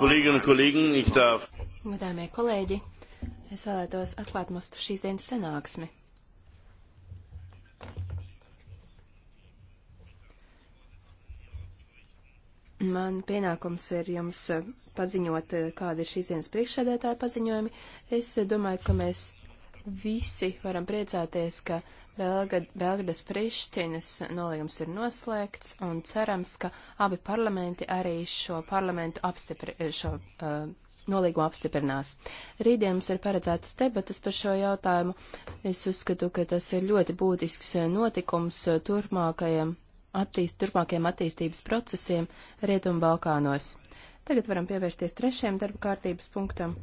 Kolēģi kolēģi, darf... Godāmie kolēģi, es vēlētos atklāt mūsu šīs dienas sanāksmi. Man pienākums ir jums eh, paziņot, eh, kāda ir šīs dienas priekšsēdētāja paziņojumi. Es eh, domāju, ka mēs visi varam priecāties, ka uh, Belgradas Prištinas nolīgums ir noslēgts un cerams, ka abi parlamenti arī šo parlamentu apstipri, šo uh, nolīgumu apstiprinās. Rītdien mums ir paredzētas debatas par šo jautājumu. Es uzskatu, ka tas ir ļoti būtisks notikums turpmākajiem, attīst, turpmākajiem attīstības procesiem Rietumbalkānos. Tagad varam pievērsties trešajam darba kārtības punktam.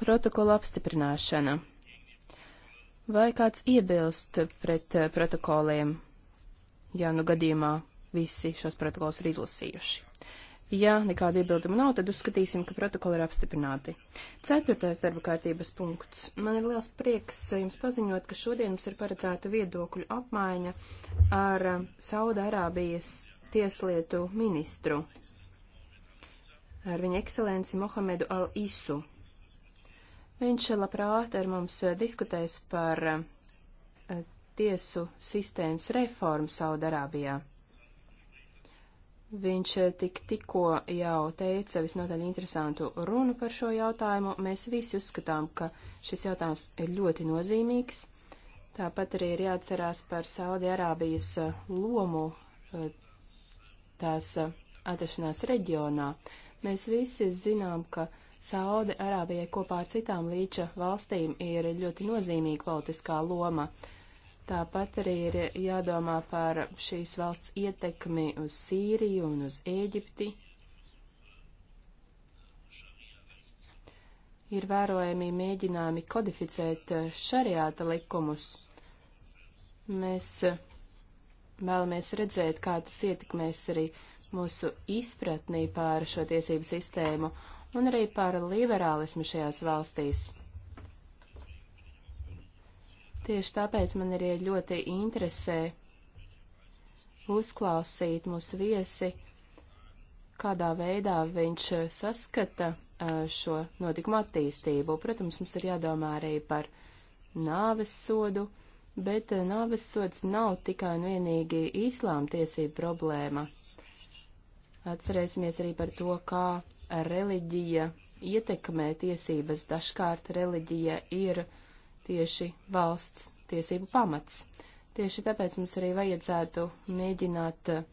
Protokola apstiprināšana. Vai kāds iebilst pret eh, protokoliem, ja nu gadījumā visi šos protokols ir izlasījuši? Ja nekāda iebilduma nav, tad uzskatīsim, ka protokoli ir apstiprināti. Ceturtais darba kārtības punkts. Man ir liels prieks jums paziņot, ka šodien mums ir paredzēta viedokļu apmaiņa ar eh, Saudārābijas tieslietu ministru, ar viņa ekscelenci Mohamedu Al-Isu. Viņš labprāt ar mums eh, diskutēs par eh, tiesu sistēmas reformu Saudarābijā. Viņš eh, tik, tikko jau teica visnotaļ interesantu runu par šo jautājumu. Mēs visi uzskatām, ka šis jautājums ir ļoti nozīmīgs. Tāpat arī ir jāatcerās par Saudi-Arābijas lomu tās atrašanās reģionā. Mēs visi zinām, ka uh, Saudi Arābijai kopā ar citām līča valstīm ir ļoti nozīmīga politiskā loma. Tāpat arī ir jādomā par šīs valsts ietekmi uz Sīriju un uz Ēģipti. Ir vērojami mēģinājumi kodificēt šariāta likumus. Mēs vēlamies redzēt, kā tas ietekmēs arī mūsu izpratnī pār šo tiesību sistēmu un arī par liberālismu šajās valstīs. Tieši tāpēc man arī ļoti interesē uzklausīt mūsu viesi, kādā veidā viņš saskata šo notikumu attīstību. Protams, mums ir jādomā arī par nāves sodu, bet nāves sods nav tikai un vienīgi īslām tiesību problēma. Atcerēsimies arī par to, kā reliģija ietekmē tiesības. Dažkārt reliģija ir tieši valsts tiesību pamats. Tieši tāpēc mums arī vajadzētu mēģināt eh,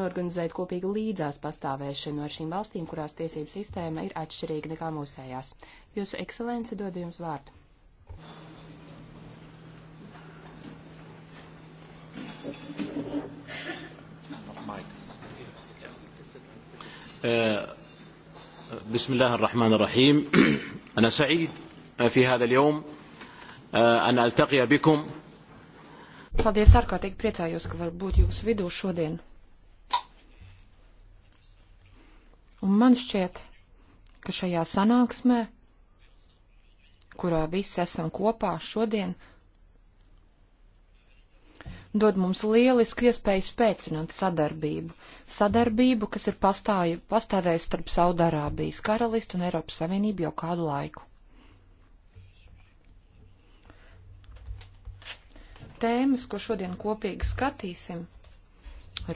norganizēt kopīgu līdzās pastāvēšanu ar šīm valstīm, kurās tiesību sistēma ir atšķirīga nekā mūsējās. Jūsu ekscelence dod jums vārdu. بسم الله الرحمن الرحيم أنا سعيد في هذا اليوم أن ألتقي بكم Paldies, ārkārtīgi priecājos, ka var būt jūsu vidū šodien. Un man šķiet, ka šajā sanāksmē, kurā visi esam kopā šodien, dod mums lielisku iespēju spēcināt sadarbību. Sadarbību, kas ir pastāju, pastāvējusi starp Saudārābijas karalistu un Eiropas Savienību jau kādu laiku. Tēmas, ko šodien kopīgi skatīsim,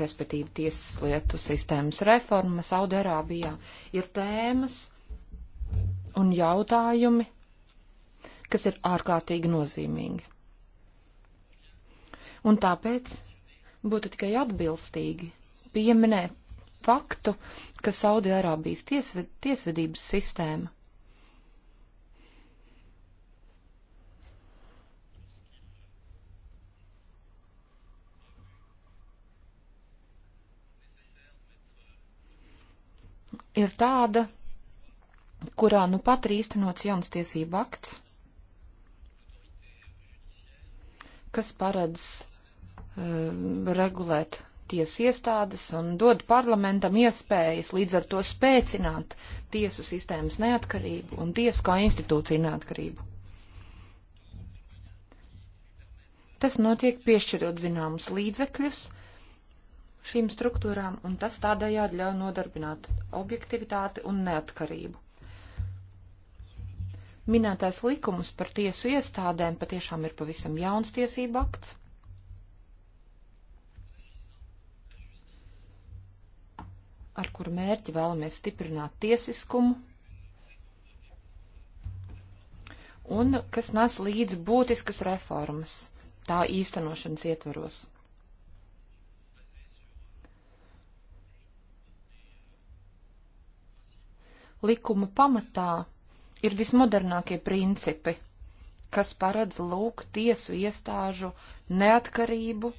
respektīvi tiesas lietu sistēmas reforma Saudārābijā, ir tēmas un jautājumi, kas ir ārkārtīgi nozīmīgi. Un tāpēc būtu tikai atbilstīgi pieminēt faktu, ka Saudi-Arābijas tiesved, tiesvedības sistēma ir tāda, kurā nu pat ir īstenots jauns tiesību akts, kas paredz Um, regulēt tiesu iestādes un dod parlamentam iespējas līdz ar to spēcināt tiesu sistēmas neatkarību un tiesu kā institūciju neatkarību. Tas notiek piešķirot zināmus līdzekļus šīm struktūrām, un tas tādējādi ļauj nodarbināt objektivitāti un neatkarību. Minētais likums par tiesu iestādēm patiešām ir pavisam jauns tiesību akts ar kuru mērķi vēlamies stiprināt tiesiskumu un kas nes līdzi būtiskas reformas tā īstenošanas ietveros. Likuma pamatā ir vismodernākie principi, kas paredz lūk tiesu iestāžu neatkarību,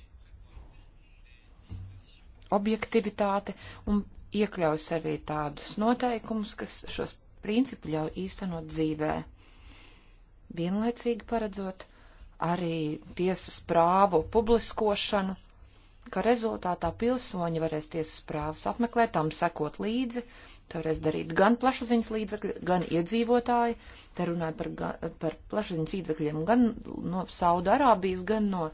objektivitāti un iekļauj sevī tādus noteikumus, kas šos principu ļauj īstenot dzīvē. Vienlaicīgi paredzot arī tiesas prāvu publiskošanu, ka rezultātā pilsoņi varēs tiesas prāvas apmeklēt, tam sekot līdzi, to varēs darīt gan plašsaziņas līdzekļi, gan iedzīvotāji, te runāja par, par plašsaziņas līdzekļiem gan no Saudarābijas, gan no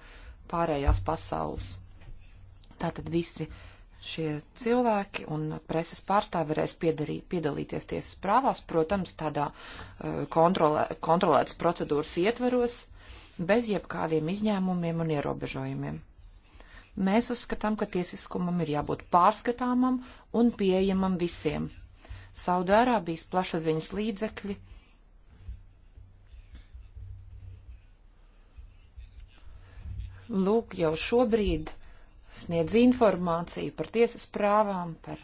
pārējās pasaules. Tātad visi uh, šie cilvēki un preses pārstāvi varēs piedarī, piedalīties tiesas prāvās, protams, tādā uh, kontrolē, kontrolētas procedūras ietveros, bez jebkādiem izņēmumiem un ierobežojumiem. Mēs uzskatām, ka tiesiskumam ir jābūt pārskatāmam un pieejamam visiem. Saudārābijas plašaziņas līdzekļi lūk jau šobrīd sniedz informāciju par tiesas prāvām, par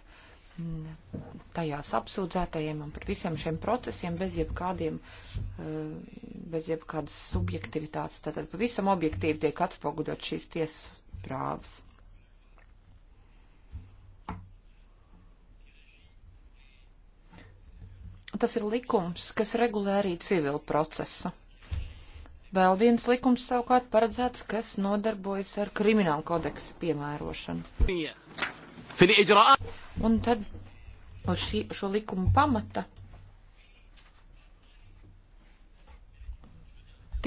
mm, tajās apsūdzētajiem un par visiem šiem procesiem bez jebkādiem, eh, bez jebkādas subjektivitātes. Tātad pavisam objektīvi tiek atspoguļot šīs tiesas prāvas. Tas ir likums, kas regulē arī civilu procesu. Vēl viens likums savukārt paredzēts, kas nodarbojas ar kriminālu kodeksu piemērošanu. Un tad uz šī, šo likumu pamata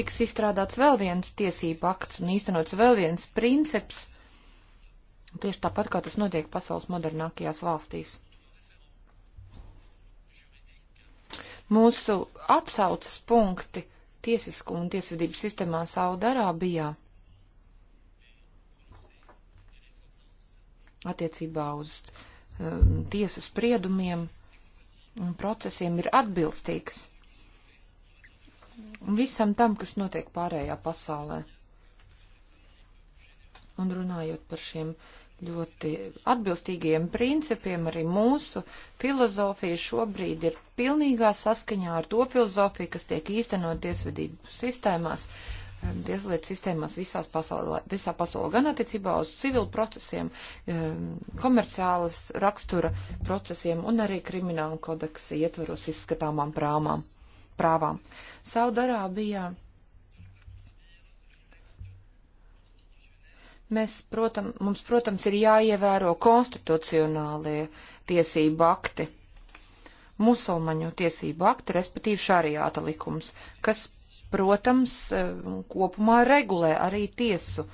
tiks izstrādāts vēl viens tiesību akts un īstenots vēl viens princips, tieši tāpat kā tas notiek pasaules modernākajās valstīs. Mūsu atsaucas punkti tiesisku un tiesvedību sistēmā Saudarābijā attiecībā uz um, tiesu spriedumiem un procesiem ir atbilstīgs visam tam, kas notiek pārējā pasaulē. Un runājot par šiem ļoti atbilstīgiem principiem arī mūsu filozofija šobrīd ir pilnīgā saskaņā ar to filozofiju, kas tiek īstenot tiesvedību sistēmās, eh, tieslietu sistēmās visās pasaulē, visā pasaulē, gan attiecībā uz civilu procesiem, eh, komerciālas rakstura procesiem un arī kriminālu kodeksa ietvaros izskatāmām prāmām, prāvām. Saudarābijā. Bija Mēs, protam, mums, protams, ir jāievēro konstitucionālie tiesību akti, musulmaņu tiesību akti, respektīvi šariāta likums, kas, protams, e, kopumā regulē arī tiesu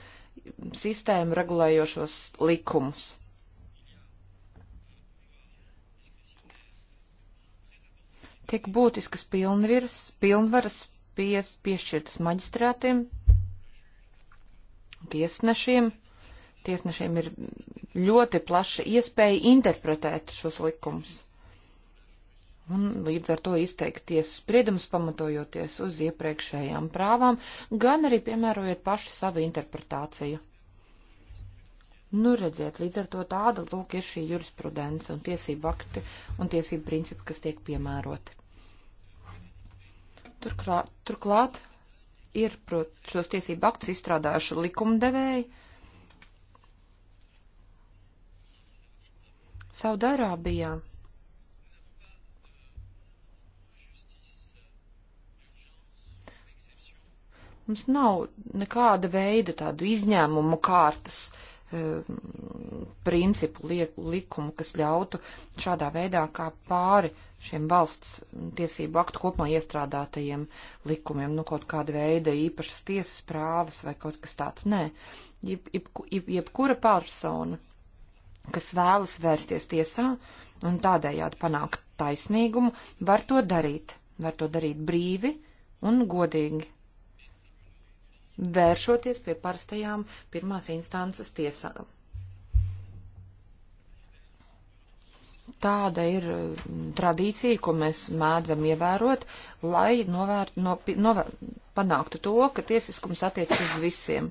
sistēmu regulējošos likumus. Tiek būtiskas pilnvirs, pilnvaras pies, piešķirtas maģistrātiem, tiesnešiem. Tiesnešiem ir ļoti plaša iespēja interpretēt šos likumus. Un līdz ar to izteikt tiesu spriedumus, pamatojoties uz iepriekšējām prāvām, gan arī piemērojot paši savu interpretāciju. Nu, redziet, līdz ar to tāda, lūk, ir šī jurisprudence un tiesību akti un tiesību principi, kas tiek piemēroti. Turklāt, turklāt ir prot, šos tiesību aktus izstrādājuši likumdevēji. Saudārābijā. Mums nav nekāda veida tādu izņēmumu kārtas e, principu liek, likumu, kas ļautu šādā veidā kā pāri šiem valsts tiesību aktu kopumā iestrādātajiem likumiem, nu kaut kāda veida īpašas tiesas prāvas vai kaut kas tāds. Nē, jeb, jeb, jeb, jebkura persona, kas vēlas vērsties tiesā un tādējādi panākt taisnīgumu, var to darīt, var to darīt brīvi un godīgi. Vēršoties pie parastajām pirmās instances tiesām, tāda ir mm, tradīcija, ko mēs mēdzam ievērot, lai novērt, no, novēr, panāktu to, ka tiesiskums attiecas uz visiem.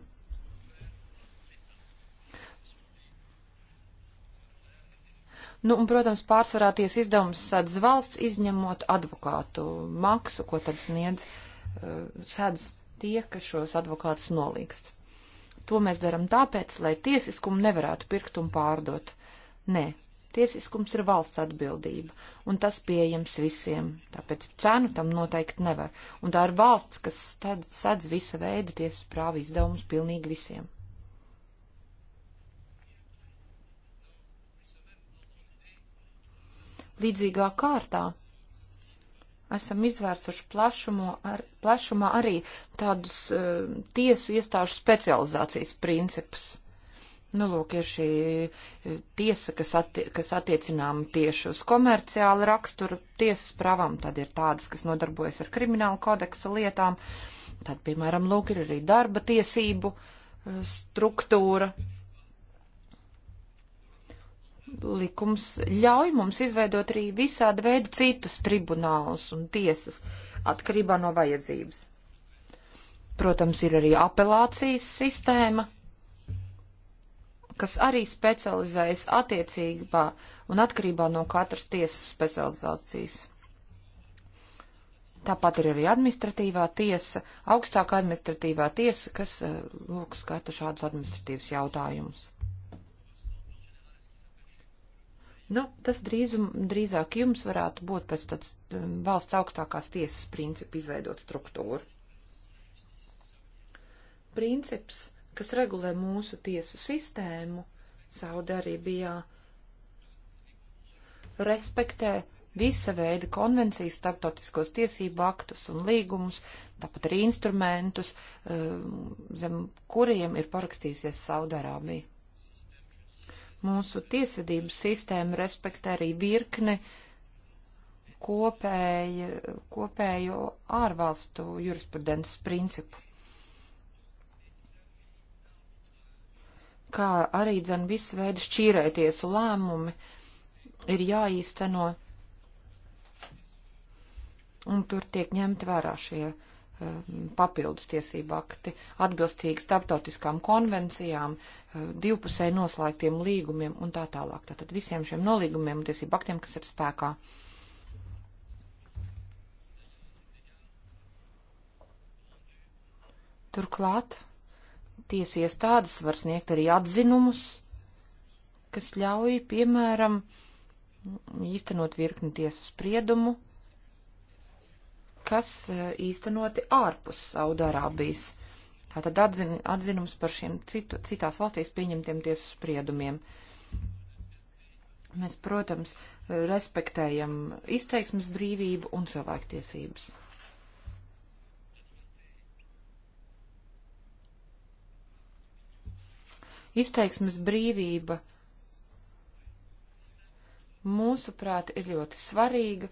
Nu, un, protams, pārsvarā ties izdevums sēdz valsts, izņemot advokātu maksu, ko tad sniedz eh, sēdz tie, kas šos advokātus nolīgst. To mēs darām tāpēc, lai tiesiskumu nevarētu pirkt un pārdot. Nē, Tiesiskums ir valsts atbildība, un tas pieejams visiem, tāpēc cenu tam noteikti nevar. Un tā ir valsts, kas sedz visa veida tiesas prāvu izdevumus pilnīgi visiem. Līdzīgā kārtā esam izvērsuši plašumo, ar, plašumā arī tādus uh, tiesu iestāžu specializācijas principus Nu, lūk, ir šī e, tiesa, kas, atti kas attiecinām tieši uz komerciālu raksturu tiesas pravām, tad ir tādas, kas nodarbojas ar kriminālu kodeksa lietām, tad, piemēram, lūk, ir arī darba tiesību e, struktūra. Likums ļauj mums izveidot arī visādi veidi citus tribunālus un tiesas atkarībā no vajadzības. Protams, ir arī apelācijas sistēma, kas arī specializējas attiecībā un atkarībā no katras tiesas specializācijas. Tāpat ir arī administratīvā tiesa, augstākā administratīvā tiesa, kas eh, lūk skata šādus administratīvus jautājumus. Nu, tas drīzum, drīzāk jums varētu būt pēc tāds um, valsts augstākās tiesas principu izveidot struktūru. Princips kas regulē mūsu tiesu sistēmu Saudarībijā, respektē visa veida konvencijas, starptautiskos tiesību aktus un līgumus, tāpat arī instrumentus, eh, zem kuriem ir parakstījusies Saudarābija. Mūsu tiesvedības sistēma respektē arī virkni kopēju, kopēju ārvalstu jurisprudences principu. kā arī dzen visu veidu šķīrēties lēmumi ir jāīsteno, un tur tiek ņemt vērā šie um, papildus tiesību akti, atbilstīgi starptautiskām konvencijām, um, divpusēji noslēgtiem līgumiem un tā tālāk. Tātad visiem šiem nolīgumiem un tiesību aktiem, kas ir spēkā. Turklāt tiesu iestādes var sniegt arī atzinumus, kas ļauj, piemēram, īstenot virkni tiesu spriedumu, kas e, īstenoti ārpus Saudārābijas. Tātad atzin, atzinums par šiem citu, citās valstīs pieņemtiem tiesu spriedumiem. Mēs, protams, e, respektējam izteiksmes brīvību un cilvēktiesības. Izteiksmes brīvība mūsuprāt ir ļoti svarīga,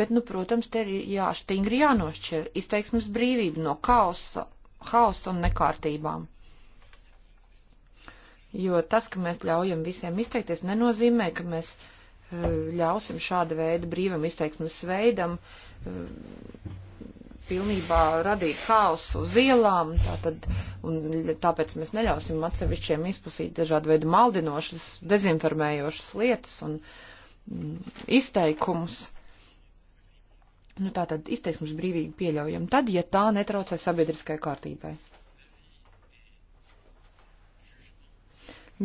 bet, nu, protams, te ir jāštingri jānošķir izteiksmes brīvība no kausa, hausa un nekārtībām. Jo tas, ka mēs ļaujam visiem izteikties, nenozīmē, ka mēs eh, ļausim šāda veida brīvam izteiksmes veidam eh, pilnībā radīt haosu uz ielām, tātad, un tāpēc mēs neļausim atsevišķiem izplasīt dažādu veidu maldinošas, dezinformējošas lietas un mm, izteikumus. Nu, tātad izteiksmus brīvīgi pieļaujam, tad, ja tā netraucē sabiedriskai kārtībai.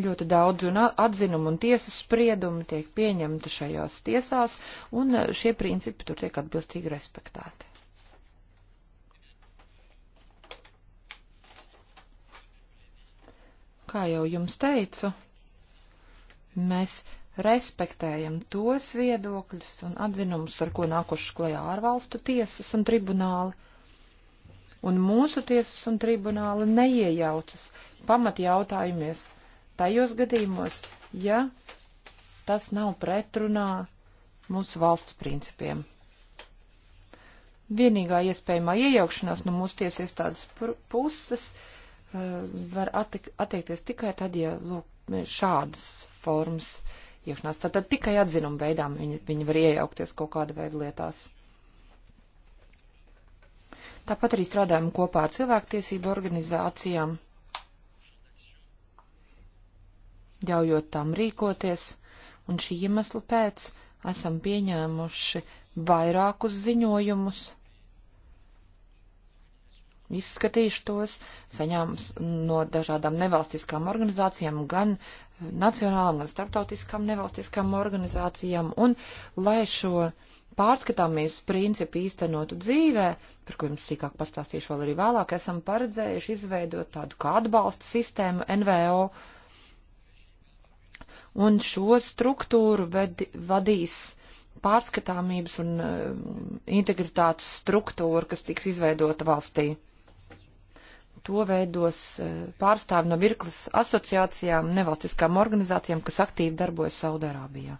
ļoti daudz un atzinumu un tiesas spriedumu tiek pieņemta šajās tiesās, un e, šie principi tur tiek atbilstīgi respektēti. kā jau jums teicu, mēs respektējam tos viedokļus un atzinumus, ar ko nākuši klajā ārvalstu tiesas un tribunāli. Un mūsu tiesas un tribunāli neiejaucas pamatjautājumies tajos gadījumos, ja tas nav pretrunā mūsu valsts principiem. Vienīgā iespējamā iejaukšanās no mūsu tiesas iestādes puses uh, Eh, var attik, attiekties tikai tad, ja lūk, šādas formas iekšanās. Tātad tikai atzinuma veidām viņi, viņi var iejaukties kaut kāda veida lietās. Tāpat arī strādājam kopā ar cilvēktiesību organizācijām, ļaujot tam rīkoties, un šī iemesla pēc esam pieņēmuši vairākus ziņojumus izskatījuši tos, saņēmus no dažādām nevalstiskām organizācijām, gan eh, nacionālām, gan starptautiskām nevalstiskām organizācijām, un lai šo pārskatāmies principu īstenotu dzīvē, par ko jums sīkāk pastāstīšu vēl arī vēlāk, esam paredzējuši izveidot tādu kā atbalsta sistēmu NVO. Un šo struktūru ved, vadīs pārskatāmības un uh, integritātes struktūra, kas tiks izveidota valstī. To veidos eh, pārstāvi no virklas asociācijām, nevalstiskām organizācijām, kas aktīvi darbojas Saudārābijā.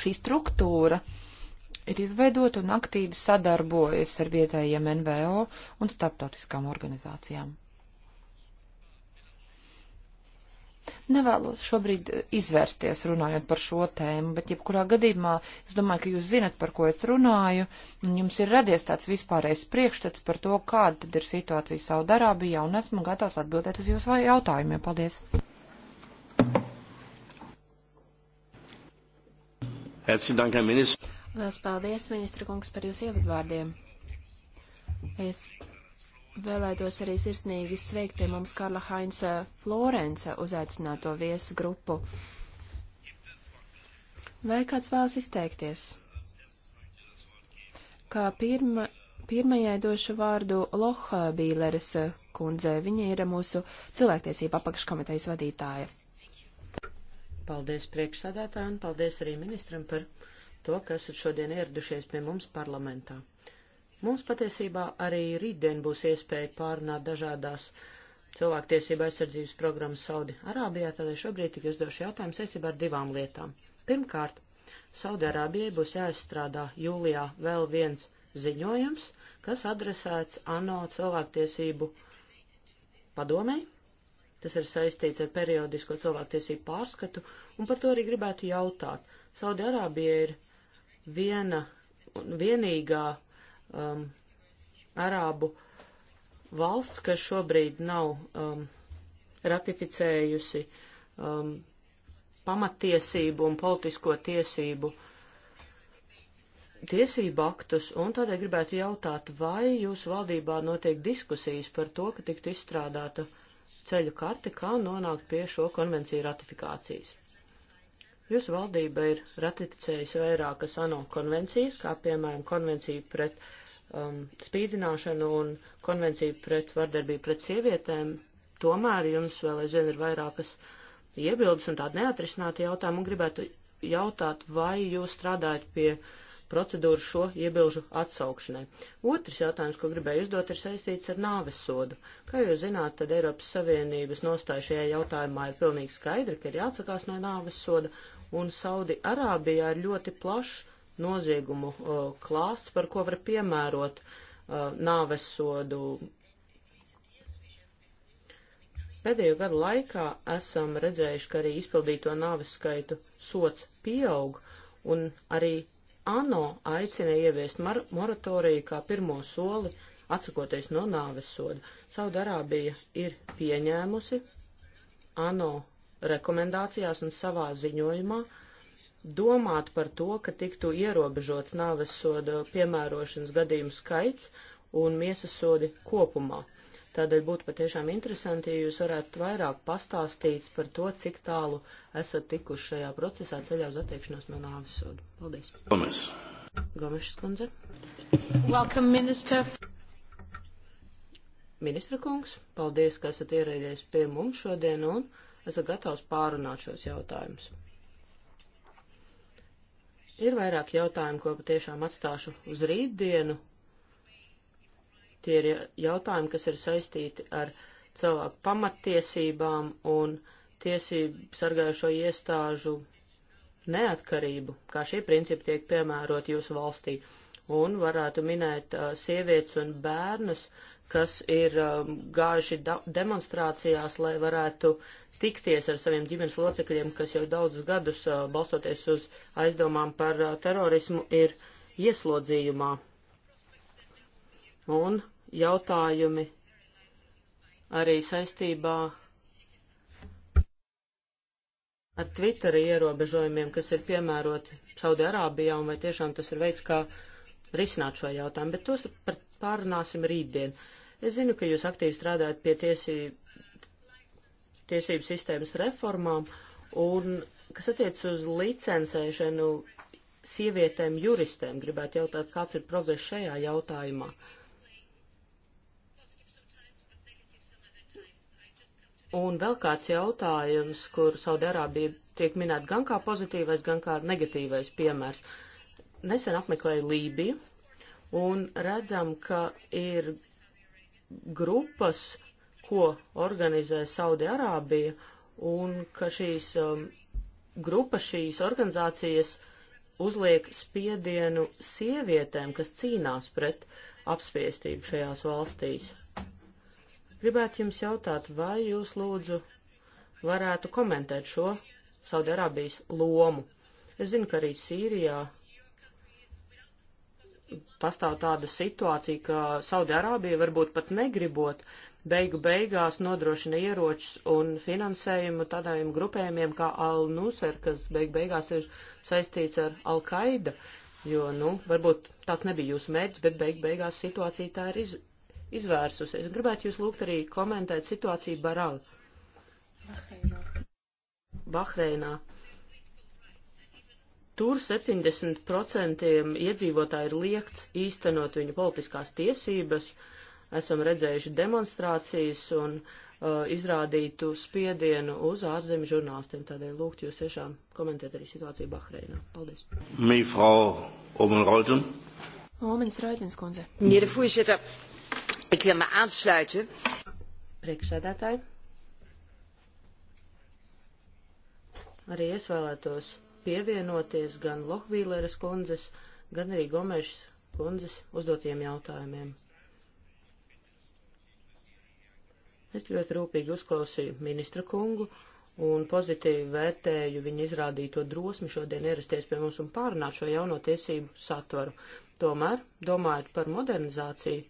Šī struktūra ir izveidota un aktīvi sadarbojas ar vietējiem NVO un starptautiskām organizācijām. Nevēlos šobrīd eh, izvērsties runājot par šo tēmu, bet jebkurā gadījumā es domāju, ka jūs zinat, par ko es runāju, un jums ir radies tāds vispārējais priekšstats par to, kāda tad ir situācija Saudarābijā, un esmu gatavs atbildēt uz jūsu jautājumiem. Paldies! Liels paldies, ministra kungs, par jūsu ievadvārdiem. Es vēlētos arī sirsnīgi sveikt pie mums Karla Hainsa eh, Florence uzaicināto viesu grupu. Vai kāds vēlas izteikties? Kā pirma, pirmajai došu vārdu Loha Bīleres eh, kundze. Viņa ir mūsu cilvēktiesība apakškomitejas vadītāja. Paldies priekšsādātājiem, paldies arī ministram par to, ka esat šodien ieradušies pie mums parlamentā. Mums patiesībā arī rītdien būs iespēja pārunāt dažādās cilvēktiesība aizsardzības programmas Saudi Arābijā, tādēļ šobrīd tik uzdošu jautājumu saistībā ar divām lietām. Pirmkārt, Saudi Arābijai būs jāizstrādā jūlijā vēl viens ziņojums, kas adresēts ANO cilvēktiesību padomei. Tas ir saistīts ar periodisko cilvēktiesību pārskatu, un par to arī gribētu jautāt. Saudi Arābija ir viena, vienīgā um, arābu valsts, kas šobrīd nav um, ratificējusi um, pamatiesību un politisko tiesību tiesību aktus, un tādēļ gribētu jautāt, vai jūsu valdībā notiek diskusijas par to, ka tikt izstrādāta ceļu karte, kā nonākt pie šo konvenciju ratifikācijas. Jūsu valdība ir ratificējusi vairākas ANO konvencijas, kā piemēram konvencija pret um, spīdzināšanu un konvencija pret vardarbību pret sievietēm. Tomēr jums vēl aizvien ir vairākas iebildes un tādi neatrisināti jautājumi un gribētu jautāt, vai jūs strādājat pie procedūru šo iebilžu atsaukšanai. Otrs jautājums, ko gribēju uzdot, ir saistīts ar nāves sodu. Kā jūs zināt, tad Eiropas Savienības nostāja šajā jautājumā ir pilnīgi skaidra, ka ir jāatsakās no nāves soda un Saudi Arābijā ir ļoti plašs noziegumu uh, klāsts, par ko var piemērot uh, nāvesodu. Pēdējo gadu laikā esam redzējuši, ka arī izpildīto nāves skaitu sots pieaug, un arī ANO aicina ieviest moratoriju kā pirmo soli, atsakoties no nāves soda. Saudarābija ir pieņēmusi ANO rekomendācijās un savā ziņojumā domāt par to, ka tiktu ierobežots nāves soda piemērošanas gadījumu skaits un miesas sodi kopumā. Tādēļ būtu patiešām interesanti, ja jūs varētu vairāk pastāstīt par to, cik tālu esat tikuši šajā procesā ceļā uz attiekšanos no nāves soda. Paldies. Gomes. Gomešas kundze. Welcome, minister. Ministra kungs, paldies, ka esat ierēdies pie mums šodien un esat gatavs pārunāt šos jautājumus. Ir vairāk jautājumu, ko patiešām atstāšu uz rītdienu. Tie ir jautājumi, kas ir saistīti ar cilvēku pamattiesībām un tiesību sargājušo iestāžu neatkarību, kā šie principi tiek piemērot jūsu valstī. Un varētu minēt uh, sievietes un bērnus, kas ir um, gājuši demonstrācijās, lai varētu tikties ar saviem ģimenes locekļiem, kas jau daudzus gadus balstoties uz aizdomām par terorismu ir ieslodzījumā. Un jautājumi arī saistībā ar Twitteri ierobežojumiem, kas ir piemēroti Saudi-Arābijā, un vai tiešām tas ir veids, kā risināt šo jautājumu, bet tos par pārunāsim rītdien. Es zinu, ka jūs aktīvi strādājat pie tiesību tiesību sistēmas reformām, un kas attiec uz licencēšanu sievietēm juristēm, gribētu jautāt, kāds ir progress šajā jautājumā. Un vēl kāds jautājums, kur Saudārābija tiek minēta gan kā pozitīvais, gan kā negatīvais piemērs. Nesen apmeklēju Lībiju un redzam, ka ir grupas, ko organizē Saudi-Arābija, un ka šīs um, grupas, šīs organizācijas uzliek spiedienu sievietēm, kas cīnās pret apspiestību šajās valstīs. Gribētu jums jautāt, vai jūs lūdzu varētu komentēt šo Saudi-Arābijas lomu. Es zinu, ka arī Sīrijā pastāv tāda situācija, ka Saudi-Arābija varbūt pat negribot beigu beigās nodrošina ieročus un finansējumu tādiem grupējumiem kā Al-Nusar, kas beigu beigās ir saistīts ar Al-Qaida, jo, nu, varbūt tāds nebija jūsu mērķis, bet beigu beigās situācija tā ir iz, izvērsusies. Gribētu jūs lūgt arī komentēt situāciju Baral. Bahreinā. Bahreinā. Tur 70% iedzīvotāji ir liekts īstenot viņu politiskās tiesības, uh, esam redzējuši demonstrācijas un uh, izrādītu spiedienu uz ārzemju žurnālistiem. Tādēļ lūgt jūs tiešām komentēt arī situāciju Bahreinā. Paldies. Mī, frau Omenroitun. Omens Roitens, kundze. Mīra Fuisita, ik wil me aansluiten. Priekšsēdētāji. Arī es vēlētos pievienoties gan Lohvīleres kundzes, gan arī Gomešas kundzes uzdotiem jautājumiem. Es ļoti rūpīgi uzklausīju ministra kungu un pozitīvi vērtēju viņa izrādīto drosmi šodien ierasties pie mums un pārunāt šo jauno tiesību satvaru. Tomēr, domājot par modernizāciju,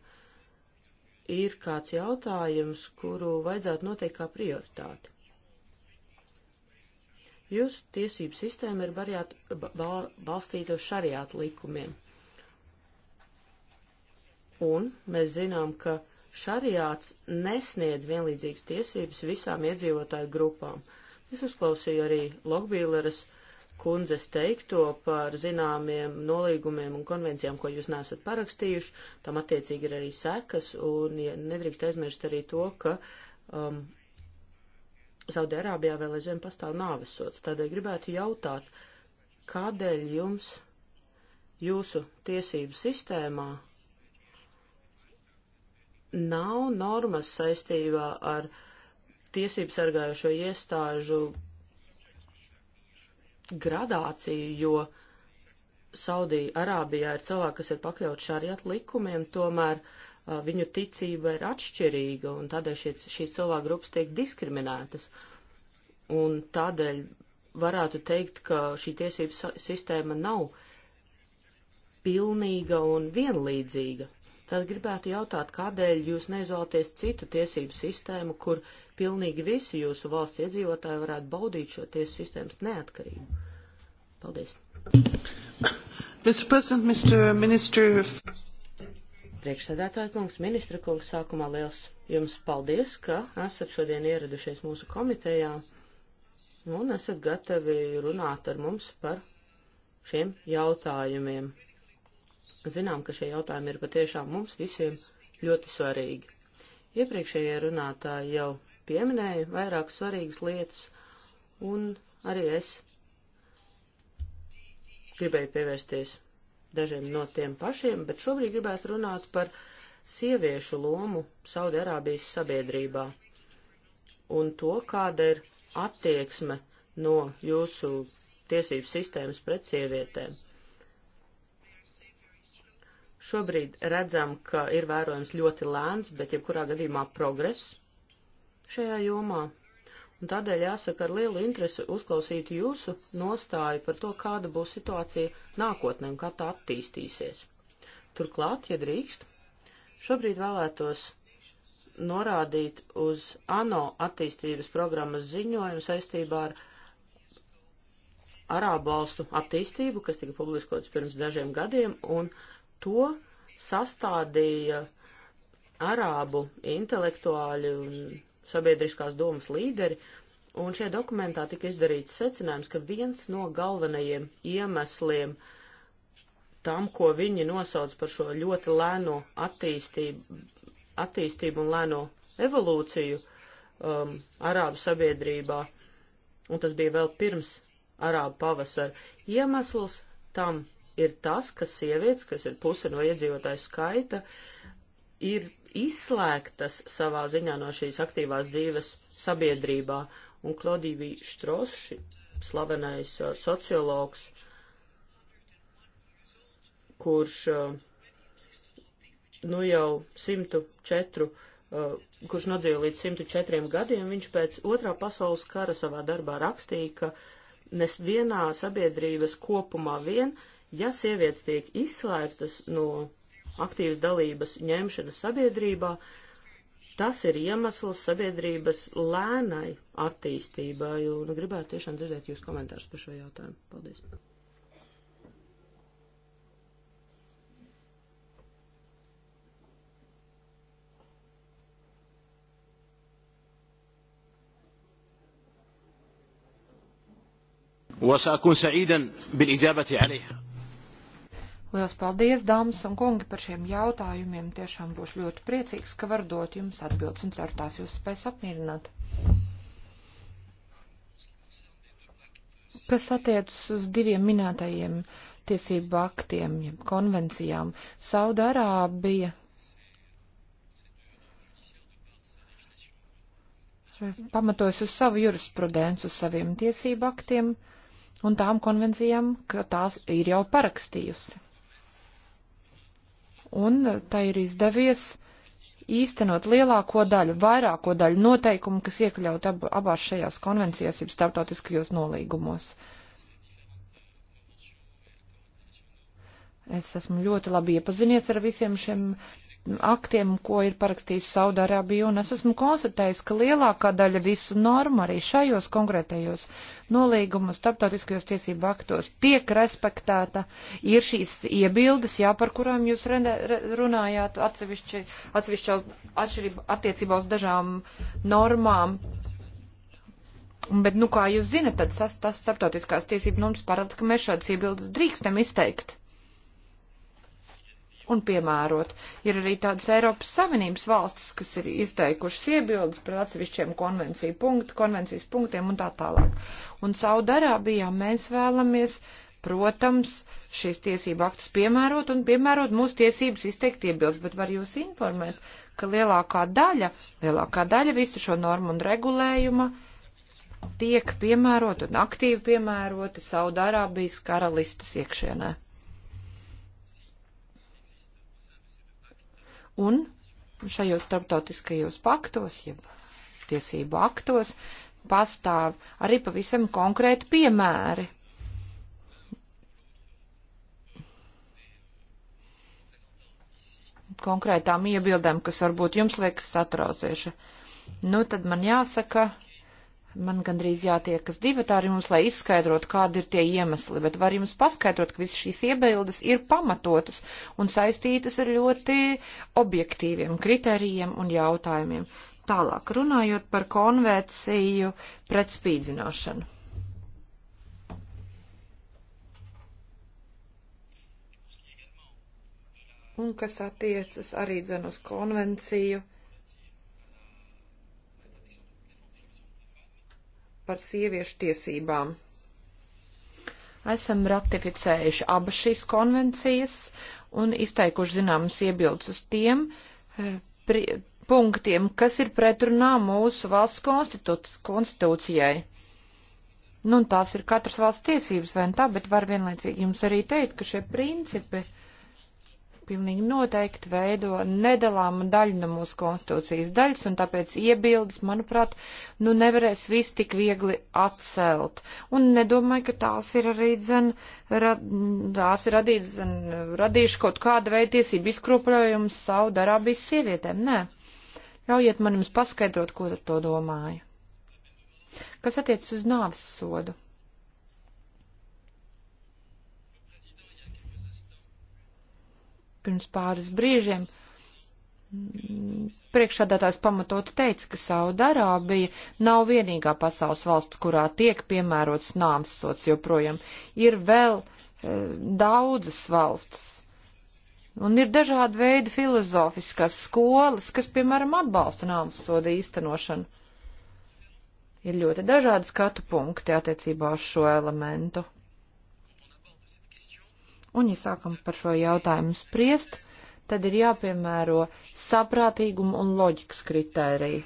ir kāds jautājums, kuru vajadzētu noteikt kā prioritāti. Jūsu tiesību sistēma ir barjāt, ba, balstīta uz šariātu likumiem. Un mēs zinām, ka Šariāts nesniedz vienlīdzīgas tiesības visām iedzīvotāju grupām. Es uzklausīju arī Lokbīleres kundzes teikto par zināmiem nolīgumiem un konvencijām, ko jūs nesat parakstījuši. Tam attiecīgi ir arī sekas, un ja nedrīkst aizmirst arī to, ka um, Saudērābijā vēl aizvien pastāv nāvesots. Tādēļ gribētu jautāt, kādēļ jums jūsu tiesību sistēmā nav normas saistībā ar tiesību sargājušo iestāžu gradāciju, jo Saudija Arābijā ir cilvēki, kas ir pakļauti šariat likumiem, tomēr uh, viņu ticība ir atšķirīga, un tādēļ šīs, šīs cilvēku grupas tiek diskriminētas. Un tādēļ varētu teikt, ka šī tiesības sistēma nav pilnīga un vienlīdzīga. Tad gribētu jautāt, kādēļ jūs neizvēlaties citu tiesību sistēmu, kur pilnīgi visi jūsu valsts iedzīvotāji varētu baudīt šo tiesu sistēmas neatkarību? Paldies. Mr. President, Mr. Minister. Priekšsēdētāja kungs, ministra kungs, sākumā liels jums paldies, ka esat šodien ieradušies mūsu komitejā un esat gatavi runāt ar mums par šiem jautājumiem zinām, ka šie jautājumi ir patiešām mums visiem ļoti svarīgi. Iepriekšējie runātāji jau pieminēja vairākas svarīgas lietas, un arī es gribēju pievērsties dažiem no tiem pašiem, bet šobrīd gribētu runāt par sieviešu lomu Saudarābijas sabiedrībā un to, kāda ir attieksme no jūsu tiesību sistēmas pret sievietēm. Šobrīd redzam, ka ir vērojams ļoti lēns, bet jebkurā gadījumā progress šajā jomā. Un tādēļ jāsaka, ar lielu interesi uzklausīt jūsu nostāju par to, kāda būs situācija nākotnē un kā tā attīstīsies. Turklāt, ja drīkst, šobrīd vēlētos norādīt uz ANO attīstības programmas ziņojumu saistībā ar Arābu valstu attīstību, kas tika publiskots pirms dažiem gadiem, un To sastādīja arābu intelektuāļi un sabiedriskās domas līderi, un šajā dokumentā tika izdarīts secinājums, ka viens no galvenajiem iemesliem tam, ko viņi nosauc par šo ļoti lēno attīstību, attīstību un lēno evolūciju um, arābu sabiedrībā, un tas bija vēl pirms arābu pavasara, iemesls tam ir tas, ka sievietes, kas ir puse no iedzīvotāju skaita, ir izslēgtas savā ziņā no šīs aktīvās dzīves sabiedrībā. Un Klodīvi Štroši, slavenais uh, sociologs, kurš uh, nu jau 104 Uh, kurš nodzīvoja līdz 104 gadiem, viņš pēc otrā pasaules kara savā darbā rakstīja, ka nesvienā sabiedrības kopumā vien uh, Ja sievietes tiek izslēgtas no aktīvas dalības ņemšanas sabiedrībā, tas ir iemesls sabiedrības lēnai attīstībai. Un gribētu tiešām dzirdēt jūs komentārus par šo jautājumu. Paldies! وسأكون سعيدا بالإجابة عليها Lielas paldies, dāmas un kungi, par šiem jautājumiem. Tiešām būšu ļoti priecīgs, ka var dot jums atbildes un ceru tās jūs spēs apmierināt. Kas attiecas uz diviem minētajiem tiesību aktiem, jeb konvencijām, Saudārābija pamatojas uz savu jurisprudenci, uz saviem tiesību aktiem un tām konvencijām, ka tās ir jau parakstījusi un tai ir izdevies īstenot lielāko daļu, vairāko daļu noteikumu, kas iekļaut ab, abās šajās konvencijās, jeb starptautiskajos nolīgumos. Es esmu ļoti labi iepazinies ar visiem šiem aktiem, ko ir parakstījis Saudārābija, un es esmu konstatējis, ka lielākā daļa visu normu arī šajos konkrētajos nolīgumus starptautiskajos tiesību aktos tiek respektēta, ir šīs iebildes, jā, par kurām jūs re, re, runājāt atsevišķi, atsevišķi atšķirība attiecībā uz dažām normām. Bet, nu, kā jūs zinat, tad tas starptautiskās tiesību normas parāda, ka mēs šādas iebildes drīkstam izteikt un piemērot. Ir arī tādas Eiropas Savienības valstis, kas ir izteikušas iebildes par atsevišķiem konvenciju punktu, konvencijas punktiem un tā tālāk. Un Saudarābijā mēs vēlamies, protams, šīs tiesību aktus piemērot un piemērot mūsu tiesības izteikt iebildes, bet var jūs informēt, ka lielākā daļa, lielākā daļa visu šo normu un regulējuma tiek piemērot un aktīvi piemēroti Saudārābijas karalistas iekšienē. Un šajos starptautiskajos paktos, jeb tiesību aktos, pastāv arī pavisam konkrēti piemēri. Konkrētām iebildēm, kas varbūt jums liekas satraucoši. Nu, tad man jāsaka, Man gandrīz jātiekas divatāri mums, lai izskaidrotu, kādi ir tie iemesli, bet var jums paskaidrot, ka visas šīs iebildes ir pamatotas un saistītas ar ļoti objektīviem kritērijiem un jautājumiem. Tālāk runājot par konvenciju pret spīdzināšanu. Un kas attiecas arī dzen uz konvenciju par sieviešu tiesībām. Esam ratificējuši abas šīs konvencijas un izteikuši zināmas iebildes uz tiem eh, pri, punktiem, kas ir pretrunā mūsu valsts konstitūcijai. Nu, tās ir katras valsts tiesības, vai ne tā, bet var vienlaicīgi jums arī teikt, ka šie principi pilnīgi noteikti veido nedalāmu daļu no mūsu konstitūcijas daļas, un tāpēc iebildes, manuprāt, nu nevarēs viss tik viegli atcelt. Un nedomāju, ka tās ir arī, zin, ra, tās ir radīt, zin, radījuši kaut kādu veidu tiesību izkropļojumu Saudarābijas sievietēm. Nē. Ļaujiet man jums paskaidrot, ko ar to domāju. Kas attiec uz nāves sodu? pirms pāris brīžiem priekšādātājs pamatot teica, ka Saudarābija nav vienīgā pasaules valsts, kurā tiek piemērots nāmsots joprojām. Ir vēl e, daudzas valstis. Un ir dažādi veidi filozofiskas skolas, kas, piemēram, atbalsta nāmsoda īstenošanu. Ir ļoti dažādi skatu punkti attiecībā uz šo elementu. Un, ja sākam par šo jautājumu spriest, tad ir jāpiemēro saprātīguma un loģikas kritērija.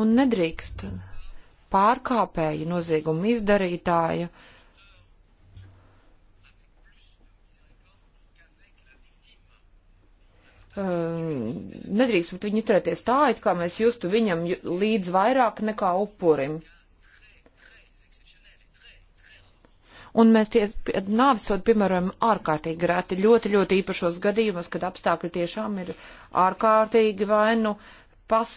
Un nedrīkst pārkāpēju noziegumu izdarītāju uh, Ehm, nedrīkst pret viņu turēties tā, it kā mēs justu viņam līdz vairāk nekā upurim. Un mēs ties nāvisot, piemēram, ārkārtīgi rēti, ļoti, ļoti īpašos gadījumos, kad apstākļi tiešām ir ārkārtīgi vai nu pas,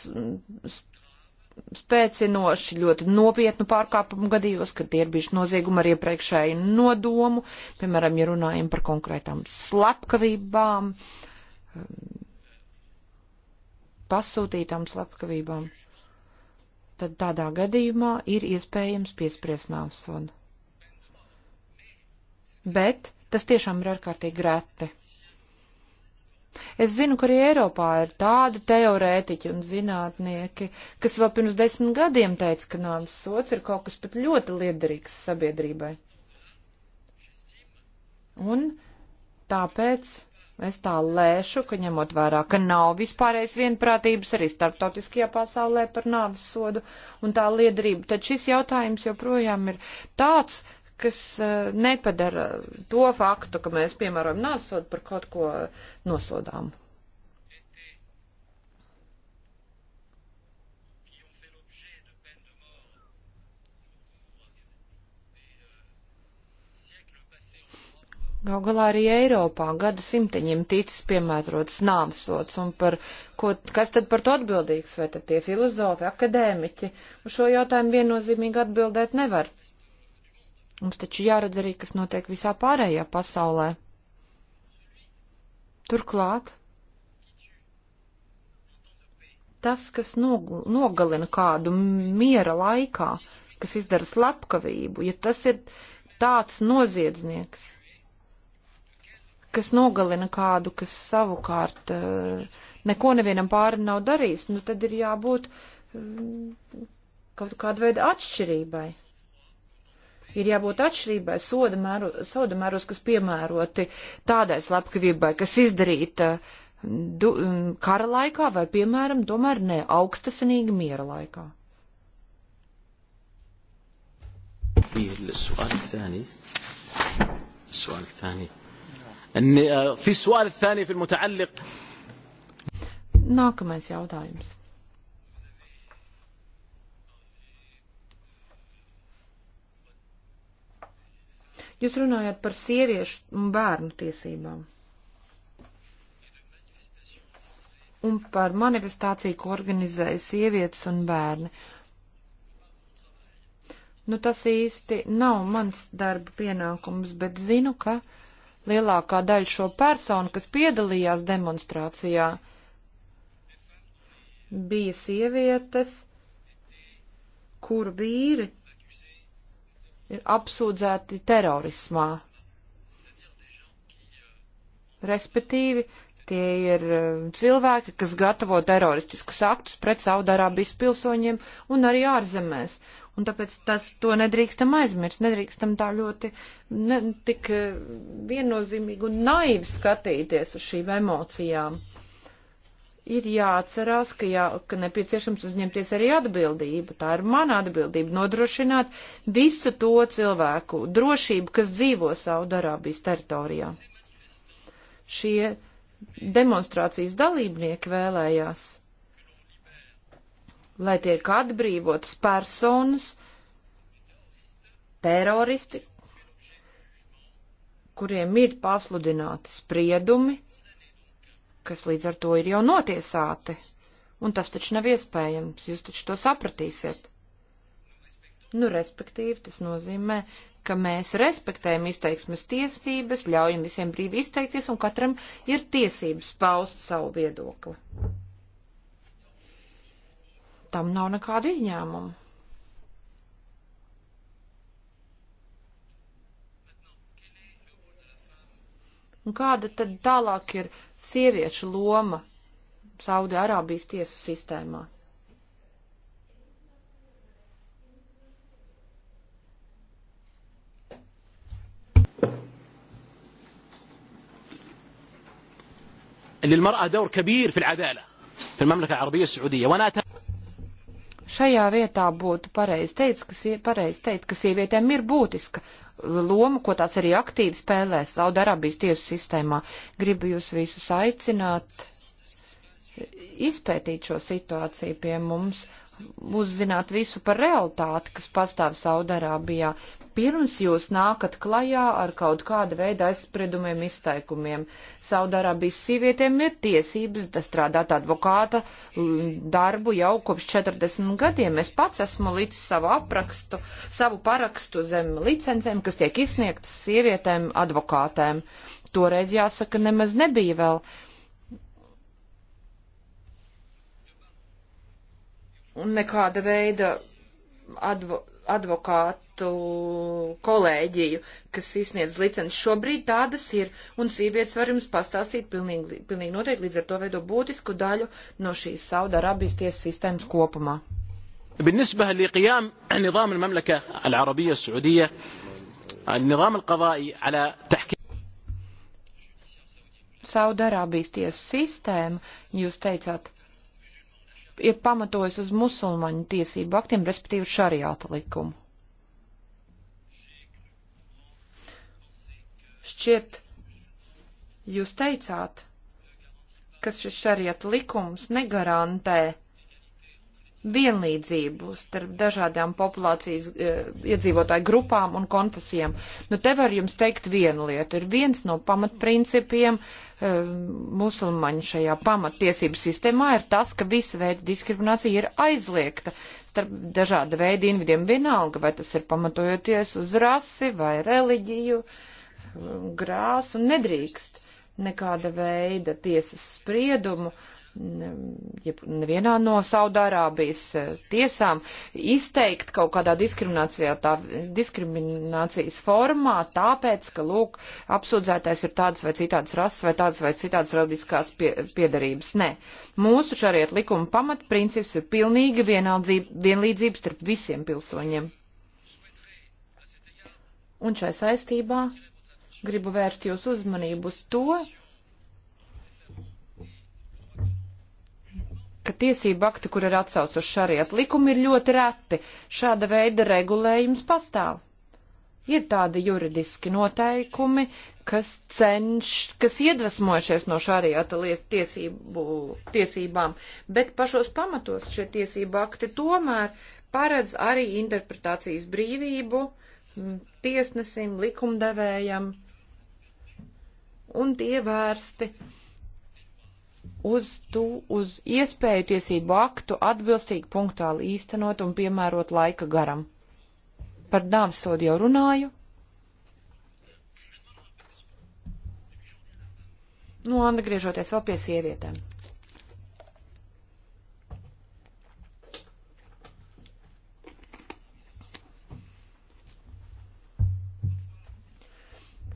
spēcinoši, ļoti nopietnu pārkāpumu gadījos, kad tie ir bijuši noziegumi ar iepriekšēju nodomu, piemēram, ja runājam par konkrētām slepkavībām. Uh, pasūtītām slepkavībām, tad tādā gadījumā ir iespējams piespriest nāves sodu. Bet tas tiešām ir ārkārtīgi reti. Es zinu, ka arī Eiropā ir tādi teorētiķi un zinātnieki, kas vēl pirms desmit gadiem teica, ka nāves sots ir kaut kas pat ļoti liederīgs sabiedrībai. Un tāpēc Es tā lēšu, ka ņemot vērā, ka nav vispārējais vienprātības arī starptautiskajā pasaulē par nāvis sodu un tā liederību, tad šis jautājums joprojām ir tāds, kas eh, nepadara to faktu, ka mēs piemērojam nāvis sodu par kaut ko nosodāmu. Gal galā arī Eiropā gadu simteņiem ticis piemērots nāmsots, un par ko, kas tad par to atbildīgs, vai tad tie filozofi, akadēmiķi, uz šo jautājumu viennozīmīgi atbildēt nevar. Mums taču jāredz arī, kas notiek visā pārējā pasaulē. Turklāt tas, kas nogalina kādu miera laikā, kas izdara slepkavību, ja tas ir tāds noziedznieks, kas nogalina kādu, kas savukārt eh, neko nevienam pāri nav darījis, nu tad ir jābūt eh, kaut kāda veida atšķirībai. Ir jābūt atšķirībai soda, mēro, soda mēros, kas piemēroti tādai slepkavībai, kas izdarīta mm, du, mm, kara laikā vai, piemēram, tomēr ne augstasinīga miera laikā. في السؤال الثاني السؤال الثاني في السؤال الثاني في المتعلق Nākamais jautājums. Jūs runājat par sieviešu un bērnu tiesībām. Un par manifestāciju, ko organizēja sievietes un bērni. Nu, tas īsti nav mans darba pienākums, bet zinu, ka uh, Lielākā daļa šo personu, kas piedalījās demonstrācijā, bija sievietes, kuru vīri ir apsūdzēti terorismā. Respektīvi, tie ir um, cilvēki, kas gatavo teroristiskus aktus pret Saudārābijas pilsoņiem un arī ārzemēs. Un tāpēc tas, to nedrīkstam aizmirst, nedrīkstam tā ļoti ne, tik eh, viennozīmīgi un naivi skatīties uz šīm emocijām. Ir jāatcerās, ka, jā, ka nepieciešams uzņemties arī atbildību. Tā ir mana atbildība nodrošināt visu to cilvēku drošību, kas dzīvo Saudarābijas teritorijā. Šie demonstrācijas dalībnieki vēlējās lai tiek atbrīvotas personas, teroristi, kuriem ir pasludināti spriedumi, kas līdz ar to ir jau notiesāti, un tas taču nav iespējams, jūs taču to sapratīsiet. Nu, respektīvi, tas nozīmē, ka mēs respektējam izteiksmes tiesības, ļaujam visiem brīvi izteikties, un katram ir tiesības paust savu viedokli. Tam nav nekādu izņēmumu. Un kāda tad tālāk ir sieviešu loma Saudi-Arābijas tiesu sistēmā? للمرأة دور كبير في العدالة في المملكة العربية السعودية وأنا Šajā vietā būtu pareizi teikt, ka, pareiz teikt, ka sievietēm ir būtiska loma, ko tās arī aktīvi spēlē Saudarābijas tiesu sistēmā. Gribu jūs visus aicināt izpētīt šo situāciju pie mums, uzzināt visu par realitāti, kas pastāv Saudarābijā, pirms jūs nākat klajā ar kaut kāda veida aizspriedumiem, izteikumiem. Saudārābijas sievietēm ir tiesības strādāt advokāta mm, darbu jau kopš 40 gadiem. Es pats esmu līdz savu aprakstu, savu parakstu zem licencēm, kas tiek izsniegtas sievietēm advokātēm. Toreiz jāsaka, nemaz nebija vēl. Nekāda veida advo, advokātu kolēģiju, kas izsniedz licenci. Šobrīd tādas ir, un sievietes var jums pastāstīt pilnīgi, pilnīgi noteikti, līdz ar to veido būtisku daļu no šīs Saudārābijas tiesas sistēmas kopumā. بالنسبة لقيام نظام المملكة العربية السعودية النظام القضائي على تحكيم Saudārābijas tiesu sistēmu, jūs teicāt, ir pamatojis uz musulmaņu tiesību aktiem, respektīvi šariāta likumu. Šķiet, jūs teicāt, ka šis šariāta likums negarantē vienlīdzību starp dažādām populācijas e, iedzīvotāju grupām un konfesijām. Nu, te var jums teikt vienu lietu. Ir viens no pamatprincipiem e, musulmaņu šajā pamattiesību sistēmā ir tas, ka visa veida diskriminācija ir aizliegta starp dažāda veida individiem vienalga, vai tas ir pamatojoties uz rasi vai reliģiju, e, grāsu, nedrīkst nekāda veida tiesas spriedumu uh, nevienā no Saudārābijas e, tiesām izteikt kaut kādā diskriminācijā, tā diskriminācijas formā, tāpēc, ka, lūk, apsūdzētais ir tāds vai citāds rases vai tāds vai citāds radiskās pie, piedarības. Nē, mūsu šariet likuma pamatprincips ir pilnīga vienlīdzība starp visiem pilsoņiem. Un šai saistībā gribu vērst jūs uzmanību uz to, ka tiesība akti, kur ir atsauc uz šariet likumu, ir ļoti reti. Šāda veida regulējums pastāv. Ir tādi juridiski noteikumi, kas cenš, kas iedvesmojušies no šariata tiesību, tiesībām, bet pašos pamatos šie tiesība akti tomēr paredz arī interpretācijas brīvību tiesnesim, likumdevējam, un tie vērsti uz, tu, uz iespēju tiesību aktu atbilstīgi punktuāli īstenot un piemērot laika garam. Par nāvisodu jau runāju. Nu, Anna, griežoties vēl pie sievietēm.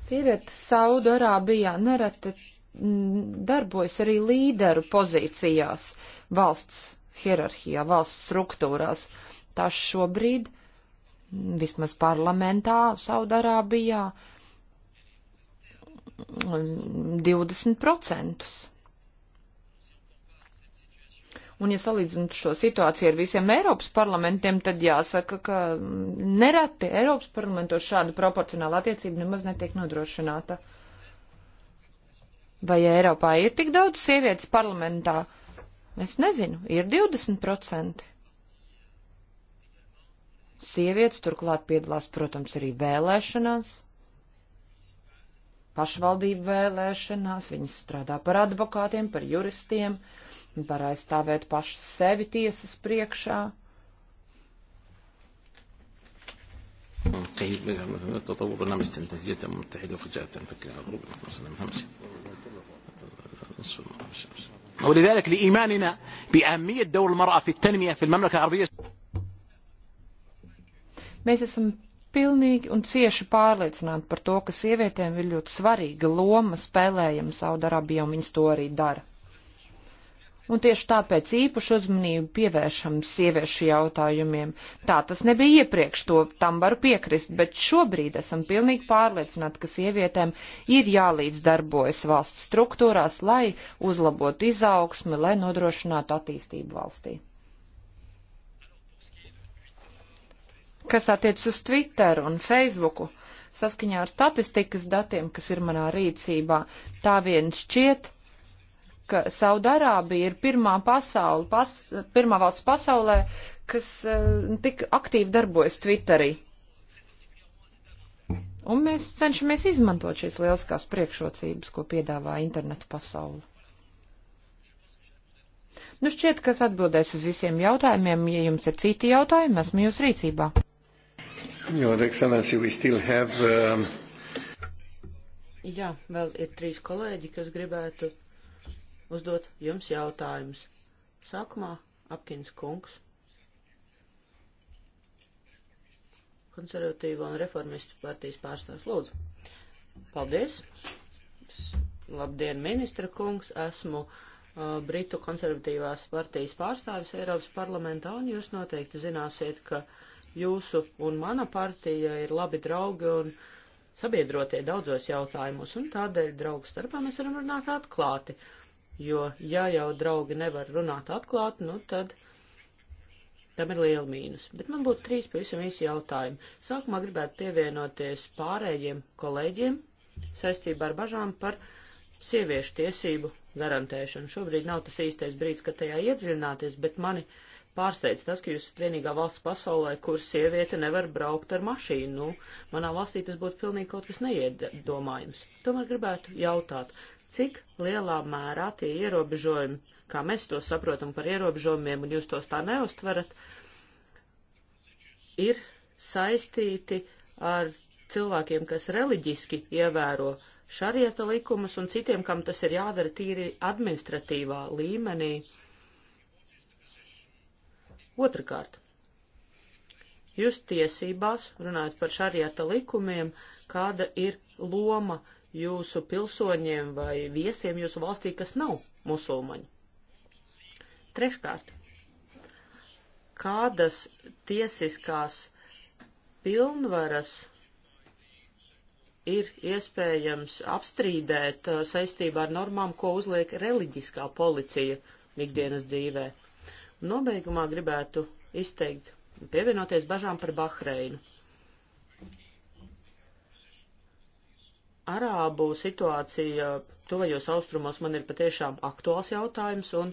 Sievietes Saudarābijā nereti darbojas arī līderu pozīcijās valsts hierarhijā, valsts struktūrās. Tas šobrīd, vismaz parlamentā, Saudarābijā, 20%. Un, ja salīdzinu šo situāciju ar visiem Eiropas parlamentiem, tad jāsaka, ka nereti Eiropas parlamentos šāda proporcionāla attiecība nemaz netiek nodrošināta. Uh, Vai Eiropā ir tik daudz sievietes parlamentā? Es nezinu, ir 20%. Sievietes turklāt piedalās, protams, arī vēlēšanās, pašvaldību vēlēšanās, viņas strādā par advokātiem, par juristiem, var aizstāvēt pašu sevi tiesas priekšā. قيل تطور برنامج تنتهجية متحدة وفجأة انفك غروب مثلا همسة ولذلك لإيماننا بأهمية دور المرأة في التنمية في المملكة العربية Mēs esam pilnīgi un cieši pārliecināti par to, ka sievietēm ir ļoti svarīga loma spēlējama Saudarābijā, un viņas to arī dara un tieši tāpēc īpašu uzmanību pievēršam sieviešu jautājumiem. Tā tas nebija iepriekš, to tam varu piekrist, bet šobrīd esam pilnīgi pārliecināti, ka sievietēm ir jālīdzdarbojas valsts struktūrās, lai uzlabotu izaugsmi, lai nodrošinātu attīstību valstī. Kas attiec uz Twitter un Facebooku, saskaņā ar statistikas datiem, kas ir manā rīcībā, tā vien šķiet, ka Saudārābija ir pirmā, pasauli, pas, pirmā valsts pasaulē, kas uh, tik aktīvi darbojas Twitterī. Un mēs cenšamies izmantot šīs lieliskās priekšrocības, ko piedāvā internetu pasauli. Nu šķiet, ka es atbildēšu uz visiem jautājumiem. Ja jums ir citi jautājumi, esmu jūs rīcībā. Your Excellency, we still have. Um... Jā, vēl ir trīs kolēģi, kas gribētu uzdot jums jautājumus. Sākumā Apkins kungs. Konservatīvo un reformistu partijas pārstāvs lūdzu. Paldies. Labdien, ministra kungs. Esmu uh, Britu konservatīvās partijas pārstāvis Eiropas parlamentā, un jūs noteikti zināsiet, ka jūsu un mana partija ir labi draugi un sabiedrotie daudzos jautājumos, un tādēļ draugu starpā mēs varam runāt atklāti. Uh, jo ja jau draugi nevar runāt atklāti, nu tad tam ir liela mīnus. Bet man būtu trīs pavisam īsi jautājumi. Sākumā gribētu pievienoties pārējiem kolēģiem saistībā ar bažām par sieviešu tiesību garantēšanu. Šobrīd nav tas īstais brīdis, kad tajā iedziļināties, bet mani pārsteidz tas, ka jūs esat vienīgā valsts pasaulē, kur sieviete nevar braukt ar mašīnu. Nu, manā valstī tas būtu pilnīgi kaut kas neiedomājams. Tomēr gribētu jautāt, cik lielā mērā tie ierobežojumi, kā mēs to saprotam par ierobežojumiem, un jūs tos tā neustverat, ir saistīti ar cilvēkiem, kas reliģiski ievēro šarieta likumus un citiem, kam tas ir jādara tīri administratīvā līmenī. Otrakārt, jūs tiesībās runājot par šarieta likumiem, kāda ir loma uh, jūsu pilsoņiem vai viesiem jūsu valstī, kas nav musulmaņi. Treškārt, kādas tiesiskās pilnvaras ir iespējams apstrīdēt uh, saistībā ar normām, ko uzliek reliģiskā policija ikdienas dzīvē? Nobeigumā gribētu izteikt pievienoties bažām par Bahreinu. Arābu situācija tuvajos austrumos man ir patiešām aktuāls jautājums, un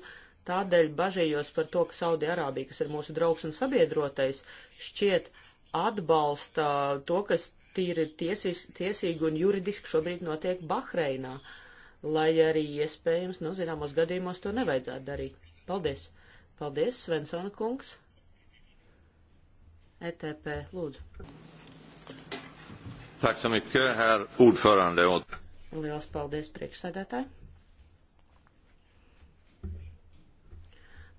tādēļ bažījos par to, ka Saudi Arābija, kas ir mūsu draugs un sabiedrotais, šķiet atbalsta to, kas tīri tiesis, tiesīgi un juridiski šobrīd notiek Bahreinā, lai arī iespējams, nu, zināmos gadījumos to nevajadzētu darīt. Paldies! Paldies, Svensona kungs! ETP, lūdzu! Tack så mycket, herr ordförande. Lielas paldies, priekšsēdētāji.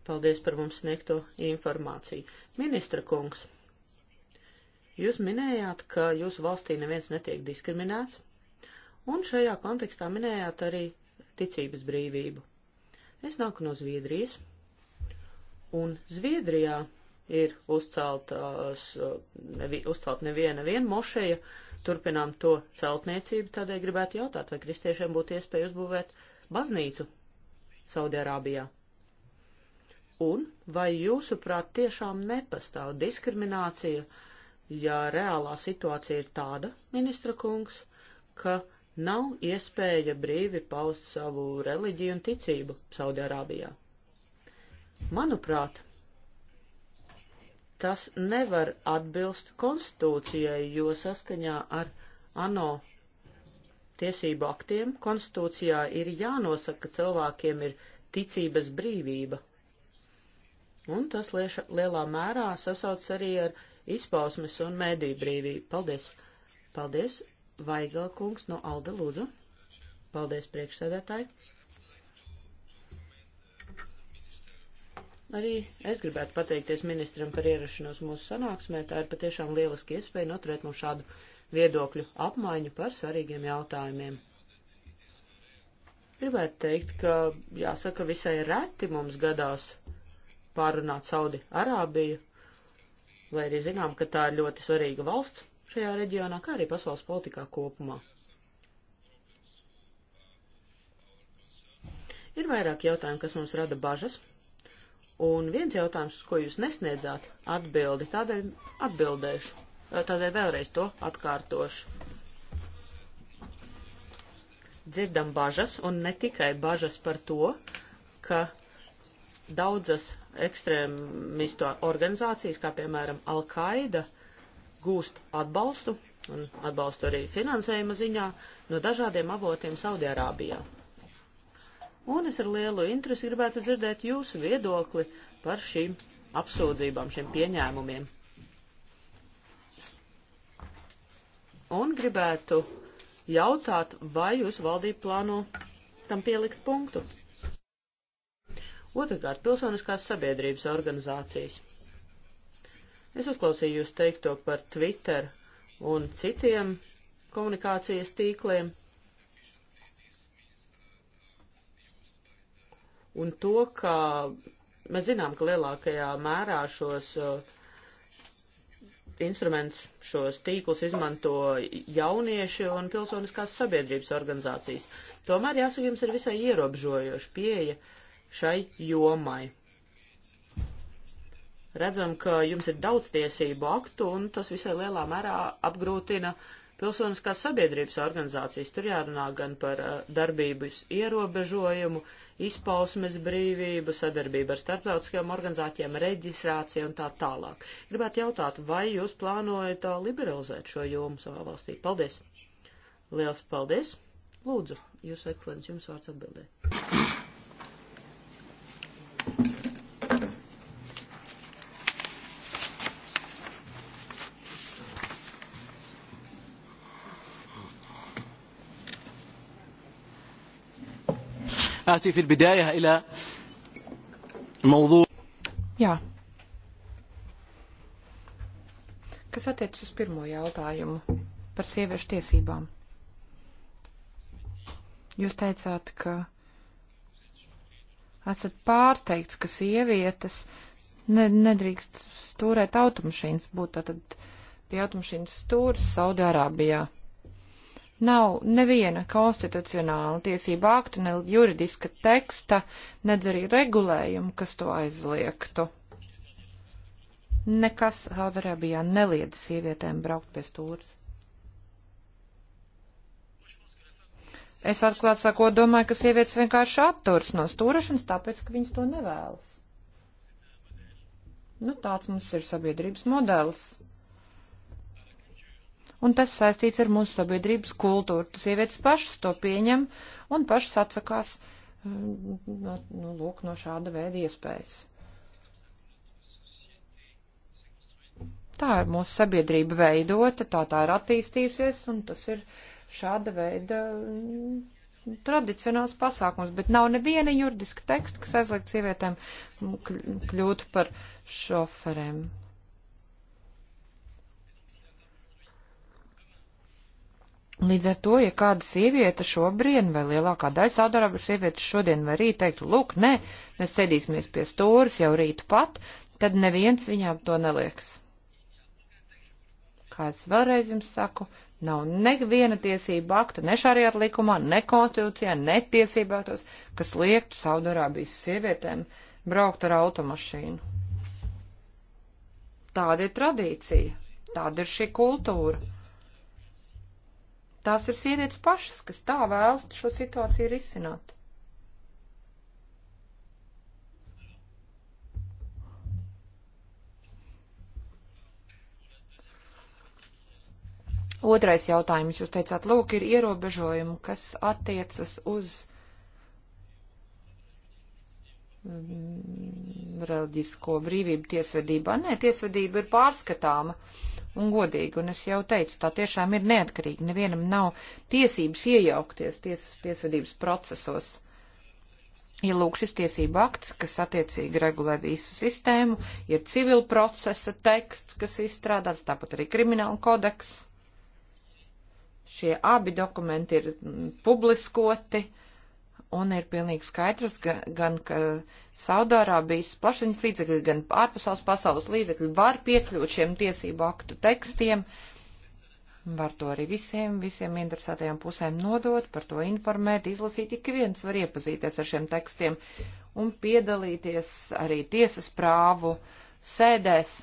Paldies par mums sniegto informāciju. Ministra kungs, jūs minējāt, ka jūsu valstī neviens netiek diskriminēts, un šajā kontekstā minējāt arī ticības brīvību. Es nāku no Zviedrijas, un Zviedrijā ir uzceltās, uh, nevi, uzcelt neviena viena mošeja, turpinām to celtniecību, tādēļ gribētu jautāt, vai kristiešiem būtu iespēja uzbūvēt baznīcu Saudierābijā. Un vai jūsuprāt tiešām nepastāv diskriminācija, ja reālā situācija ir tāda, ministra kungs, ka nav iespēja brīvi paust savu reliģiju un ticību Saudierābijā? Manuprāt, tas nevar atbilst konstitūcijai, jo saskaņā ar ANO tiesību aktiem konstitūcijā ir jānosaka, ka cilvēkiem ir ticības brīvība. Un tas lieša, lielā mērā sasauc arī ar izpausmes un mēdīju brīvību. Paldies! Paldies, Vaigela kungs no Alde Lūdzu! Paldies, priekšsēdētāji! Arī es gribētu pateikties ministram par ierašanos mūsu sanāksmē. Tā ir patiešām lieliski iespēja noturēt mums šādu viedokļu apmaiņu par svarīgiem jautājumiem. Gribētu teikt, ka jāsaka visai reti mums gadās pārunāt Saudi Arābiju, lai arī zinām, ka tā ir ļoti svarīga valsts šajā reģionā, kā arī pasaules politikā kopumā. Ir vairāk jautājumu, kas mums rada bažas, Un viens jautājums, ko jūs nesniedzāt atbildi, tādēļ atbildēšu, tādēļ vēlreiz to atkārtošu. Dzirdam bažas, un ne tikai bažas par to, ka daudzas ekstrēmistu organizācijas, kā piemēram Al-Qaida, gūst atbalstu un atbalstu arī finansējuma ziņā no dažādiem avotiem Saudijārābijā un es ar lielu interesi gribētu dzirdēt jūsu viedokli par šīm apsūdzībām, šiem pieņēmumiem. Un gribētu jautāt, vai jūs valdība plāno tam pielikt punktu. Otrakārt, pilsoniskās sabiedrības organizācijas. Es uzklausīju jūs teikto par Twitter un citiem komunikācijas tīkliem un to, ka mēs zinām, ka lielākajā mērā šos uh, instrumentus, šos tīklus izmanto jaunieši un pilsoniskās sabiedrības organizācijas. Tomēr, jāsaka, jums ir visai ierobežojoša pieeja šai jomai redzam, ka jums ir daudz tiesību aktu, un tas visai lielā mērā apgrūtina pilsoniskās sabiedrības organizācijas. Tur jārunā gan par uh, darbības ierobežojumu, izpausmes brīvību, sadarbību ar starptautiskajām organizācijām, reģistrāciju un tā tālāk. Gribētu jautāt, vai jūs plānojat uh, liberalizēt šo jomu savā valstī? Paldies! Liels paldies! Lūdzu, jūs ekscelenci, jums vārds atbildēt. نأتي في البداية إلى موضوع Jā. Kas attiecas uz pirmo jautājumu par sieviešu tiesībām? Jūs teicāt, ka esat pārsteigts, ka sievietes ne, nedrīkst stūrēt automašīnas, būt tātad pie automašīnas stūras Saudārābijā. Nav neviena konstitucionāla tiesība aktu, ne juridiska teksta, nedz arī regulējumu, kas to aizliegtu. Nekas Saudarābijā neliedz sievietēm braukt pie stūras. Es atklāt sakot, domāju, ka sievietes vienkārši atturas no stūrašanas, tāpēc, ka viņas to nevēlas. Nu, tāds mums ir sabiedrības modelis un tas saistīts ar mūsu sabiedrības kultūru. Tas sievietes pašas to pieņem un pašas atsakās mm, no, nu, lūk, no šāda veida iespējas. Tā ir mūsu sabiedrība veidota, tā tā ir attīstījusies, un tas ir šāda veida mm, tradicionāls pasākums, bet nav neviena juridiska teksta, kas aizliegt sievietēm kļūt par šoferiem. Līdz ar to, ja kāda sieviete šobrīd, vai lielākā daļa saudarabu sievietes šodien vai rīt teiktu, lūk, nē, mēs sēdīsimies pie stūras jau rītu pat, tad neviens viņām to nelieks. Kā es vēlreiz jums saku, nav neviena tiesība akta, ne šāriet likumā, ne konstitūcijā, ne tiesībātos, kas liektu Saudarābijas sievietēm braukt ar automašīnu. Tāda ir tradīcija, tāda ir šī kultūra. Tās ir sievietes pašas, kas tā vēlas šo situāciju risināt. Otrais jautājums. Jūs teicāt, lūk, ir ierobežojumi, kas attiecas uz mm, reliģisko brīvību tiesvedībā. Nē, tiesvedība ir pārskatāma. Uh, un godīgi, un es jau teicu, tā tiešām ir neatkarīga, nevienam nav tiesības iejaukties ties, tiesvedības procesos. Ir ja lūk šis tiesība akts, kas attiecīgi regulē visu sistēmu, ir civil procesa teksts, kas izstrādāts, tāpat arī krimināla kodeks. Šie abi dokumenti ir mm, publiskoti. Uh, Un ir pilnīgi skaidrs, ka, gan, ka Saudārābijas plašiņas līdzekļi, gan ārpasaules pasaules līdzekļi var piekļūt šiem tiesību aktu tekstiem, var to arī visiem, visiem interesētajām pusēm nodot, par to informēt, izlasīt, ik viens var iepazīties ar šiem tekstiem un piedalīties arī tiesas prāvu sēdēs.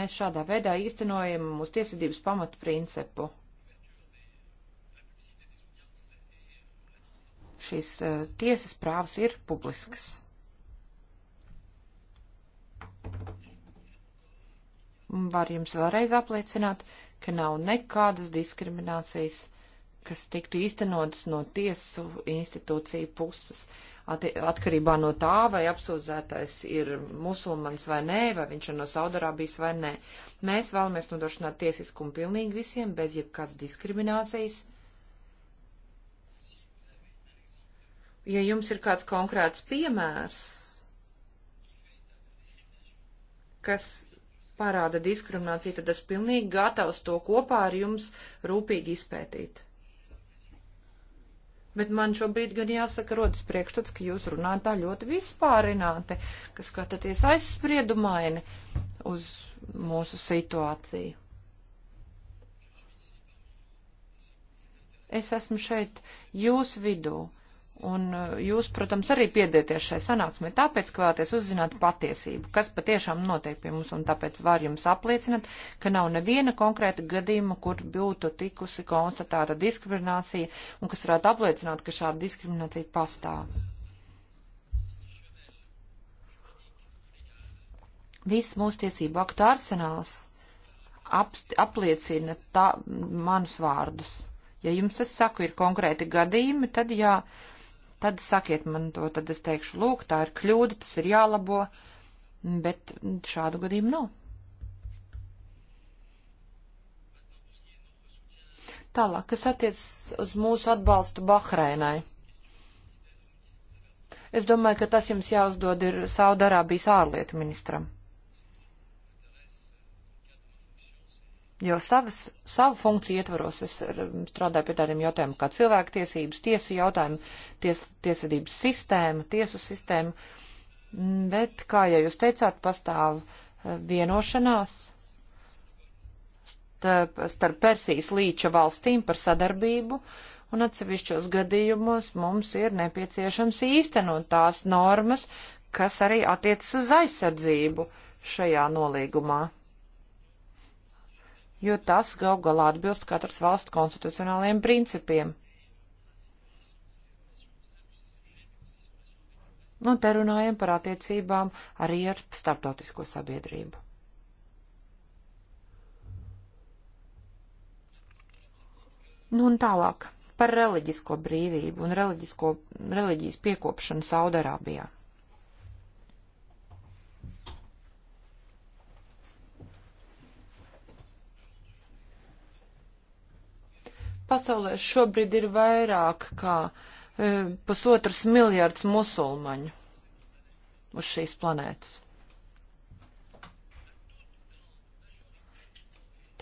Mēs šādā veidā īstenojam mūsu tiesvedības pamatu principu. šīs uh, tiesas prāvas ir publiskas. Var jums vēlreiz apliecināt, ka nav nekādas diskriminācijas, kas tiktu īstenotas no tiesu institūciju puses, atkarībā no tā, vai apsūdzētais ir musulmanis vai nē, vai viņš ir no Saudarābijas vai nē. Mēs vēlamies nodrošināt tiesiskumu pilnīgi visiem, bez jebkādas diskriminācijas. Uh, Ja jums ir kāds konkrēts piemērs, kas parāda diskrimināciju, tad es pilnīgi gatavs to kopā ar jums rūpīgi izpētīt. Bet man šobrīd gan jāsaka rodas priekšstats, ka jūs runājat tā ļoti vispārināti, ka skatāties aizspriedumaini uz mūsu situāciju. Es esmu šeit jūsu vidū, Un uh, jūs, protams, arī piedieties šai sanāksmē, tāpēc, ka vēlaties uzzināt patiesību, kas patiešām notiek pie mums, un tāpēc var jums apliecināt, ka nav neviena konkrēta gadījuma, kur būtu tikusi konstatēta diskriminācija, un kas varētu apliecināt, ka šāda diskriminācija pastāv. Viss mūsu tiesību aktu arsenāls ap, apliecina tā, manus vārdus. Ja jums, es saku, ir konkrēti gadījumi, tad jā. Ja tad sakiet man to, tad es teikšu, lūk, tā ir kļūda, tas ir jālabo, bet šādu gadījumu nav. Tālāk, kas attiec uz mūsu atbalstu Bahreinai. Es domāju, ka tas jums jāuzdod ir Saudarābijas ārlietu ministram. Jo savas, savu funkciju ietvaros es eh, strādāju pie tādiem jautājumiem kā cilvēktiesības, tiesu jautājumi, ties, tiesvedības sistēma, tiesu sistēma. Mm, bet, kā jau jūs teicāt, pastāv eh, vienošanās starp Persijas līča valstīm par sadarbību, un atsevišķos gadījumos mums ir nepieciešams īstenot tās normas, kas arī attiecas uz aizsardzību šajā nolīgumā jo tas gal galā atbilst katras valsts konstitucionālajiem principiem. Un te runājam par attiecībām arī ar starptautisko sabiedrību. Nu un tālāk par reliģisko brīvību un reliģisko, reliģijas piekopšanu Saudarābijā. Pasaulē šobrīd ir vairāk kā e, pusotras miljards musulmaņu uz šīs planētas.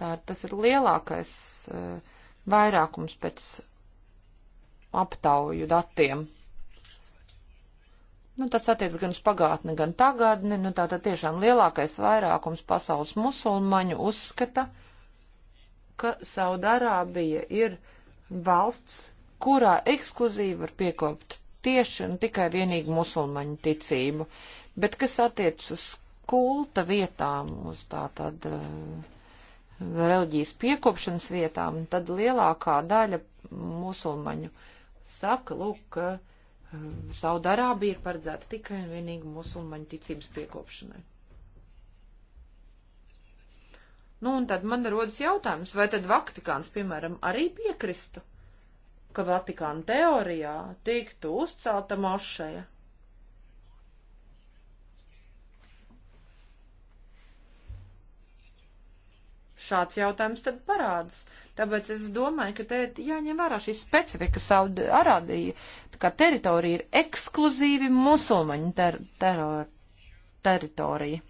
Tā, tas ir lielākais e, vairākums pēc aptauju datiem. Nu, tas attiec gan uz pagātni, gan tagadni. Nu, tā tad tiešām lielākais vairākums pasaules musulmaņu uzskata, ka ka Saudārābija ir valsts, kurā ekskluzīvi var piekopt tieši un tikai vienīgi musulmaņu ticību, bet kas attiec uz kulta vietām, uz tā tad uh, reliģijas piekopšanas vietām, tad lielākā daļa musulmaņu saka, lūk, ka uh, Saudārābija ir paredzēta tikai un vienīgi musulmaņu ticības piekopšanai. Nu, un tad man rodas jautājums, vai tad Vatikāns, piemēram, arī piekristu, ka Vatikāna teorijā tiktu uzcelta mošeja? Šāds jautājums tad parādās. Tāpēc es domāju, ka te jāņem vērā šī specifika Saudi Arābija, ka teritorija ir ekskluzīvi musulmaņu ter ter teritorija.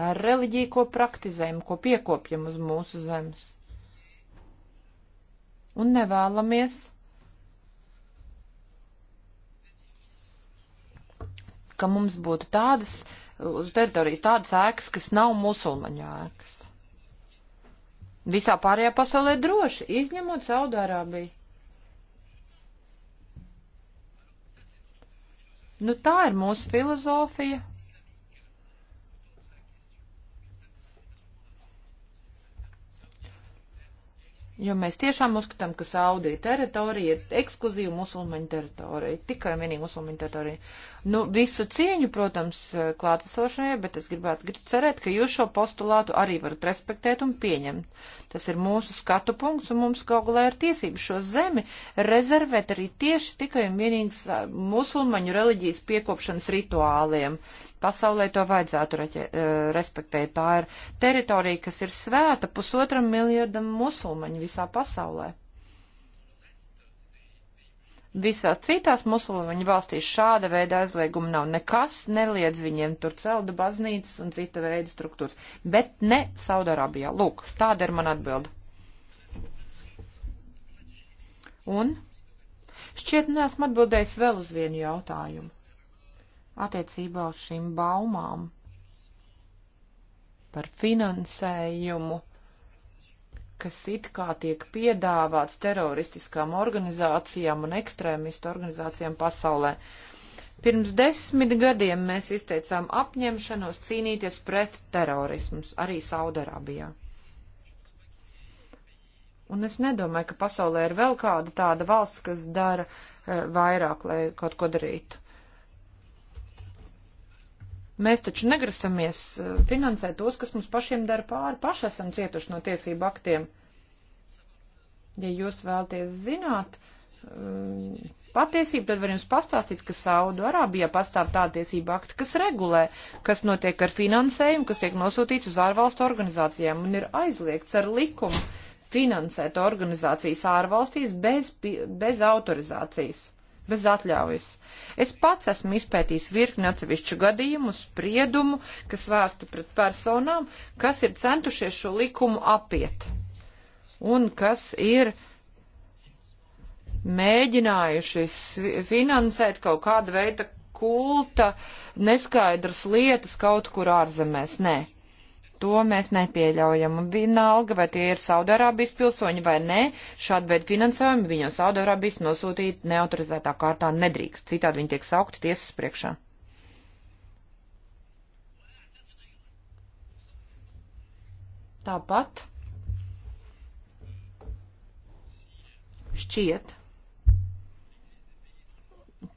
Tā ir reliģija, ko praktizējam, ko piekopjam uz mūsu zemes. Un nevēlamies ka mums būtu tādas uz teritorijas tādas ēkas, kas nav musulmaņu ēkas. Visā pārējā pasaulē droši, izņemot Saudārābiju. Nu tā ir mūsu filozofija. Jo mēs tiešām uzskatām, ka Saudija teritorija ir ekskluzīva musulmaņu teritorija, tikai vienīgi musulmaņu teritorija. Nu, visu cieņu, protams, klātesošajai, bet es gribētu cerēt, ka jūs šo postulātu arī varat respektēt un pieņemt. Tas ir mūsu skatu punkts, un mums kaut galā ir tiesības šo zemi rezervēt arī tieši tikai un vienīgs musulmaņu reliģijas piekopšanas rituāliem. Pasaulē to vajadzētu reķe, e, respektēt. Tā ir teritorija, kas ir svēta pusotram miljardam musulmaņu visā pasaulē. Visās citās musulmaņu valstīs šāda veida aizlieguma nav. Nekas neliedz viņiem tur celda baznīcas un cita veida struktūras. Bet ne Saudarābijā. Lūk, tāda ir man atbilda. Un? Šķiet, neesmu atbildējis vēl uz vienu jautājumu. Attiecībā uz šīm baumām par finansējumu kas it kā tiek piedāvāts teroristiskām organizācijām un ekstrēmistu organizācijām pasaulē. Pirms desmit gadiem mēs izteicām apņemšanos cīnīties pret terorismu arī Saudarābijā. Un es nedomāju, ka pasaulē ir vēl kāda tāda valsts, kas dara e, vairāk, lai kaut ko darītu. Mēs taču negrasamies eh, finansēt tos, kas mums pašiem dara pāri, paši esam cietuši no tiesību aktiem. Ja jūs vēlties zināt eh, patiesību, tad var jums pastāstīt, ka Saudu Arābijā pastāv tā tiesība akti, kas regulē, kas notiek ar finansējumu, kas tiek nosūtīts uz ārvalstu organizācijām un ir aizliegts ar likumu finansēt organizācijas ārvalstīs bez, bez autorizācijas bez atļaujas. Es pats esmu izpētījis virkni atsevišķu gadījumu, spriedumu, kas vērsta pret personām, kas ir centušies šo likumu apiet un kas ir mēģinājuši finansēt kaut kādu veidu kulta, neskaidras lietas kaut kur ārzemēs. Nē. To mēs nepieļaujam. Vienalga, vai tie ir Saudārābijas pilsoņi vai nē, šādu veidu finansējumu viņu Saudārābijas nosūtīt neautorizētā kārtā nedrīkst. Citādi viņi tiek saukti tiesas priekšā. Tāpat šķiet,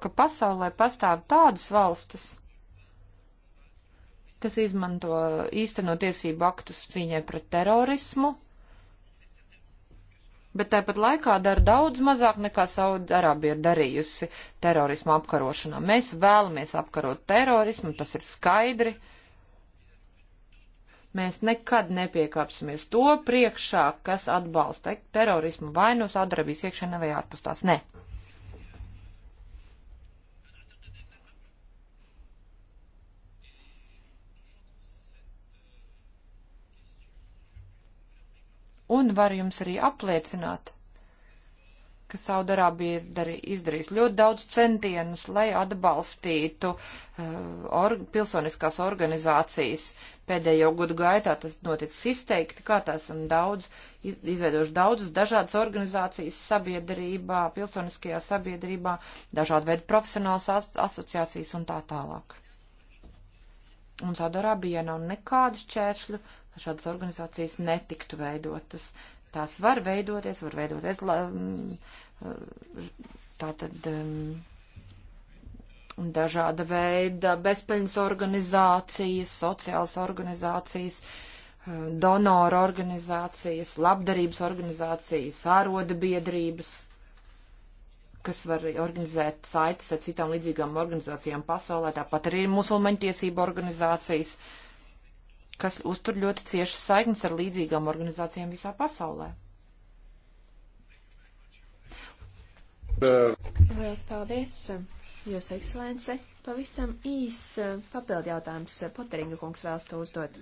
ka pasaulē pastāv tādas valstis, kas izmanto īsteno tiesību aktus cīņai pret terorismu, bet tāpat laikā dara daudz mazāk nekā Saudārābija ir darījusi terorismu apkarošanā. Mēs vēlamies apkarot terorismu, tas ir skaidri. Mēs nekad nepiekāpsimies to priekšā, kas atbalsta terorismu vai no Saudārābijas iekšēnē vai ārpus tās. Nē. Ne. Un varu jums arī apliecināt, ka Saudarābija ir izdarījis ļoti daudz centienus, lai atbalstītu uh, or, pilsoniskās organizācijas. Pēdējo gadu gaitā tas noticis izteikti, kā tā esam daudz, iz, izveidojuši daudzas dažādas organizācijas sabiedrībā, pilsoniskajā sabiedrībā, dažādu veidu profesionālas as, asociācijas un tā tālāk. Un Saudarābija nav nekādu šķēršļu, šādas organizācijas netiktu veidotas. Tās var veidoties, var veidoties mm, tātad mm, dažāda veida bezpeļņas organizācijas, sociālas organizācijas, mm, donoru organizācijas, labdarības organizācijas, āroda biedrības, kas var organizēt saites ar citām līdzīgām organizācijām pasaulē, tāpat arī ir musulmaņu tiesību organizācijas. Uh, kas uztur ļoti ciešas saiknes ar līdzīgām organizācijām visā pasaulē. Lielas paldies, Jūs ekscelence. Pavisam īs papildi jautājums Poteringa kungs vēlas to uzdot.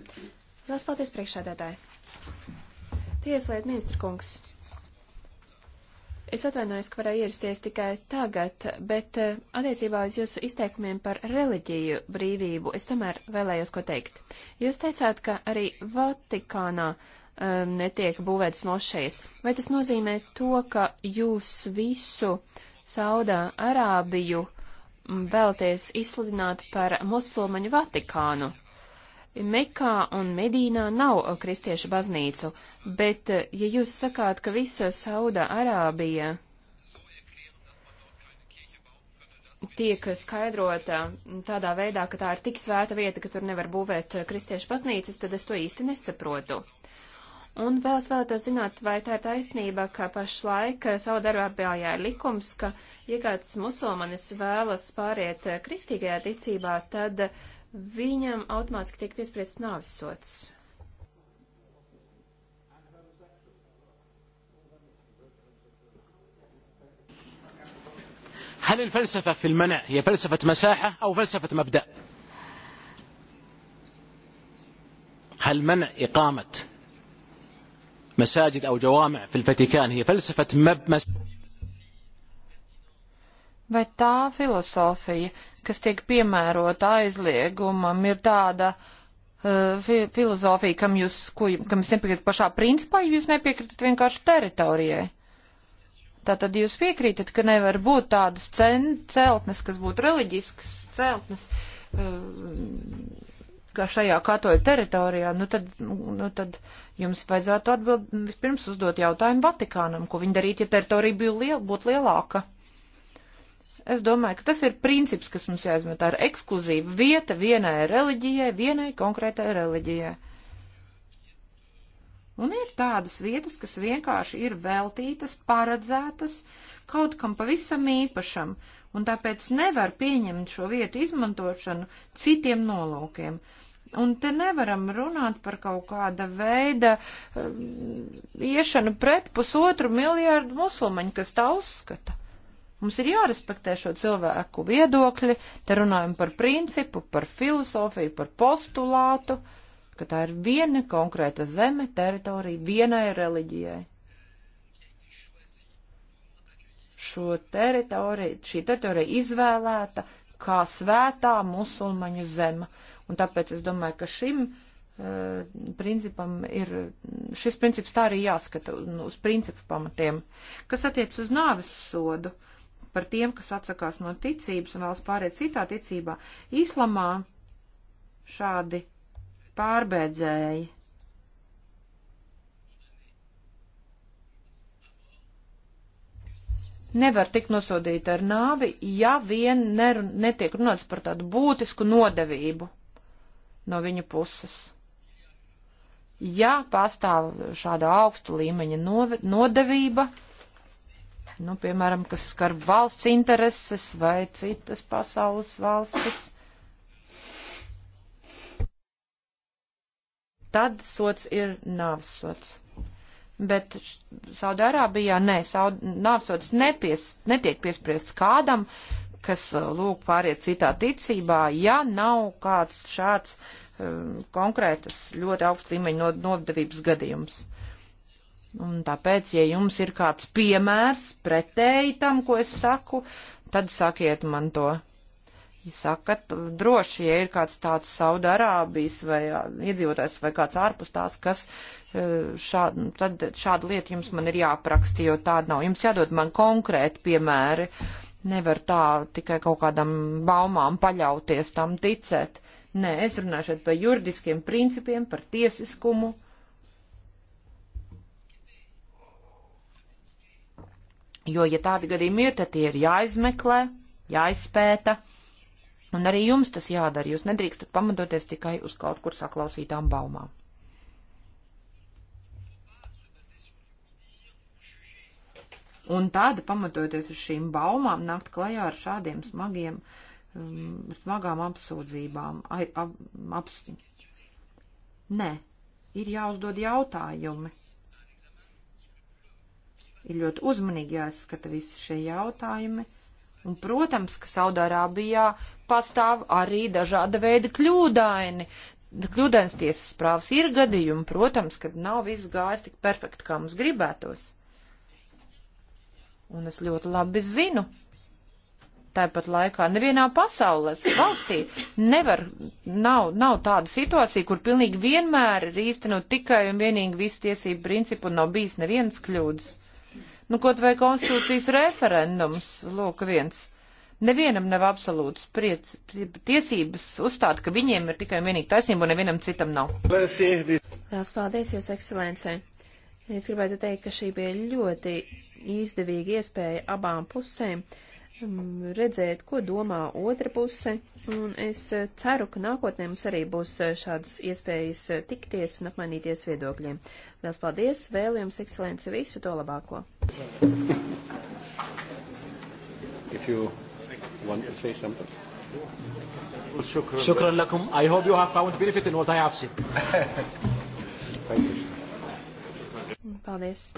Lielas paldies priekšsēdētāji. Tieslietu ministra kungs. Es atvainojos, ka varēju ierasties tikai tagad, bet eh, attiecībā uz jūsu izteikumiem par reliģiju brīvību es tomēr vēlējos ko teikt. Jūs teicāt, ka arī Vatikānā um, netiek būvētas mošejas. Vai tas nozīmē to, ka jūs visu Saudā Arābiju vēlties izsludināt par musulmaņu Vatikānu? Mekā un Medīnā nav uh, kristiešu baznīcu, bet uh, ja jūs sakāt, ka visa Sauda Arābija tiek skaidrota tādā veidā, ka tā ir tik svēta vieta, ka tur nevar būvēt uh, kristiešu baznīcas, tad es to īsti nesaprotu. Un vēl es vēlētos zināt, vai tā ir taisnība, ka pašlaik Saudarābijā ir likums, ka, ja kāds musulmanis vēlas pāriet kristīgajā ticībā, tad viņam automātiski tiek piespriests nāvis sots. هل الفلسفة في المنع هي فلسفة مساحة أو فلسفة مبدأ هل منع إقامة مساجد أو جوامع في الفاتيكان هي فلسفة مب مساحة Vai tā filozofija, kas tiek piemērota aizliegumam, ir tāda uh, fi filozofija, kam jūs, ko, kam jūs nepiekrītat pašā principā, ja jūs nepiekrītat vienkārši teritorijai? Tātad jūs piekrītat, ka nevar būt tādas celtnes, kas būtu reliģiskas celtnes, uh, kā šajā katoja teritorijā, nu tad, nu tad jums vajadzētu atbild, vispirms uzdot jautājumu Vatikānam, ko viņi darītu, ja teritorija bija liel, būtu lielāka. Es domāju, ka tas ir princips, kas mums jāizmet. Tā ir ekskluzīva vieta vienai reliģijai, vienai konkrētai reliģijai. Un ir tādas vietas, kas vienkārši ir veltītas, paredzētas kaut kam pavisam īpašam, un tāpēc nevar pieņemt šo vietu izmantošanu citiem nolūkiem. Un te nevaram runāt par kaut kāda veida um, iešanu pret pusotru miljārdu musulmaņu, kas tā uzskata. Mums ir jārespektē šo cilvēku viedokļi, te runājam par principu, par filozofiju, par postulātu, ka tā ir viena konkrēta zeme, teritorija vienai reliģijai. Šo teritoriju, šī teritorija izvēlēta kā svētā musulmaņu zema, un tāpēc es domāju, ka šim eh, principam ir, šis princips tā arī jāskata uz principu pamatiem, kas attiec uz nāves sodu. Uh, par tiem, kas atsakās no ticības un vēlas pāriet citā ticībā. Islamā šādi pārbēdzēji nevar tikt nosodīta ar nāvi, ja vien nerun, netiek runāts par tādu būtisku nodevību no viņa puses. Ja pastāv šāda augsta līmeņa nodevība, nu, piemēram, kas skar valsts intereses vai citas pasaules valstis. Tad sots ir nāves sots. Bet Saudārābijā nē, saud, nāvsots nepies, netiek piespriests kādam, kas uh, lūk pāriet citā ticībā, ja nav kāds šāds um, konkrētas ļoti augsts līmeņa nodevības gadījums. Un tāpēc, ja jums ir kāds piemērs pretēji tam, ko es saku, tad sakiet man to. Ja sakat, droši, ja ir kāds tāds Saudarābijas vai iedzīvotājs vai kāds ārpus tās, kas šādu, nu, tad šādu lietu jums man ir jāapraksta, jo tāda nav. Jums jādod man konkrēti piemēri. Nevar tā tikai kaut kādam baumām paļauties, tam ticēt. Nē, es runāšu par juridiskiem principiem, par tiesiskumu Jo, ja tādi gadījumi ir, tad tie ir jāizmeklē, jāizpēta, un arī jums tas jādara. Jūs nedrīkstat pamatoties tikai uz kaut kur saklausītām baumām. Un tāda, pamatoties uz šīm baumām, nākt klajā ar šādiem smagiem, um, smagām apsūdzībām. Ai, ap, aps... Nē, ir jāuzdod jautājumi Ir ļoti uzmanīgi jāizskata visi šie jautājumi. Un, protams, ka Saudārābijā pastāv arī dažāda veida kļūdaini. Kļūdains tiesas prāvas ir gadījumi, protams, kad nav viss gājis tik perfekti, kā mums gribētos. Un es ļoti labi zinu, Tāpat laikā nevienā pasaules valstī nevar, nav, nav tāda situācija, kur pilnīgi vienmēr ir īstenot tikai un vienīgi visu tiesību principu un nav bijis nevienas kļūdas. Nu, kaut vai konstitūcijas referendums, lūk, viens. Nevienam nav absolūts priec, tiesības uzstāt, ka viņiem ir tikai vienīgi taisnība un nevienam citam nav. Lielas paldies, Jūs ekscelencē. Es gribētu teikt, ka šī bija ļoti izdevīga iespēja abām pusēm. Uh, Mm, redzēt, ko domā otra puse, un es eh, ceru, ka nākotnē mums arī būs eh, šādas iespējas eh, tikties un apmainīties viedokļiem. Lielas paldies, vēlu jums, ekscelenci, visu to labāko! If you want to say something. شكرا لكم. I hope you have found benefit in what I have said. Thank you. Paldies.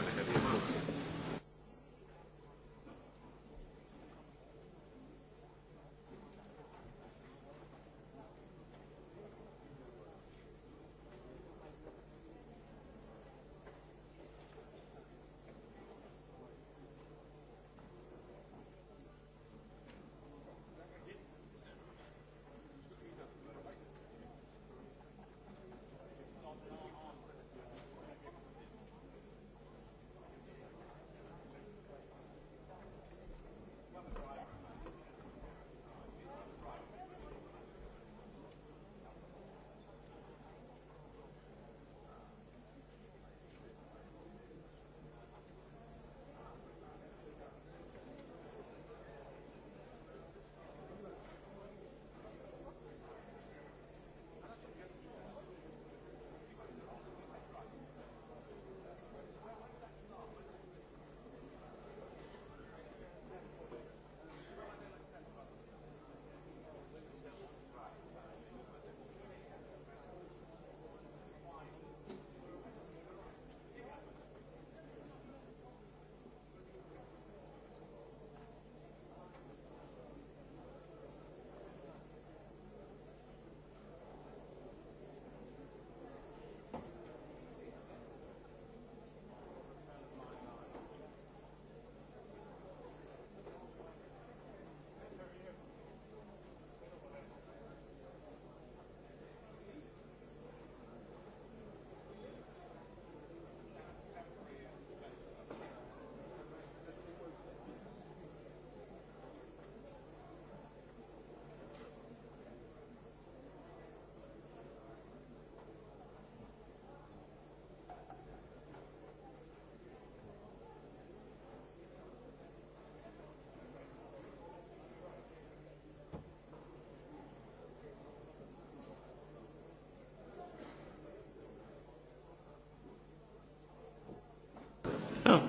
Yeah.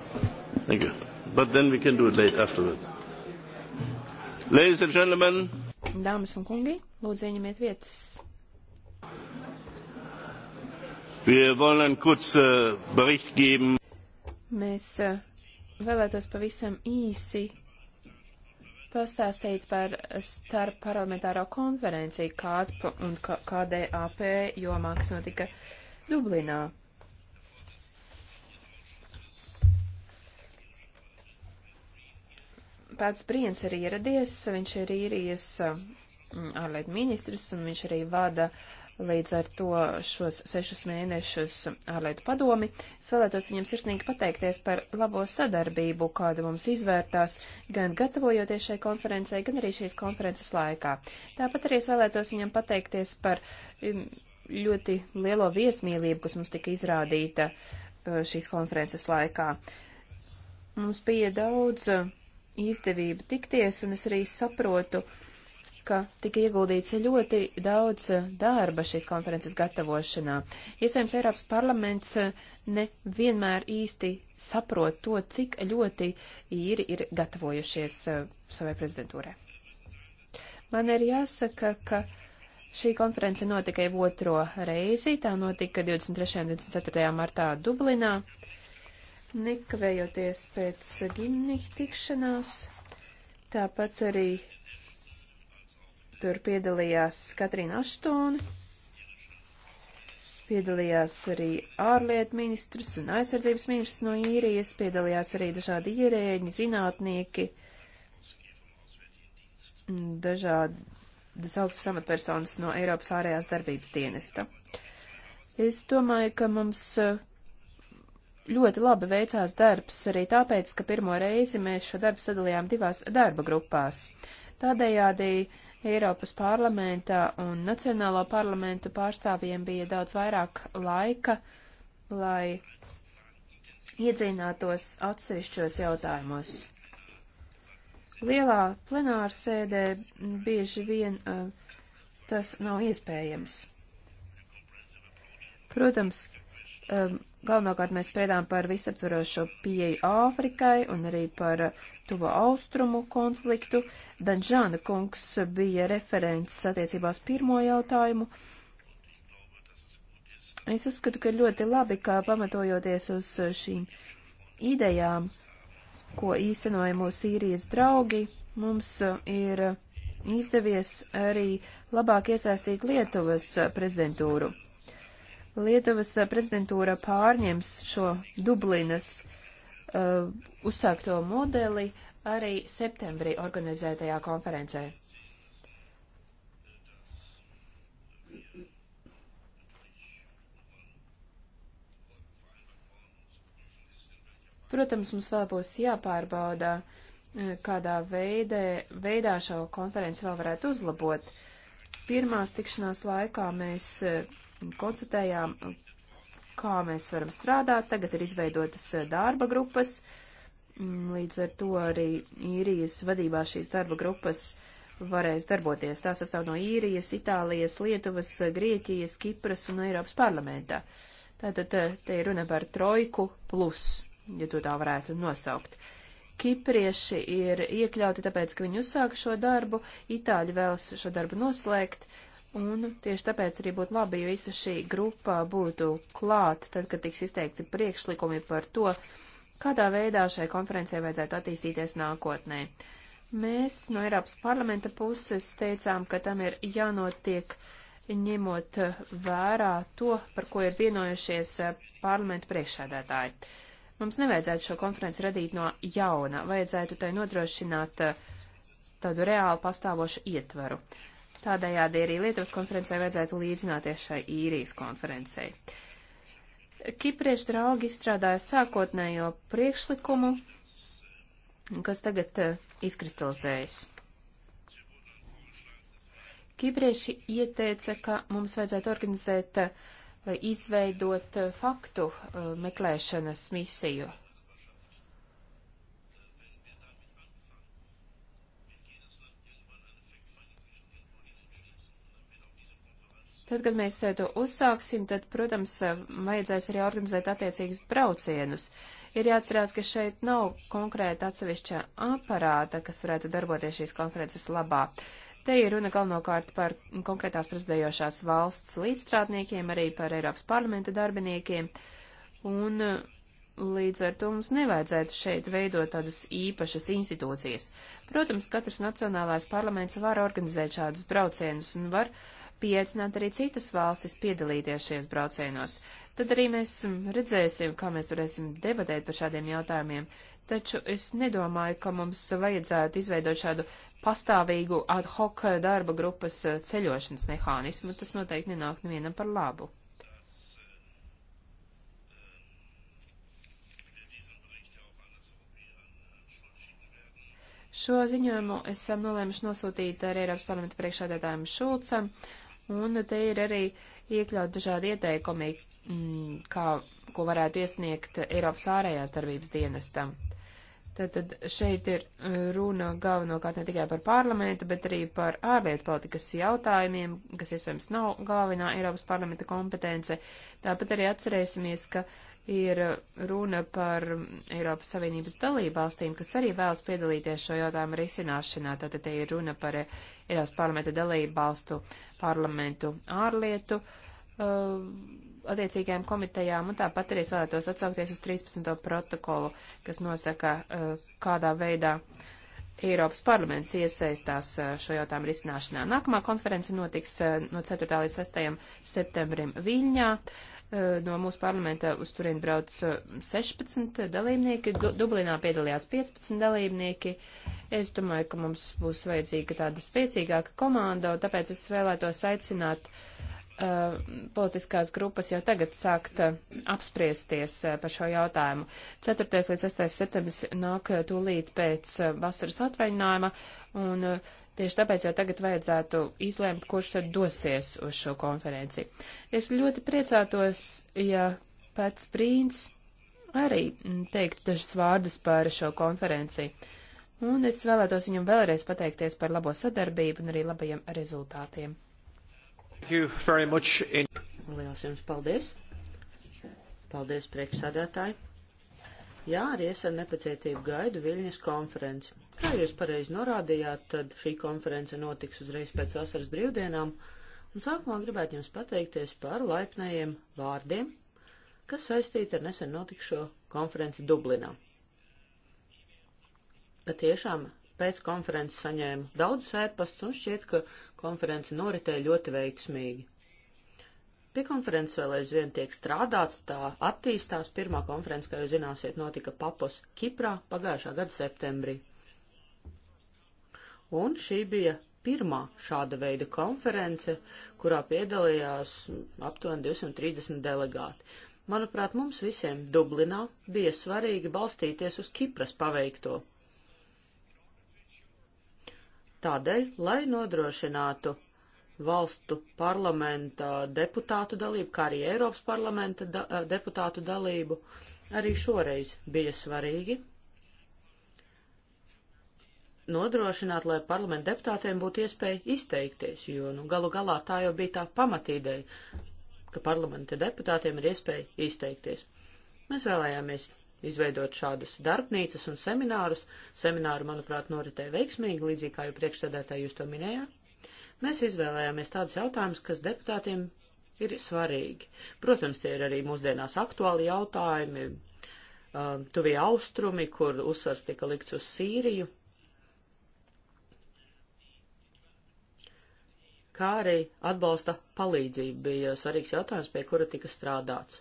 Thank you. But then we can do it late afterwards. Ladies and gentlemen. Dāmas un kungi, lūdzu ieņemiet vietas. Wir wollen einen kurzen uh, äh, Bericht geben. Mēs uh, vēlētos pavisam īsi pastāstīt par starp parlamentāro konferenciju KADP un KDAP jomā, kas notika Dublinā. pats Briens ir ieradies, viņš ir īrijas mm, ārlietu ministrs un viņš arī vada līdz ar to šos sešus mēnešus ārlietu padomi. Es vēlētos viņam sirsnīgi pateikties par labo sadarbību, kāda mums izvērtās, gan gatavojoties šai konferencei, gan arī šīs konferences laikā. Tāpat arī es vēlētos viņam pateikties par mm, ļoti lielo viesmīlību, kas mums tika izrādīta uh, šīs konferences laikā. Mums bija daudz uh, izdevību tikties, un es arī saprotu, ka tika ieguldīts ļoti daudz eh, darba šīs konferences gatavošanā. Iespējams, Eiropas parlaments eh, nevienmēr īsti saprot to, cik ļoti īri ir gatavojušies eh, savai prezidentūrai. Man ir jāsaka, ka šī konference notika jau otro reizi, tā notika 23. un 24. martā Dublinā. Uh, nekavējoties pēc gimniņa tikšanās. Tāpat arī tur piedalījās Katrīna Aštūna, piedalījās arī ārlietu ministrs un aizsardzības ministrs no īrijas, piedalījās arī dažādi ierēģi, zinātnieki, dažādas augstas amatpersonas no Eiropas ārējās darbības dienesta. Es domāju, ka mums ļoti labi veicās darbs, arī tāpēc, ka pirmo reizi mēs šo darbu sadalījām divās darba grupās. Tādējādi Eiropas parlamenta un Nacionālo parlamentu pārstāvjiem bija daudz vairāk laika, lai iedzinātos atsevišķos jautājumos. Lielā plenārsēdē bieži vien uh, tas nav iespējams. Protams, um, Galvenokārt mēs spriedām par visaptverošo pieeju Āfrikai un arī par tuvo austrumu konfliktu. Danžāna kungs bija referents attiecībās pirmo jautājumu. Es uzskatu, ka ļoti labi, ka pamatojoties uz šīm idejām, ko īstenoja mūsu īrijas draugi, mums ir izdevies arī labāk iesaistīt Lietuvas prezidentūru. Lietuvas eh, prezidentūra pārņems šo Dublinas uh, uzsākto modeli arī septembrī organizētajā konferencē. Protams, mums vēl būs jāpārbauda, eh, kādā veidē, veidā šo konferenci vēl varētu uzlabot. Pirmās tikšanās laikā mēs konstatējām, kā mēs varam strādāt. Tagad ir izveidotas eh, darba grupas. Mm, līdz ar to arī īrijas vadībā šīs darba grupas varēs darboties. Tā sastāv no īrijas, Itālijas, Lietuvas, eh, Grieķijas, Kipras un Eiropas parlamentā. Tātad eh, te ir runa par trojku plus, ja to tā varētu nosaukt. Kiprieši ir iekļauti tāpēc, ka viņi uzsāka šo darbu, itāļi vēlas šo darbu noslēgt, uh, Un tieši tāpēc arī būtu labi, ja visa šī grupa būtu klāt, tad, kad tiks izteikti priekšlikumi par to, kādā veidā šai konferencē vajadzētu attīstīties nākotnē. Mēs no Eiropas parlamenta puses teicām, ka tam ir jānotiek ņemot vērā to, par ko ir vienojušies parlamentu priekšsēdētāji. Mums nevajadzētu šo konferenci radīt no jauna, vajadzētu tai nodrošināt tādu reāli pastāvošu ietveru. Uh, Tādējādi arī Lietuvas konferencē vajadzētu līdzināties šai īrijas konferencei. Kipriešu draugi izstrādāja sākotnējo priekšlikumu, kas tagad uh, izkristalizējas. Kiprieši ieteica, ka mums vajadzētu organizēt uh, vai izveidot uh, faktu meklēšanas misiju Tad, kad mēs eh, to uzsāksim, tad, protams, eh, vajadzēs arī organizēt attiecīgus braucienus. Ir jāatcerās, ka šeit nav konkrēta atsevišķa aparāta, kas varētu darboties šīs konferences labā. Te ir runa galvenokārt par konkrētās prezidējošās valsts līdzstrādniekiem, arī par Eiropas parlamenta darbiniekiem, un eh, līdz ar to mums nevajadzētu šeit veidot tādas īpašas institūcijas. Protams, katrs nacionālais parlaments var organizēt šādus braucienus un var uh, pieaicināt arī citas valstis piedalīties šajos braucienos. Tad arī mēs redzēsim, kā mēs varēsim debatēt par šādiem jautājumiem, taču es nedomāju, ka mums vajadzētu izveidot šādu pastāvīgu ad hoc darba grupas eh, ceļošanas mehānismu. Tas noteikti nenāk nevienam par labu. Šo ziņojumu esam nolēmuši nosūtīt arī Eiropas parlamenta priekšādētājiem Šulcam, Un te ir arī iekļaut dažādi ieteikumi, mm, kā, ko varētu iesniegt Eiropas ārējās darbības dienestam. Tātad šeit ir uh, runa galvenokārt ne tikai par parlamentu, bet arī par ārlietu politikas jautājumiem, kas iespējams nav galvenā Eiropas parlamenta kompetence. Tāpat arī atcerēsimies, ka ir runa par Eiropas Savienības dalībvalstīm, kas arī vēlas piedalīties šo jautājumu risināšanā. Tātad te ir runa par Eiropas parlamenta dalībvalstu parlamentu ārlietu uh, attiecīgajām komitejām, un tāpat arī es vēlētos atsaukties uz 13. protokolu, kas nosaka, uh, kādā veidā Eiropas parlaments iesaistās uh, šo jautājumu risināšanā. Nākamā konference notiks uh, no 4. līdz 6. septembrim Viļņā. Uh, Eh, no mūsu parlamenta uz turien brauc 16 eh, dalībnieki, du Dublinā piedalījās 15 dalībnieki. Es domāju, ka mums būs vajadzīga tāda spēcīgāka komanda, un tāpēc es vēlētos aicināt uh, politiskās grupas jau tagad sākt uh, apspriesties uh, par šo jautājumu. 4. līdz 6. septembris nāk tūlīt pēc vasaras atvaļinājuma, un Tieši tāpēc jau tagad vajadzētu izlēmt, kurš tad dosies uz šo konferenci. Es ļoti priecātos, ja pats prīns arī teikt dažus vārdus par šo konferenci. Un es vēlētos viņam vēlreiz pateikties par labo sadarbību un arī labajiem rezultātiem. In... Lielas jums paldies! Paldies, priekšsādātāji! Jā, arī es ar nepacietību gaidu Viļņas konferenci. Kā jūs pareizi norādījāt, tad šī konference notiks uzreiz pēc vasaras brīvdienām, un sākumā gribētu jums pateikties par laipnējiem vārdiem, kas saistīti ar nesen notikušo konferenci Dublinā. Patiešām pēc konferences saņēmu daudzus ēpasts, un šķiet, ka konference noritēja ļoti veiksmīgi. Pie konferences vēl aizvien tiek strādāts, tā attīstās. Pirmā konference, kā jūs zināsiet, notika Papos Kiprā pagājušā gada septembrī. Un šī bija pirmā šāda veida konference, kurā piedalījās aptuveni 230 delegāti. Manuprāt, mums visiem Dublinā bija svarīgi balstīties uz Kipras paveikto. Tādēļ, lai nodrošinātu valstu parlamenta deputātu dalību, kā arī Eiropas parlamenta da eh, deputātu dalību, arī šoreiz bija svarīgi nodrošināt, lai parlamenta deputātiem būtu iespēja izteikties, jo nu, galu galā tā jau bija tā pamatīdēja, ka parlamenta deputātiem ir iespēja izteikties. Mēs vēlējāmies izveidot šādas darbnīcas un seminārus. Semināru, manuprāt, noritēja veiksmīgi, līdzīgi kā jau priekšsēdētāji jūs to minējāt. Mēs izvēlējāmies tādus jautājumus, kas deputātiem ir svarīgi. Protams, tie ir arī mūsdienās aktuāli jautājumi, uh, tuvie austrumi, kur uzsvars tika likts uz Sīriju, kā arī atbalsta palīdzība bija svarīgs jautājums, pie kura tika strādāts.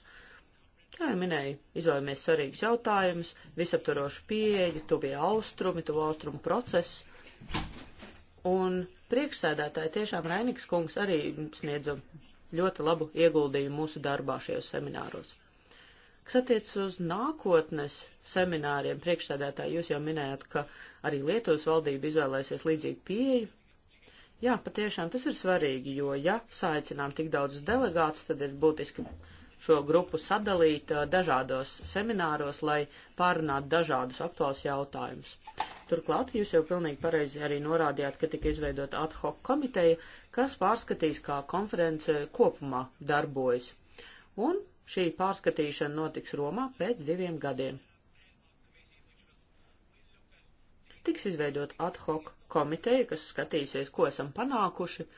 Kā jau minēju, izvēlamies svarīgus jautājumus, visaptvarošu pieeju, tuvie austrumi, tuvu austrumu procesu. Un priekšsēdētāji tiešām Rainīgs kungs arī sniedza ļoti labu ieguldījumu mūsu darbā šajos semināros. Kas attiecas uz nākotnes semināriem, priekšsēdētāji, jūs jau minējat, ka arī Lietuvas valdība izvēlēsies līdzīgu pieeju, Jā, patiešām tas ir svarīgi, jo, ja saicinām tik daudzus delegātus, tad ir būtiski šo grupu sadalīt dažādos semināros, lai pārunātu dažādus aktuālus jautājumus. Turklāt jūs jau pilnīgi pareizi arī norādījāt, ka tika izveidota ad hoc komiteja, kas pārskatīs, kā konference kopumā darbojas. Un šī pārskatīšana notiks Romā pēc diviem gadiem. Tiks izveidot ad hoc komiteja, kas skatīsies, ko esam panākuši,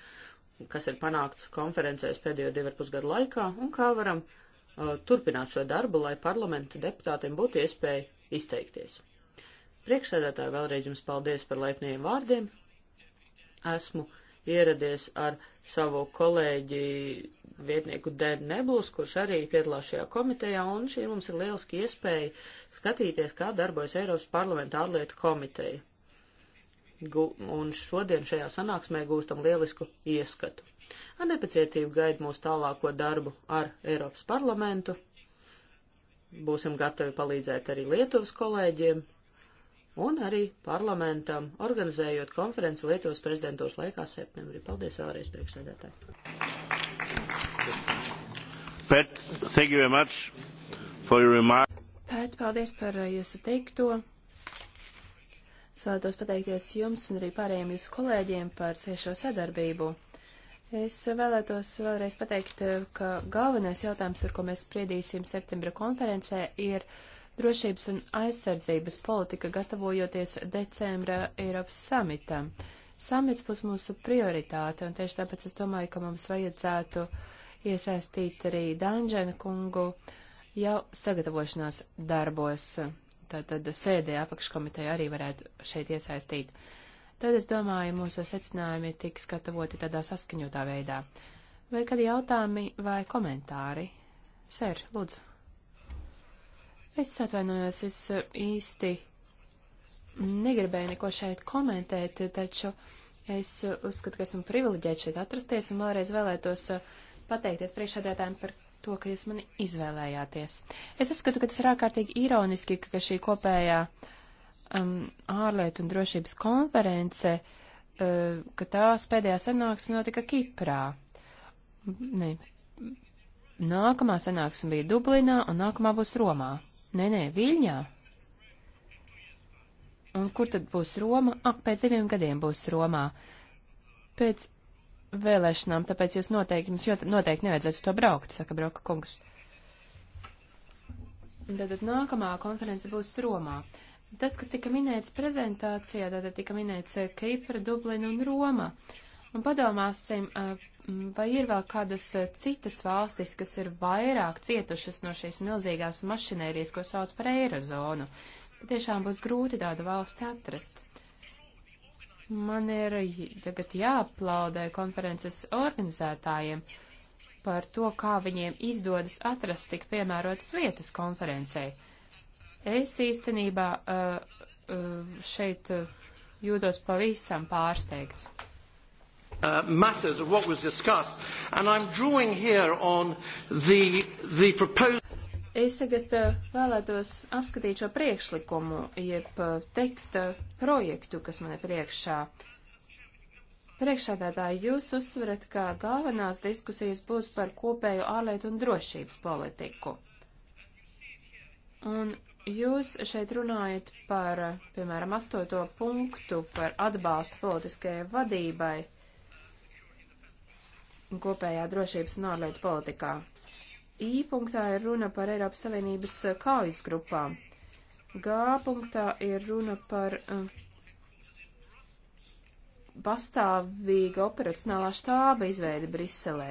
kas ir panākts konferencēs pēdējo divu ar pusgadu laikā un kā varam Uh, turpināt šo darbu, lai parlamenta deputātiem būtu iespēja izteikties. Priekšsēdētāji vēlreiz jums paldies par laipniem vārdiem. Esmu ieradies ar savu kolēģi vietnieku Dēdu Neblus, kurš arī piedalās šajā komitejā, un šī mums ir lieliski iespēja skatīties, kā darbojas Eiropas parlamenta ārlietu komiteja. Gu un šodien šajā sanāksmē gūstam lielisku ieskatu. Ar nepacietību gaidu mūsu tālāko darbu ar Eiropas parlamentu. Būsim gatavi palīdzēt arī Lietuvas kolēģiem un arī parlamentam, organizējot konferenci Lietuvas prezidentūras laikā septembrī. Paldies vēlreiz priekšsēdētāji. Pēt, paldies par uh, jūsu teikto. Es vēlētos pateikties jums un arī pārējiem jūsu kolēģiem par ciešo sadarbību. Es vēlētos vēlreiz pateikt, ka galvenais jautājums, ar ko mēs spriedīsim septembra konferencē, ir drošības un aizsardzības politika gatavojoties decembra Eiropas samitam. Samits būs mūsu prioritāte, un tieši tāpēc es domāju, ka mums vajadzētu iesaistīt arī Danžēna kungu jau sagatavošanās darbos. Tātad sēdē apakškomiteja arī varētu šeit iesaistīt. Uh, tad es domāju, mūsu secinājumi tiks gatavoti tādā saskaņotā veidā. Vai kādi jautājumi vai komentāri? Sēr, lūdzu. Es atvainojos, es uh, īsti negribēju neko šeit komentēt, taču es uh, uzskatu, ka esmu privileģēts šeit atrasties un vēlreiz vēlētos uh, pateikties priekšsēdētājiem par to, ka jūs mani izvēlējāties. Es uzskatu, ka tas ir ārkārtīgi ironiski, ka šī kopējā uh, um, ārlietu un drošības konference, uh, ka tās pēdējā sanāksme notika Kiprā. Nē, nākamā sanāksme bija Dublinā un nākamā būs Romā. Nē, nē, Viļņā. Un kur tad būs Roma? Ak, ah, pēc diviem gadiem būs Romā. Pēc vēlēšanām, tāpēc jūs noteikti, jums jota, noteikti nevajadzēs to braukt, saka Broka kungs. Tātad nākamā konference būs Romā. Uh, Tas, kas tika minēts prezentācijā, tātad tika minēts eh, Kipra, Dublina un Roma. Un padomāsim, eh, vai ir vēl kādas eh, citas valstis, kas ir vairāk cietušas no šīs milzīgās mašinērijas, ko sauc par eirozonu. Tiešām būs grūti tādu valsti atrast. Man ir tagad jāaplaudē konferences organizētājiem par to, kā viņiem izdodas atrast tik piemērotas vietas konferencei. Es īstenībā uh, uh, šeit uh, jūtos pavisam pārsteigts. Uh, matters of what was discussed, and I'm drawing here on the, the proposal. Es tagad uh, vēlētos apskatīt šo priekšlikumu, jeb uh, teksta projektu, kas man ir priekšā. Priekšādātāji, jūs uzsverat, ka galvenās diskusijas būs par kopēju ārlietu un drošības politiku. Un Jūs šeit runājat par, piemēram, astoto punktu par atbalstu politiskajai vadībai un kopējā drošības un ārlietu politikā. I punktā ir runa par Eiropas Savienības eh, kaujas grupām. G punktā ir runa par eh, pastāvīga operacionālā štāba izveidi Briselē.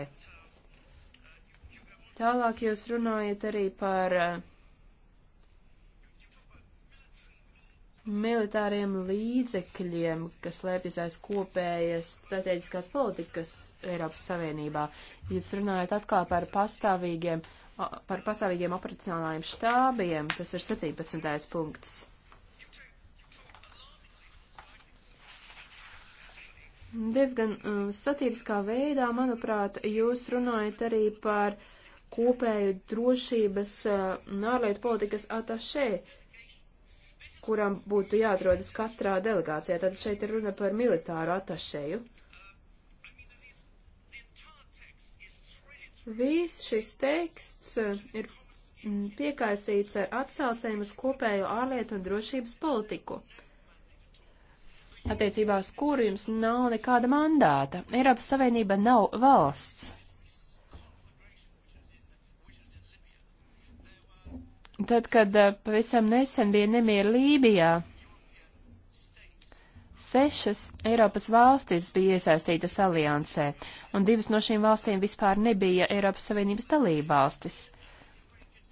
Tālāk jūs runājat arī par uh, militāriem līdzekļiem, kas lēpjas aiz kopējas strateģiskās politikas Eiropas Savienībā. Jūs runājat atkal par pastāvīgiem, par pastāvīgiem operacionālajiem štābiem, tas ir 17. punkts. Diezgan um, satiriskā veidā, manuprāt, jūs runājat arī par kopēju drošības uh, un ārlietu politikas atašē kuram būtu jāatrodas katrā delegācijā. Tad šeit ir runa par militāru atašēju. Viss šis teksts eh, ir mm, piekaisīts ar atsaucēm uz kopējo ārlietu un drošības politiku, attiecībās kuru jums nav nekāda mandāta. Eiropas Savienība nav valsts. Tad, kad eh, pavisam nesen bija nemieri Lībijā, sešas Eiropas valstis bija iesaistītas aliansē, un divas no šīm valstīm vispār nebija Eiropas Savienības dalībvalstis.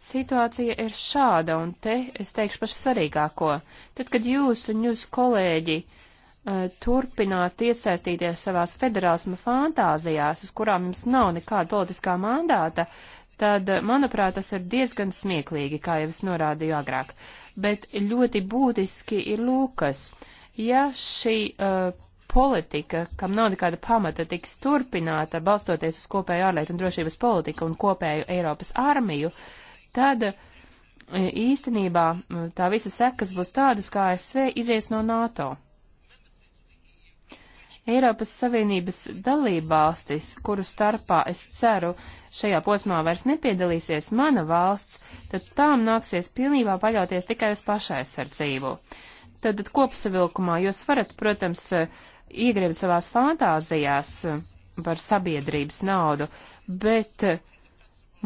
Situācija ir šāda, un te es teikšu pašu svarīgāko. Tad, kad jūs un jūs kolēģi uh, turpināt iesaistīties savās federālisma fantāzijās, uz kurām jums nav nekāda politiskā mandāta, tad, manuprāt, tas ir diezgan smieklīgi, kā jau es norādīju agrāk. Bet ļoti būtiski ir lūkas. Ja šī uh, politika, kam nav nekāda pamata, tiks turpināta, balstoties uz kopēju ārlietu un drošības politiku un kopēju Eiropas armiju, tad uh, īstenībā uh, tā visa sekas būs tādas, kā ASV izies no NATO. Eiropas Savienības dalībvalstis, kuru starpā es ceru šajā posmā vairs nepiedalīsies mana valsts, tad tām nāksies pilnībā paļauties tikai uz pašaizsardzību. Tad kopsavilkumā jūs varat, protams, iegrebt savās fantāzijās par sabiedrības naudu, bet,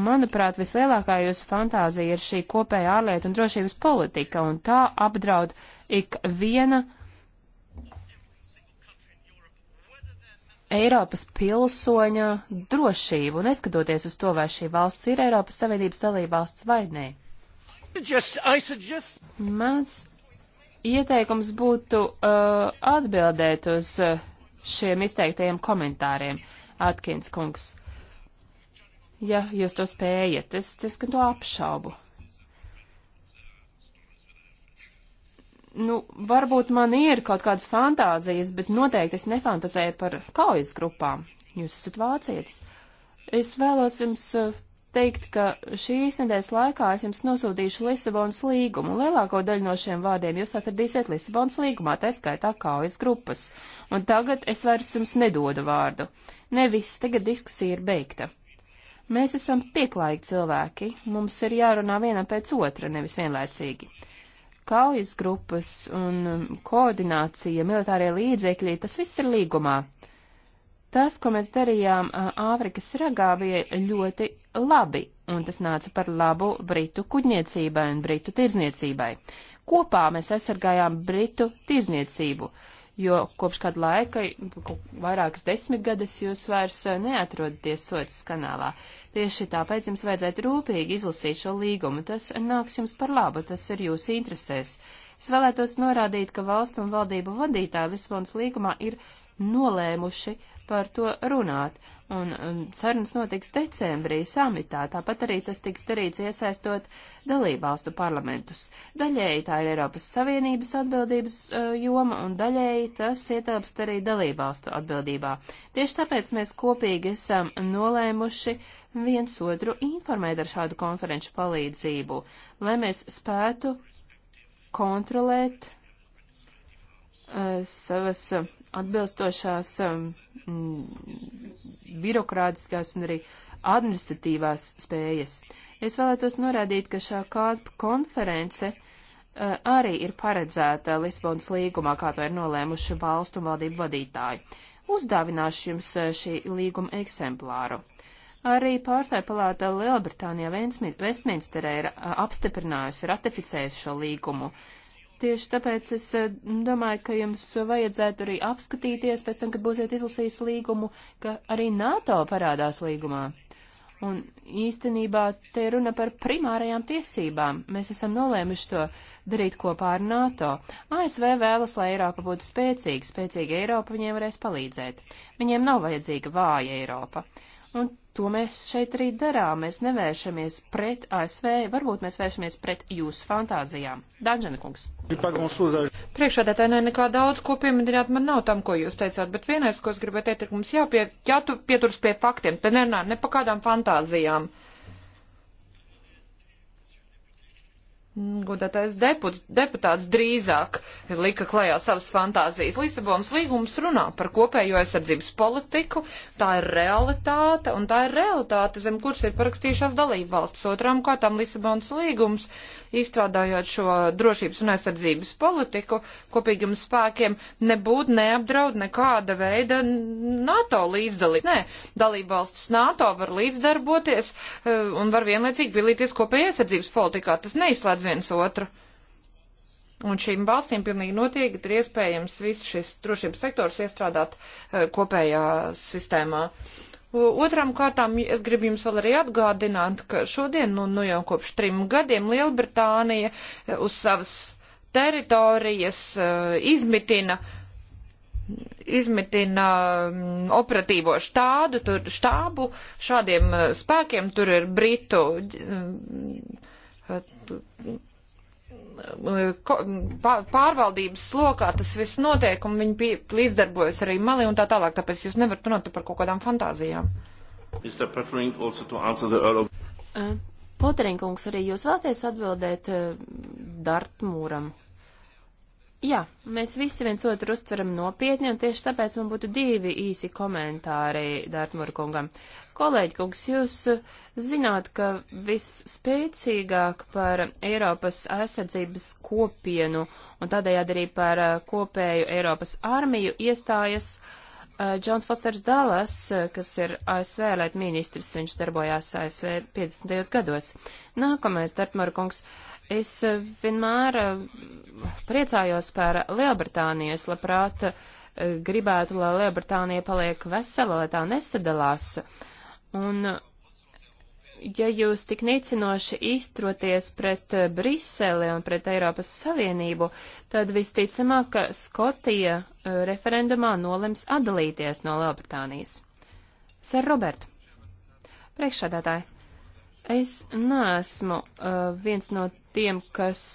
manuprāt, vislielākā jūsu fantāzija ir šī kopēja ārlietu un drošības politika, un tā apdraud ik viena uh, Eiropas pilsoņa drošību, neskatoties uz to, vai šī valsts ir Eiropas Savienības dalībvalsts vai nē. Mans ieteikums būtu uh, atbildēt uz uh, šiem izteiktajiem komentāriem, Atkins kungs. Ja jūs to spējat, es, es to apšaubu. Nu, varbūt man ir kaut kādas fantāzijas, bet noteikti es nefantazēju par kaujas grupām. Jūs esat vācietis. Es vēlos jums eh, teikt, ka šīs nedēļas laikā es jums nosūtīšu Lisabonas līgumu. Lielāko daļu no šiem vārdiem jūs atradīsiet Lisabonas līgumā, tā skaitā kaujas grupas. Un tagad es vairs jums nedodu vārdu. Nevis tagad diskusija ir beigta. Mēs esam pieklājīgi cilvēki, mums ir jārunā vienam pēc otra, nevis vienlaicīgi kaujas grupas un um, koordinācija, militārie līdzekļi, tas viss ir līgumā. Tas, ko mēs darījām uh, Āfrikas ragā, bija ļoti labi, un tas nāca par labu Britu kuģniecībai un Britu tirzniecībai. Kopā mēs aizsargājām Britu tirzniecību. Uh, jo kopš kāda laika, vairākas desmitgades, jūs vairs eh, neatrodaties sots kanālā. Tieši tāpēc jums vajadzētu rūpīgi izlasīt šo līgumu. Tas nāks jums par labu, tas ir jūsu interesēs. Es vēlētos norādīt, ka valstu un valdību vadītāji Lisbonas līgumā ir nolēmuši par to runāt, Un, un um, sarunas notiks decembrī samitā, tāpat arī tas tiks darīts iesaistot dalībvalstu parlamentus. Daļēji tā ir Eiropas Savienības atbildības uh, joma, un daļēji tas ietilpst arī dalībvalstu atbildībā. Tieši tāpēc mēs kopīgi esam nolēmuši viens otru informēt ar šādu konferenču palīdzību, lai mēs spētu kontrolēt uh, savas. Uh, atbilstošās um, mm, birokrātiskās un arī administratīvās spējas. Es vēlētos norādīt, ka šā kāda konference uh, arī ir paredzēta Lisbonas līgumā, kā to ir nolēmuši valstu un valdību vadītāji. Uzdāvināšu jums uh, šī līguma eksemplāru. Arī pārstāja palāta Lielbritānijā Westminsterē ir uh, apstiprinājusi, ratificējusi šo līgumu. Uh, Tieši tāpēc es eh, domāju, ka jums vajadzētu arī apskatīties pēc tam, kad būsiet izlasījis līgumu, ka arī NATO parādās līgumā. Un īstenībā te runa par primārajām tiesībām. Mēs esam nolēmuši to darīt kopā ar NATO. ASV vēlas, lai Eiropa būtu spēcīga, spēcīga Eiropa viņiem varēs palīdzēt. Viņiem nav vajadzīga vāja Eiropa. Un to mēs šeit arī darām. Mēs nevēršamies pret ASV, varbūt mēs vēršamies pret jūsu fantāzijām. Danžena kungs. Priekšādātāji, ne nekā daudz, ko pieminējāt, man nav tam, ko jūs teicāt, bet vienais, ko es gribēju teikt, ir, ka mums jāpie, jātu, pieturas pie faktiem, te nerunā ne pa kādām fantāzijām. Godātais deput, deputāts drīzāk lika klajā savas fantāzijas. Lisabonas līgums runā par kopējo aizsardzības politiku, tā ir realitāte, un tā ir realitāte, zem kuras ir parakstījušās dalību valsts. Otrām kārtām Lisabonas līgums izstrādājot šo drošības un aizsardzības politiku kopīgiem spēkiem, nebūtu neapdraud nekāda veida NATO līdzdalība. Nē, dalībvalstis NATO var līdzdarboties e, un var vienlaicīgi pilīties kopējā aizsardzības politikā. Tas neizslēdz viens otru. Un šīm valstīm pilnīgi noteikti ir iespējams viss šis drošības sektors iestrādāt e, kopējā sistēmā. Uh, Otram kārtām es gribu jums vēl arī atgādināt, ka šodien, nu, nu jau kopš trim gadiem, Lielbritānija eh, uz savas teritorijas eh, izmitina izmitina mm, operatīvo štādu, tur štābu šādiem eh, spēkiem, tur ir Britu mm, pārvaldības lokā tas viss notiek, un viņi pie, līdzdarbojas arī mali un tā tālāk, tāpēc jūs nevarat runāt par kaut kādām fantāzijām. Uh, Poterinkungs, arī jūs vēlaties atbildēt uh, Dartmūram? Jā, mēs visi viens otru uztveram nopietni, un tieši tāpēc man būtu divi īsi komentāri Dārtmura kungam. Kolēģi kungs, jūs eh, zināt, ka visspēcīgāk par Eiropas aizsardzības kopienu un tādējādi arī par eh, kopēju Eiropas armiju iestājas eh, Džons uh, Fosters Dallas, kas ir ASV lietu ministrs, viņš darbojās ASV 50. gados. Nākamais, Dartmar kungs, es vienmēr priecājos par Lielbritāniju, es labprāt gribētu, lai Lielbritānija paliek vesela, lai tā nesadalās. Uh, Un ja jūs tik nicinoši izturoties pret eh, Briseli un pret Eiropas Savienību, tad visticamāk, ka Skotija eh, referendumā nolems atdalīties no Lielbritānijas. Ser Robert, priekšsādātāji, es neesmu uh, viens no tiem, kas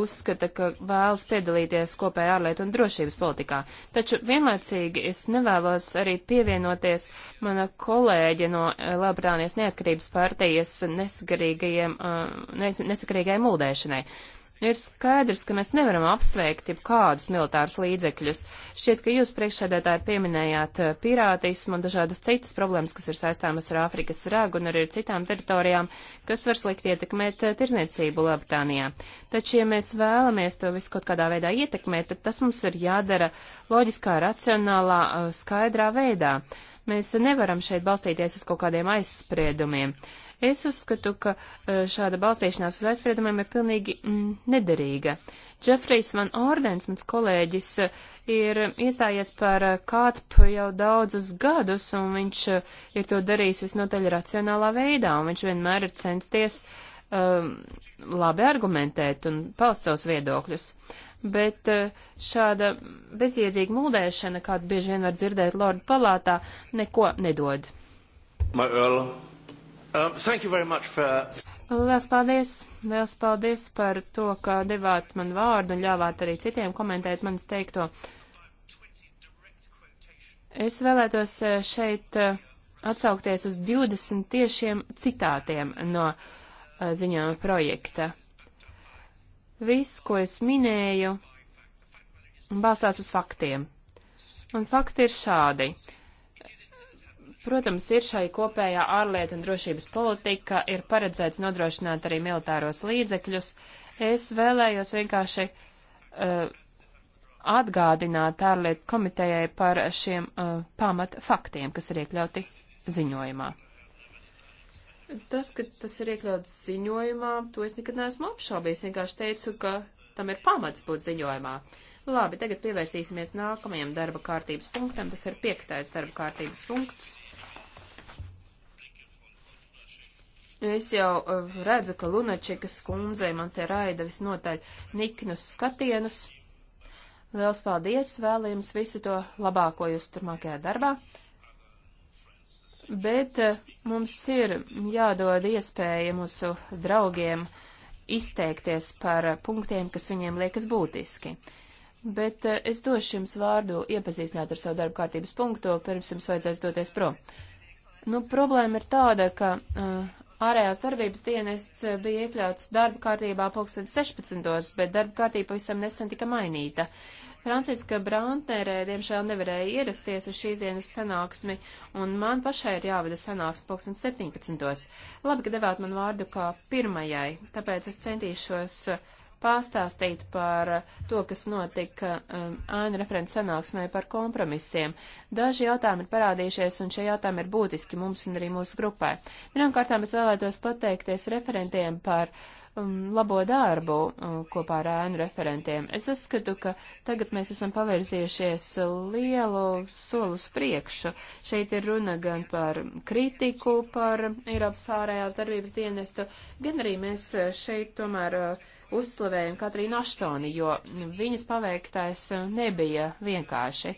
uzskata, ka vēlas piedalīties kopējā ārlietu un drošības politikā. Taču vienlaicīgi es nevēlos arī pievienoties mana kolēģa no eh, Lielbritānijas neatkarības partijas nesakarīgajiem, eh, nesakarīgajai muldēšanai. Ir skaidrs, ka mēs nevaram apsveikt jau kādus militārus līdzekļus. Šķiet, ka jūs priekšsēdētāji pieminējāt eh, pirātismu un dažādas citas problēmas, kas ir saistāmas ar Āfrikas ragu un arī ar citām teritorijām, kas var slikti ietekmēt eh, tirzniecību Lielbritānijā. Taču, ja mēs vēlamies to visu kaut kādā veidā ietekmēt, tad tas mums ir jādara loģiskā, racionālā, eh, skaidrā veidā. Mēs nevaram šeit balstīties uz kaut kādiem aizspriedumiem. Uh, Es uzskatu, ka e, šāda balstīšanās uz aizspriedumiem ir pilnīgi mm, nederīga. Džefrijs Van Ordens, mans kolēģis, e, ir iestājies par e, kātpu jau daudzus gadus, un viņš ir to darījis visnotaļ racionālā veidā, un viņš vienmēr ir censties um, labi argumentēt un paust savus viedokļus bet šāda bezjēdzīga mūdēšana, kādu bieži vien var dzirdēt Lorda palātā, neko nedod. My Earl, Um, thank you very much for... Lielas paldies! Lielas paldies par to, ka devāt man vārdu un ļāvāt arī citiem komentēt manis teikto. Es vēlētos eh, šeit eh, atsaukties uz 20 tiešiem citātiem no eh, ziņām projekta. Viss, ko es minēju, balstās uz faktiem. Un fakti ir šādi. Protams, ir šai kopējā ārlietu un drošības politika, ir paredzēts nodrošināt arī militāros līdzekļus. Es vēlējos vienkārši uh, atgādināt ārlietu komitejai par šiem uh, pamat faktiem, kas ir iekļauti ziņojumā. Tas, ka tas ir iekļauts ziņojumā, to es nekad neesmu apšaubījis. Vienkārši teicu, ka tam ir pamats būt ziņojumā. Labi, tagad pievērsīsimies nākamajam darba kārtības punktam. Tas ir piektais darba kārtības punkts. Es jau eh, redzu, ka Lunačikas kundzei man te raida visnotaļ niknus skatienus. Liels paldies, vēlu jums visu to labāko jūsu turmākajā darbā. Bet eh, mums ir jādod iespēja mūsu draugiem izteikties par punktiem, kas viņiem liekas būtiski. Bet eh, es došu jums vārdu iepazīstināt ar savu darbu kārtības punktu, pirms jums vajadzēs doties prom. Nu, problēma ir tāda, ka uh, Ārējās darbības dienests eh, bija iekļauts darba kārtībā 2016. bet darba kārtība pavisam nesen tika mainīta. Franciska Brantnerē, diemžēl, nevarēja ierasties uz šīs dienas sanāksmi, un man pašai ir jāvada sanāksme 2017. Labi, ka devāt man vārdu kā pirmajai, tāpēc es centīšos uh, pastāstīt par to, kas notika um, ēnu um, referents sanāksmē par kompromisiem. Daži jautājumi ir parādījušies, un šie jautājumi ir būtiski mums un arī mūsu grupai. Pirmkārtām es vēlētos pateikties referentiem par uh, Um, labo darbu uh, kopā ar ēnu referentiem. Es uzskatu, ka tagad mēs esam pavērzījušies lielu solus priekšu. Šeit ir runa gan par kritiku, par Eiropas ārējās darbības dienestu, gan arī mēs uh, šeit tomēr uh, uzslavējam Katrīnu Aštoni, jo viņas paveiktais nebija vienkārši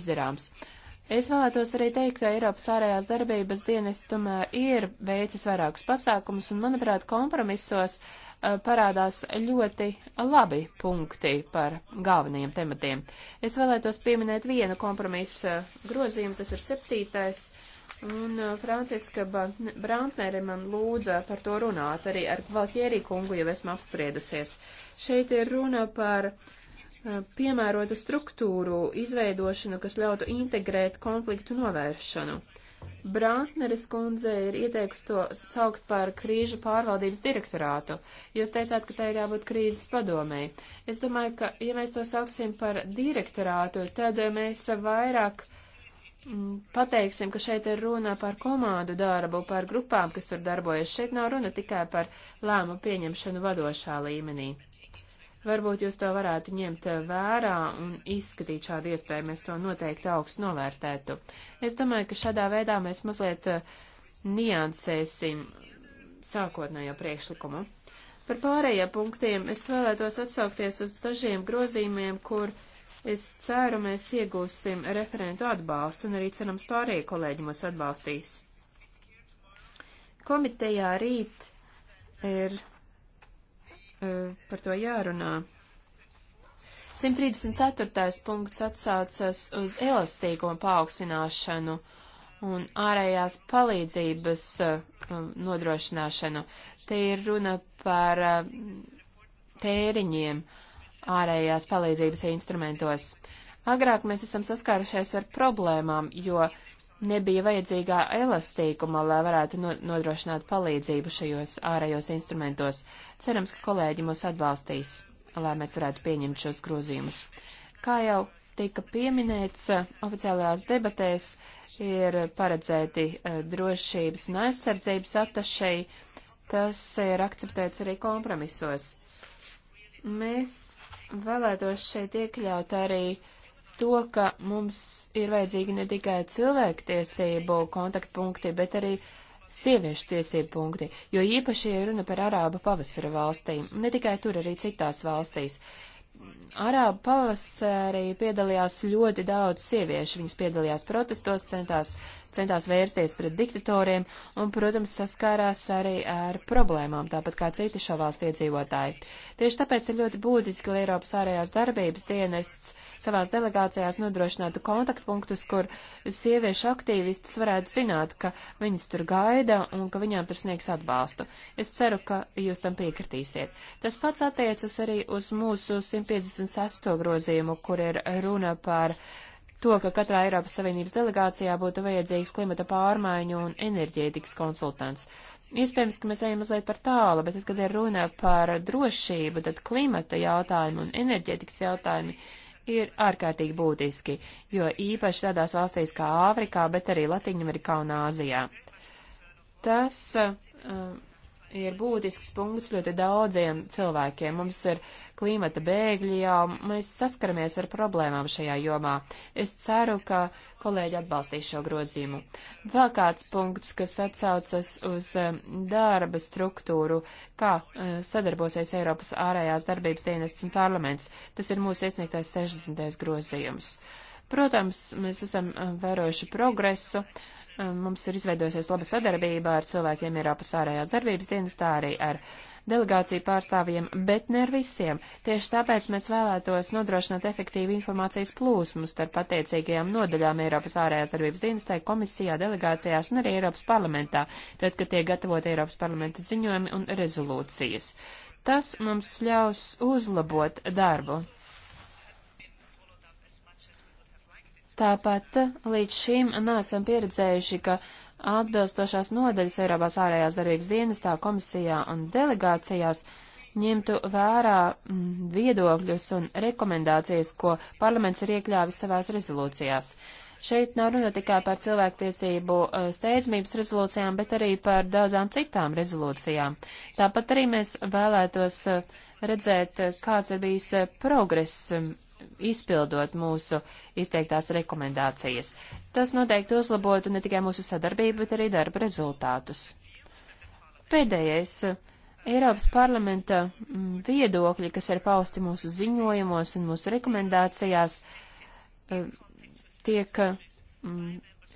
izdarāms. Uh, Es vēlētos arī teikt, ka Eiropas ārējās darbības dienas tomēr ir veicis vairākus pasākumus, un, manuprāt, kompromisos uh, parādās ļoti labi punkti par galvenajiem tematiem. Es vēlētos pieminēt vienu kompromisu grozījumu, tas ir septītais, un uh, Franciska Brantnere man lūdza par to runāt, arī ar Valtjērī kungu jau esmu apspriedusies. Šeit ir runa par uh, Uh, piemērotu struktūru izveidošanu, kas ļautu integrēt konfliktu novēršanu. Brantneres kundze ir ieteikusi to saukt par krīžu pārvaldības direktorātu. Jūs teicāt, ka tai ir jābūt krīzes padomēji. Es domāju, ka ja mēs to sauksim par direktorātu, tad mēs vairāk m, mm, pateiksim, ka šeit ir runa par komandu darbu, par grupām, kas tur darbojas. Šeit nav runa tikai par lēmu pieņemšanu vadošā līmenī. Varbūt jūs to varētu ņemt vērā un izskatīt šādu iespēju, mēs to noteikti augstu novērtētu. Es domāju, ka šādā veidā mēs mazliet eh, niansēsim sākotnējo priekšlikumu. Par pārējiem punktiem es vēlētos atsaukties uz dažiem grozījumiem, kur es ceru mēs iegūsim referentu atbalstu un arī cerams pārējie kolēģi mūs atbalstīs. Komitejā rīt ir Eh, par to jārunā. 134. punkts atsaucas uz elastīgo paaugstināšanu un ārējās palīdzības eh, um, nodrošināšanu. Te ir runa par eh, tēriņiem ārējās palīdzības instrumentos. Agrāk mēs esam saskārušies ar problēmām, jo nebija vajadzīgā elastīguma, lai varētu nodrošināt palīdzību šajos ārējos instrumentos. Cerams, ka kolēģi mūs atbalstīs, lai mēs varētu pieņemt šos grozījumus. Kā jau tika pieminēts, eh, oficiālajās debatēs ir paredzēti eh, drošības un aizsardzības atašai. Tas ir akceptēts arī kompromisos. Mēs vēlētos šeit iekļaut arī uh, to, ka mums ir vajadzīgi ne tikai cilvēktiesību kontaktpunkti, bet arī sieviešu tiesību punkti, jo īpaši ir runa par Arāba pavasara valstīm, ne tikai tur, arī citās valstīs. Arāba pavasarī piedalījās ļoti daudz sieviešu, viņas piedalījās protestos, centās centās vērsties pret diktatoriem un, protams, saskārās arī ar problēmām, tāpat kā citi šo valstu iedzīvotāji. Tieši tāpēc ir ļoti būtiski, lai Eiropas ārējās darbības dienests savās delegācijās nodrošinātu kontaktpunktus, kur sieviešu aktīvistas varētu zināt, ka viņas tur gaida un ka viņām tur sniegs atbalstu. Es ceru, ka jūs tam piekritīsiet. Tas pats attiecas arī uz mūsu 156. grozījumu, kur ir runa par uh, to, ka katrā Eiropas Savienības delegācijā būtu vajadzīgs klimata pārmaiņu un enerģētikas konsultants. Iespējams, ka mēs ejam mazliet par tālu, bet tad, kad ir runa par drošību, tad klimata jautājumi un enerģētikas jautājumi ir ārkārtīgi būtiski, jo īpaši tādās valstīs kā Āfrikā, bet arī Latīņamerikā un Āzijā. Tas uh, ir būtisks punkts ļoti daudziem cilvēkiem. Mums ir klimata bēgļi jau, mēs saskaramies ar problēmām šajā jomā. Es ceru, ka kolēģi atbalstīs šo grozījumu. Vēl kāds punkts, kas atsaucas uz eh, darba struktūru, kā eh, sadarbosies Eiropas ārējās darbības dienests un parlaments, tas ir mūsu iesniegtais 60. grozījums. Uh, Protams, mēs esam eh, vērojuši progresu, eh, mums ir izveidojusies laba sadarbība ar cilvēkiem Eiropas ārējās darbības dienestā, arī ar delegāciju pārstāvjiem, bet ne ar visiem. Tieši tāpēc mēs vēlētos nodrošināt efektīvu informācijas plūsmu starp attiecīgajām nodaļām Eiropas ārējās darbības dienestē, komisijā, delegācijās un arī Eiropas parlamentā, tad, kad tiek gatavot Eiropas parlamenta ziņojumi un rezolūcijas. Tas mums ļaus uzlabot darbu Tāpat līdz šim neesam pieredzējuši, ka atbilstošās nodaļas Eiropas ārējās darbības dienestā, komisijā un delegācijās ņemtu vērā mm, viedokļus un rekomendācijas, ko parlaments ir iekļāvis savās rezolūcijās. Šeit nav runa tikai par cilvēktiesību eh, steidzamības rezolūcijām, bet arī par daudzām citām rezolūcijām. Tāpat arī mēs vēlētos eh, redzēt, eh, kāds ir bijis progress mm, izpildot mūsu izteiktās rekomendācijas. Tas noteikti uzlabotu ne tikai mūsu sadarbību, bet arī darba rezultātus. Pēdējais Eiropas parlamenta mm, viedokļi, kas ir pausti mūsu ziņojumos un mūsu rekomendācijās, eh, tiek mm,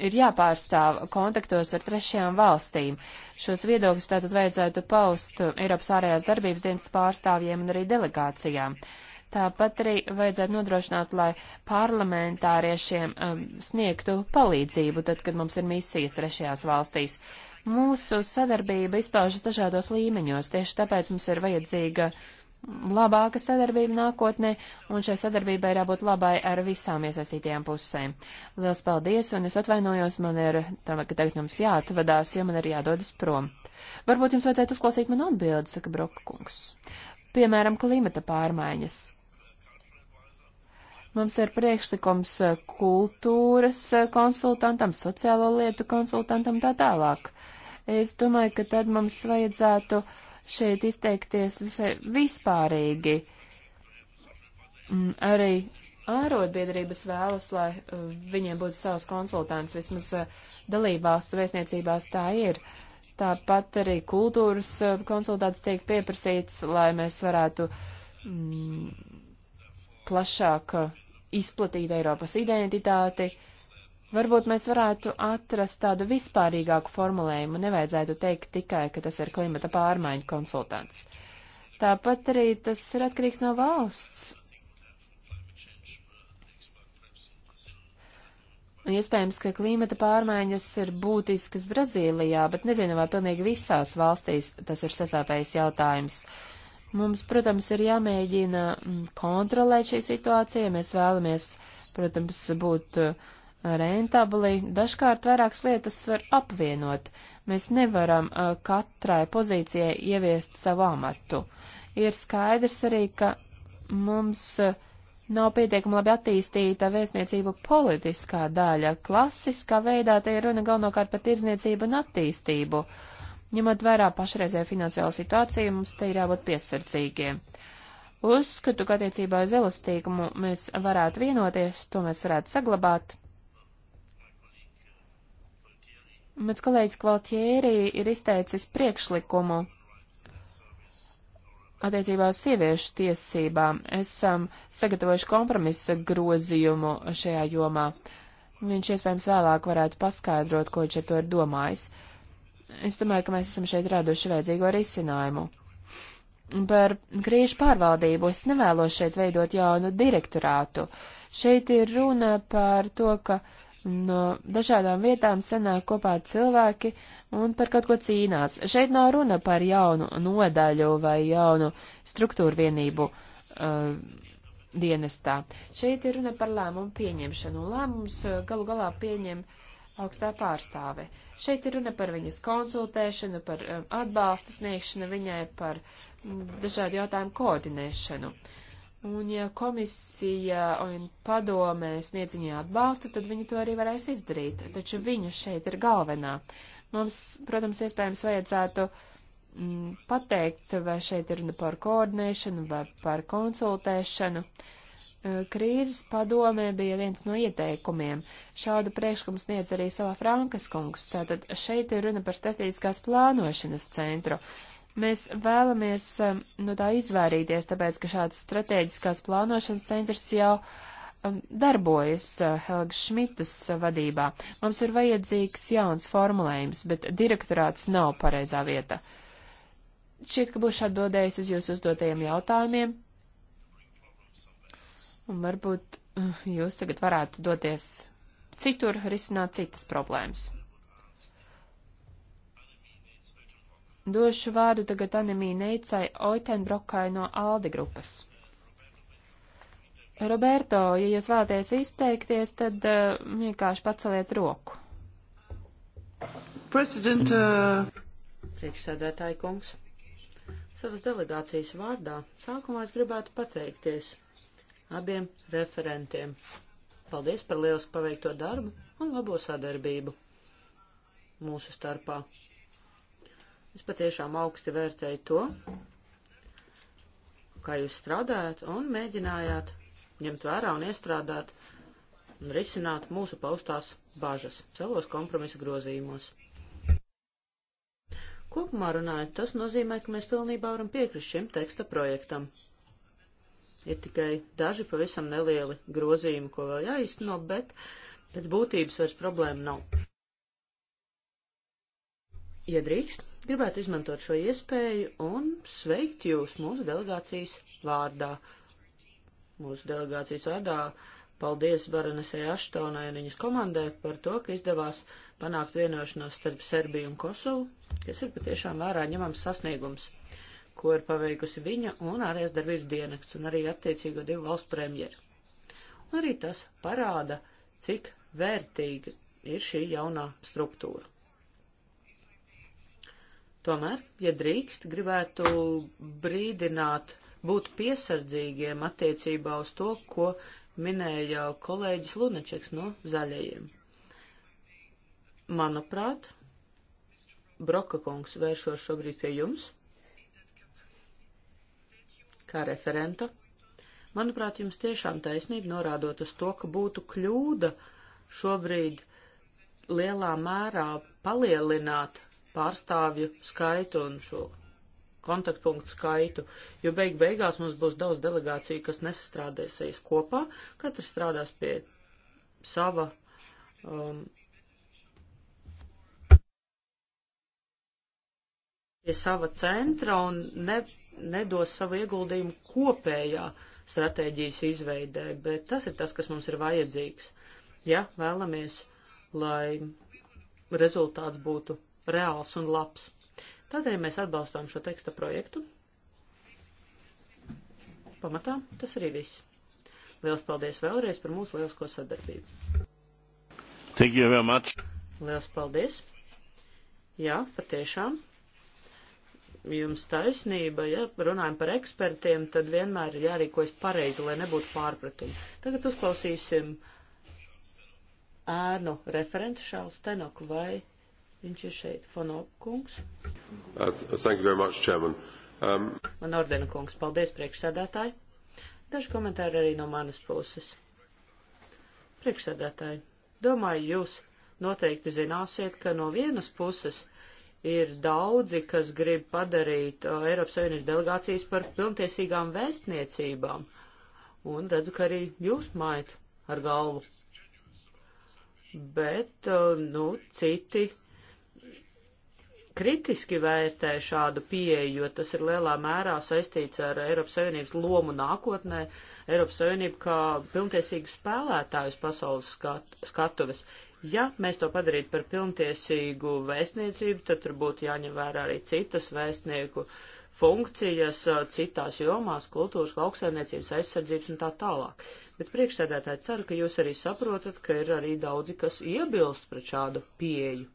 ir jāpārstāv kontaktos ar trešajām valstīm. Šos viedokļus tātad vajadzētu paust Eiropas ārējās darbības dienas pārstāvjiem un arī delegācijām. Uh, Tāpat arī vajadzētu nodrošināt, lai parlamentāriešiem um, sniegtu palīdzību, tad, kad mums ir misijas trešajās valstīs. Mūsu sadarbība izpaužas dažādos līmeņos, tieši tāpēc mums ir vajadzīga labāka sadarbība nākotnē, un šai sadarbībai ir jābūt labai ar visām iesaistītajām pusēm. Liels paldies, un es atvainojos, man ir, tā, ka tagad jums jāatvadās, jo man ir jādodas prom. Varbūt jums vajadzētu uzklausīt man atbildi, saka Brokkungs. Piemēram, klimata pārmaiņas. Mums ir priekšlikums eh, kultūras eh, konsultantam, sociālo lietu konsultantam tā tālāk. Es domāju, ka tad mums vajadzētu šeit izteikties visai vispārīgi. Mm, arī ārotbiedrības vēlas, lai eh, viņiem būtu savs konsultants, vismaz dalībvalstu vēstniecībās tā ir. Tāpat arī kultūras konsultāts tiek pieprasīts, lai mēs varētu mm, plašāk izplatīt Eiropas identitāti. Varbūt mēs varētu atrast tādu vispārīgāku formulējumu, nevajadzētu teikt tikai, ka tas ir klimata pārmaiņu konsultants. Tāpat arī tas ir atkarīgs no valsts. Iespējams, ka klimata pārmaiņas ir būtiskas Brazīlijā, bet nezinu, vai pilnīgi visās valstīs tas ir sasāpējis jautājums. Uh, Mums, protams, ir jāmēģina mm, kontrolēt šī situācija, mēs vēlamies, protams, būt eh, rentabli. Dažkārt vairākas lietas var apvienot. Mēs nevaram eh, katrai pozīcijai ieviest savu amatu. Ir skaidrs arī, ka mums eh, nav pietiekami labi attīstīta vēstniecība politiskā daļa. Klasiskā veidā te ir runa galvenokārt par tirzniecību un attīstību. Uh, Ņemot vērā pašreizēju finansiālo situāciju, mums te ir jābūt piesardzīgiem. Uzskatu, ka attiecībā uz elastīgumu mēs varētu vienoties, to mēs varētu saglabāt. Mans kolēģis Kvaltjērī ir izteicis priekšlikumu attiecībā uz sieviešu tiesībām esam sagatavojuši kompromisa grozījumu šajā jomā. Viņš iespējams vēlāk varētu paskaidrot, ko viņš ar to ir domājis. Es domāju, ka mēs esam šeit raduši vajadzīgo risinājumu. Par krīžu pārvaldību es nevēlos šeit veidot jaunu direktorātu. Šeit ir runa par to, ka no dažādām vietām sanāk kopā cilvēki un par kaut ko cīnās. Šeit nav runa par jaunu nodaļu vai jaunu struktūru vienību uh, dienestā. Šeit ir runa par lēmumu pieņemšanu. Lēmums uh, galu galā pieņem uh, augstā pārstāve. Šeit ir runa par viņas konsultēšanu, par um, atbalsta sniegšanu viņai, par um, dažādu jautājumu koordinēšanu. Un ja komisija un padomē sniedz viņai atbalstu, tad viņa to arī varēs izdarīt. Taču viņa šeit ir galvenā. Mums, protams, iespējams vajadzētu mm, pateikt, vai šeit ir runa par koordinēšanu vai par konsultēšanu. Uh, Eh, krīzes padomē bija viens no ieteikumiem. Šādu priekšlikumu sniedz arī savā Frankas kungs, tātad šeit ir runa par statistiskās plānošanas centru. Mēs vēlamies eh, no tā izvairīties, tāpēc, ka šāds strateģiskās plānošanas centrs jau um, darbojas eh, Helga Šmitas vadībā. Mums ir vajadzīgs jauns formulējums, bet direktorāts nav pareizā vieta. Šķiet, ka būšu atbildējis uz jūsu uzdotajiem jautājumiem. Un varbūt uh, jūs tagad varētu doties citur risināt citas problēmas. Došu vārdu tagad Anemī Neicai Oitenbrokai no Aldi grupas. Roberto, ja jūs vēlaties izteikties, tad uh, vienkārši paceliet roku. President, uh... priekšsēdētāji kungs, savas delegācijas vārdā sākumā es gribētu pateikties abiem referentiem. Paldies par lielisku paveikto darbu un labo sadarbību mūsu starpā. Es patiešām augsti vērtēju to, kā jūs strādājat un mēģinājāt ņemt vērā un iestrādāt un risināt mūsu paustās bažas savos kompromisa grozījumos. Kopumā runājot, tas nozīmē, ka mēs pilnībā varam piekrist šim teksta projektam. Ir tikai daži pavisam nelieli grozījumi, ko vēl jāizteno, bet pēc būtības vairs problēma nav. Iedrīkst, ja gribētu izmantot šo iespēju un sveikt jūs mūsu delegācijas vārdā. Mūsu delegācijas vārdā paldies Baranesei Aštonai un viņas komandai par to, ka izdevās panākt vienošanos starp Serbiju un Kosovu, kas ir patiešām vērā ņemams sasniegums ko ir paveikusi viņa un ārējās darbības dienests un arī attiecīgo divu valstu premjeru. Un arī tas parāda, cik vērtīga ir šī jaunā struktūra. Tomēr, ja drīkst, gribētu brīdināt būt piesardzīgiem attiecībā uz to, ko minēja kolēģis Lunačeks no zaļajiem. Manuprāt, Broka kungs vēršos šobrīd pie jums kā referenta. Manuprāt, jums tiešām taisnība norādot uz to, ka būtu kļūda šobrīd lielā mērā palielināt pārstāvju skaitu un šo kontaktpunktu skaitu, jo beig beigās mums būs daudz delegāciju, kas nesastrādēsies kopā, katrs strādās pie sava. Um, pie sava centra un ne, nedos savu ieguldījumu kopējā stratēģijas izveidē, bet tas ir tas, kas mums ir vajadzīgs. Ja vēlamies, lai rezultāts būtu reāls un labs. Tādēļ mēs atbalstām šo teksta projektu. Pamatā tas arī viss. Lielas paldies vēlreiz par mūsu lielisko sadarbību. Thank you very much. Lielas paldies. Jā, patiešām jums taisnība, ja runājam par ekspertiem, tad vienmēr ir jārīkojas pareizi, lai nebūtu pārpratumu. Tagad uzklausīsim ēnu referentu Šāls Tenoku, vai viņš ir šeit, Fonokungs? Uh, thank you very much, Chairman. Um... Man ordena kungs, paldies priekšsēdētāji. Daži komentāri arī no manas puses. Priekšsēdētāji, domāju, jūs noteikti zināsiet, ka no vienas puses ir daudzi, kas grib padarīt uh, Eiropas Savienības delegācijas par pilntiesīgām vēstniecībām. Un redzu, ka arī jūs mājat ar galvu. Bet, uh, nu, citi kritiski vērtē šādu pieeju, jo tas ir lielā mērā saistīts ar Eiropas Savienības lomu nākotnē. Eiropas Savienība kā pilntiesīgu spēlētājus pasaules skat skatuves Ja mēs to padarītu par pilntiesīgu vēstniecību, tad tur būtu jāņem vērā arī citas vēstnieku funkcijas citās jomās, kultūras, lauksaimniecības aizsardzības un tā tālāk. Bet priekšsēdētāji ceru, ka jūs arī saprotat, ka ir arī daudzi, kas iebilst pret šādu pieeju.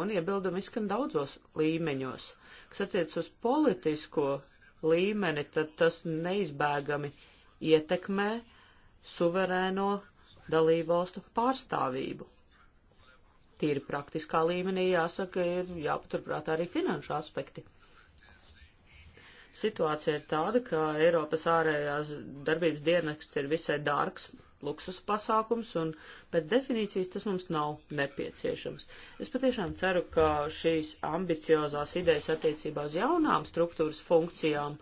Un iebildumi izskan daudzos līmeņos. Kas attiec uz politisko līmeni, tad tas neizbēgami ietekmē suverēno dalībvalstu pārstāvību tīri praktiskā līmenī, jāsaka, ir jāpaturprāt arī finanšu aspekti. Situācija ir tāda, ka Eiropas ārējās darbības dienests ir visai dārgs luksus pasākums, un pēc definīcijas tas mums nav nepieciešams. Es patiešām ceru, ka šīs ambiciozās idejas attiecībā uz jaunām struktūras funkcijām,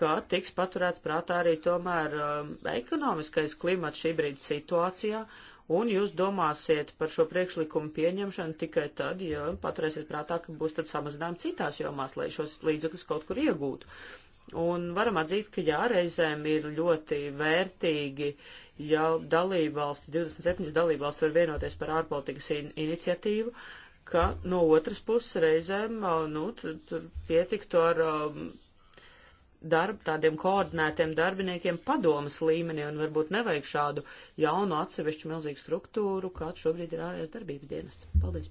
ka tiks paturēts prātā arī tomēr um, ekonomiskais klimats šī brīdi situācijā, uh, un jūs domāsiet par šo priekšlikumu pieņemšanu tikai tad, ja paturēsiet prātā, ka būs tad samazinājumi citās jomās, lai šos līdzekļus kaut kur iegūtu. Un varam atzīt, ka jā, reizēm ir ļoti vērtīgi, ja dalībvalsti, 27 dalībvalsts var vienoties par ārpolitikas in iniciatīvu, ka no otras puses reizēm, nu, tur pietiktu ar um, darb, tādiem koordinētiem darbiniekiem padomas līmenī un varbūt nevajag šādu jaunu atsevišķu milzīgu struktūru, kāds šobrīd ir ārējās darbības dienas. Paldies.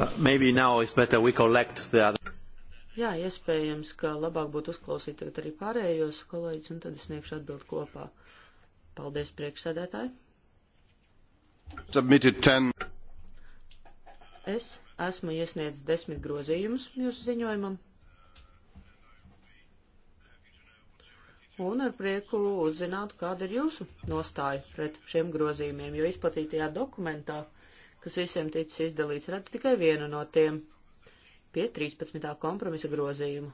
Uh, Jā, iespējams, ka labāk būtu uzklausīt tagad arī pārējos kolēģis un tad es sniegšu atbildi kopā. Paldies, priekšsēdētāji. Submitted 10. Es esmu iesniedzis desmit grozījumus jūsu ziņojumam. un ar prieku uzzinātu, kāda ir jūsu nostāja pret šiem grozījumiem, jo izplatītajā dokumentā, kas visiem ticis izdalīts, redz tikai vienu no tiem pie 13. kompromisa grozījuma.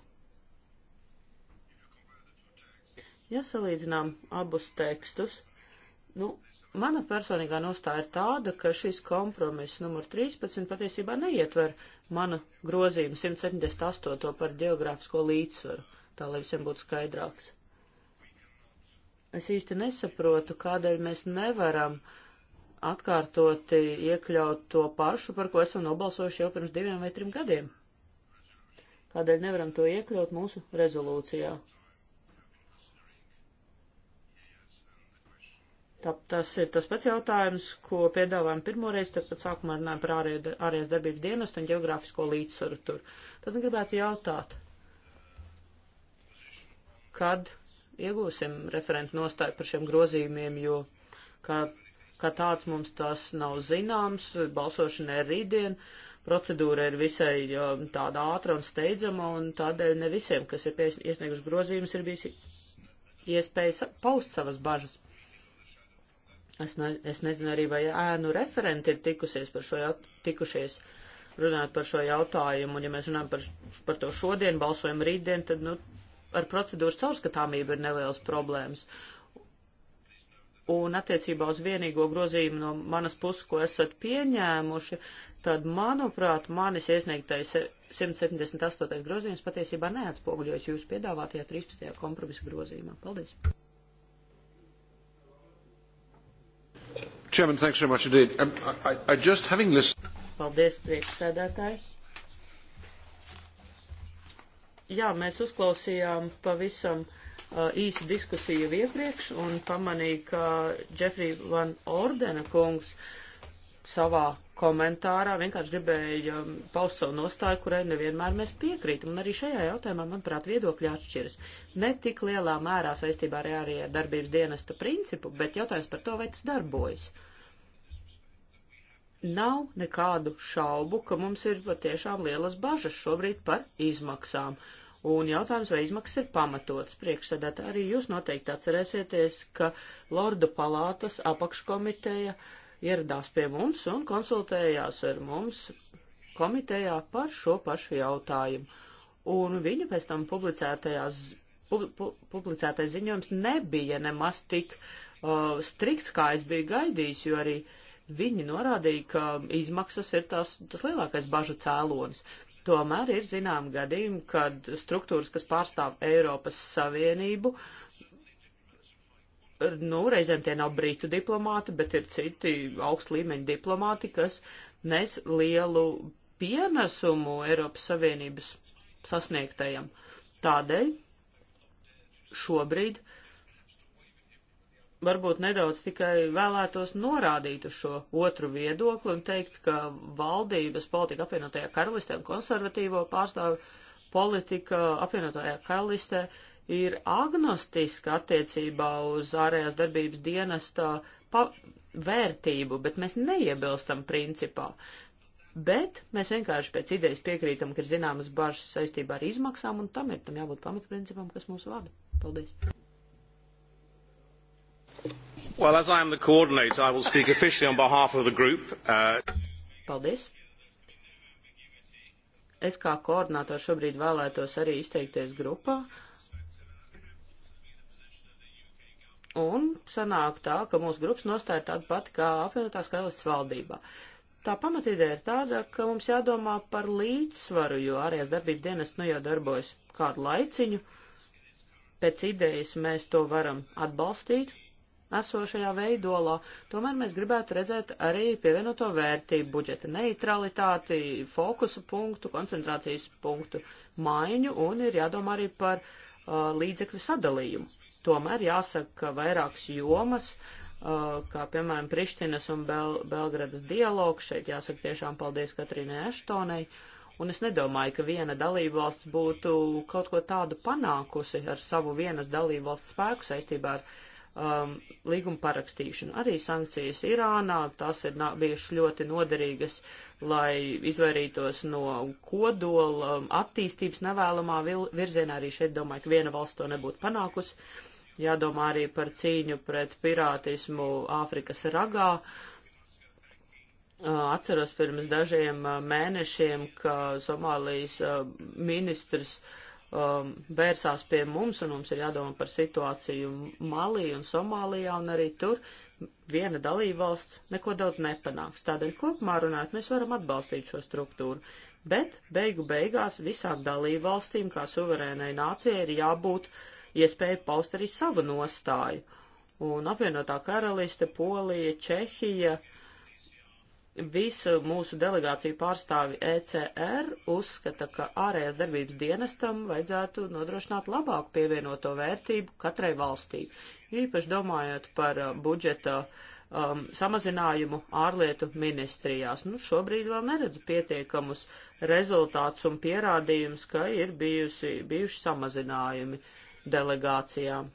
Ja salīdzinām abus tekstus, nu, mana personīgā nostāja ir tāda, ka šis kompromiss numur 13 patiesībā neietver manu grozījumu 178 par geogrāfisko līdzsvaru, tā lai visiem būtu skaidrāks. Es īsti nesaprotu, kādēļ mēs nevaram atkārtoti iekļaut to pašu, par ko esam nobalsojuši jau pirms diviem vai trim gadiem. Kādēļ nevaram to iekļaut mūsu rezolūcijā? Tā, tas ir tas pats jautājums, ko piedāvājam pirmoreiz, tad pat sākumā runājam par ārējās darbības dienestu un geogrāfisko līdzsvaru tur. Tad gribētu jautāt, kad iegūsim referentu nostāju par šiem grozījumiem, jo kā, kā tāds mums tas nav zināms, balsošana ir rītdien, procedūra ir visai tāda ātra un steidzama, un tādēļ ne visiem, kas ir iesnieguši grozījumus, ir bijis iespēja paust savas bažas. Es, ne, es nezinu arī, vai ēnu referenti ir tikusies par šo jaut, tikušies runāt par šo jautājumu, un ja mēs runājam par, par to šodien, balsojam rītdien, tad, nu, ar procedūras caurskatāmību ir nelielas problēmas. Un attiecībā uz vienīgo grozījumu no manas puses, ko esat pieņēmuši, tad, manuprāt, manis iesniegtais 178. grozījums patiesībā neatspoguļojas jūsu piedāvātajā 13. kompromisa grozījumā. Paldies! Chairman, thanks very much indeed. Um, I, I just having listened. Paldies, priekšsēdētāji. Jā, mēs uzklausījām pavisam uh, īsu diskusiju iepriekš un pamanīju, ka Džefrī Van Ordena kungs savā komentārā vienkārši gribēja um, paust savu nostāju, kurai nevienmēr mēs piekrītam. Un arī šajā jautājumā, manuprāt, viedokļi atšķiras. Ne tik lielā mērā saistībā ar ārējā darbības dienesta principu, bet jautājums par to, vai tas darbojas. Uh, Nav nekādu šaubu, ka mums ir patiešām lielas bažas šobrīd par izmaksām. Un jautājums, vai izmaksas ir pamatotas priekšsēdētā, arī jūs noteikti atcerēsieties, ka Lordu palātas apakškomiteja ieradās pie mums un konsultējās ar mums komitejā par šo pašu jautājumu. Un viņa pēc tam publicētajās, pu, pu, publicētais ziņojums nebija nemaz tik uh, strikts, kā es biju gaidījis, jo arī uh, Viņi norādīja, ka izmaksas ir tas, tas lielākais bažu cēlonis. Tomēr ir zinām gadījumi, kad struktūras, kas pārstāv Eiropas Savienību, nu, reizēm tie nav brītu diplomāti, bet ir citi augst līmeņa diplomāti, kas nes lielu pienesumu Eiropas Savienības sasniegtajam. Tādēļ šobrīd uh, varbūt nedaudz tikai vēlētos norādīt uz šo otru viedokli un teikt, ka valdības politika apvienotajā karalistē un konservatīvo pārstāvu politika apvienotajā karalistē ir agnostiska attiecībā uz ārējās darbības dienesta vērtību, bet mēs neiebilstam principā. Bet mēs vienkārši pēc idejas piekrītam, ka ir zināmas bažas saistībā ar izmaksām, un tam ir tam jābūt pamatprincipam, kas mūs vada. Paldies! Well, as I am the coordinator, I will speak officially on behalf of the group. Uh... Paldies. Es kā koordinātors šobrīd vēlētos arī izteikties grupā. Un sanāk tā, ka mūsu grupas nostāja tāda pati kā apvienotās karalists valdībā. Tā pamatīdēja ir tāda, ka mums jādomā par līdzsvaru, jo ārējās darbības dienas nu jau darbojas kādu laiciņu. Pēc idejas mēs to varam atbalstīt, esošajā veidolā. Tomēr mēs gribētu redzēt arī pievienoto vērtību budžeta neutralitāti, fokusu punktu, koncentrācijas punktu maiņu un ir jādomā arī par uh, līdzekļu sadalījumu. Tomēr jāsaka vairākas jomas, uh, kā piemēram Prištinas un Bel Belgradas dialogs. Šeit jāsaka tiešām paldies Katrīnai Eštonai. Un es nedomāju, ka viena dalībvalsts būtu kaut ko tādu panākusi ar savu vienas dalībvalsts spēku saistībā ar uh, um, līguma parakstīšanu. Arī sankcijas Irānā, tās ir bijušas ļoti noderīgas, lai izvairītos no kodola um, attīstības nevēlamā virzienā. Arī šeit domāju, ka viena valsts to nebūtu panākusi. Jādomā arī par cīņu pret pirātismu Āfrikas ragā. Uh, atceros pirms dažiem uh, mēnešiem, ka Somālijas uh, ministrs uh, um, vērsās pie mums, un mums ir jādomā par situāciju Malī un Somālijā, un arī tur viena dalībvalsts neko daudz nepanāks. Tādēļ kopumā runājot, mēs varam atbalstīt šo struktūru, bet beigu beigās visām dalībvalstīm kā suverēnai nācijai ir jābūt iespēja paust arī savu nostāju. Un apvienotā karaliste, Polija, Čehija, uh, visu mūsu delegāciju pārstāvi ECR uzskata, ka ārējās darbības dienestam vajadzētu nodrošināt labāku pievienoto vērtību katrai valstī. Īpaši domājot par uh, budžeta um, samazinājumu ārlietu ministrijās. Nu, šobrīd vēl neredzu pietiekamus rezultātus un pierādījumus, ka ir bijusi, bijuši samazinājumi delegācijām.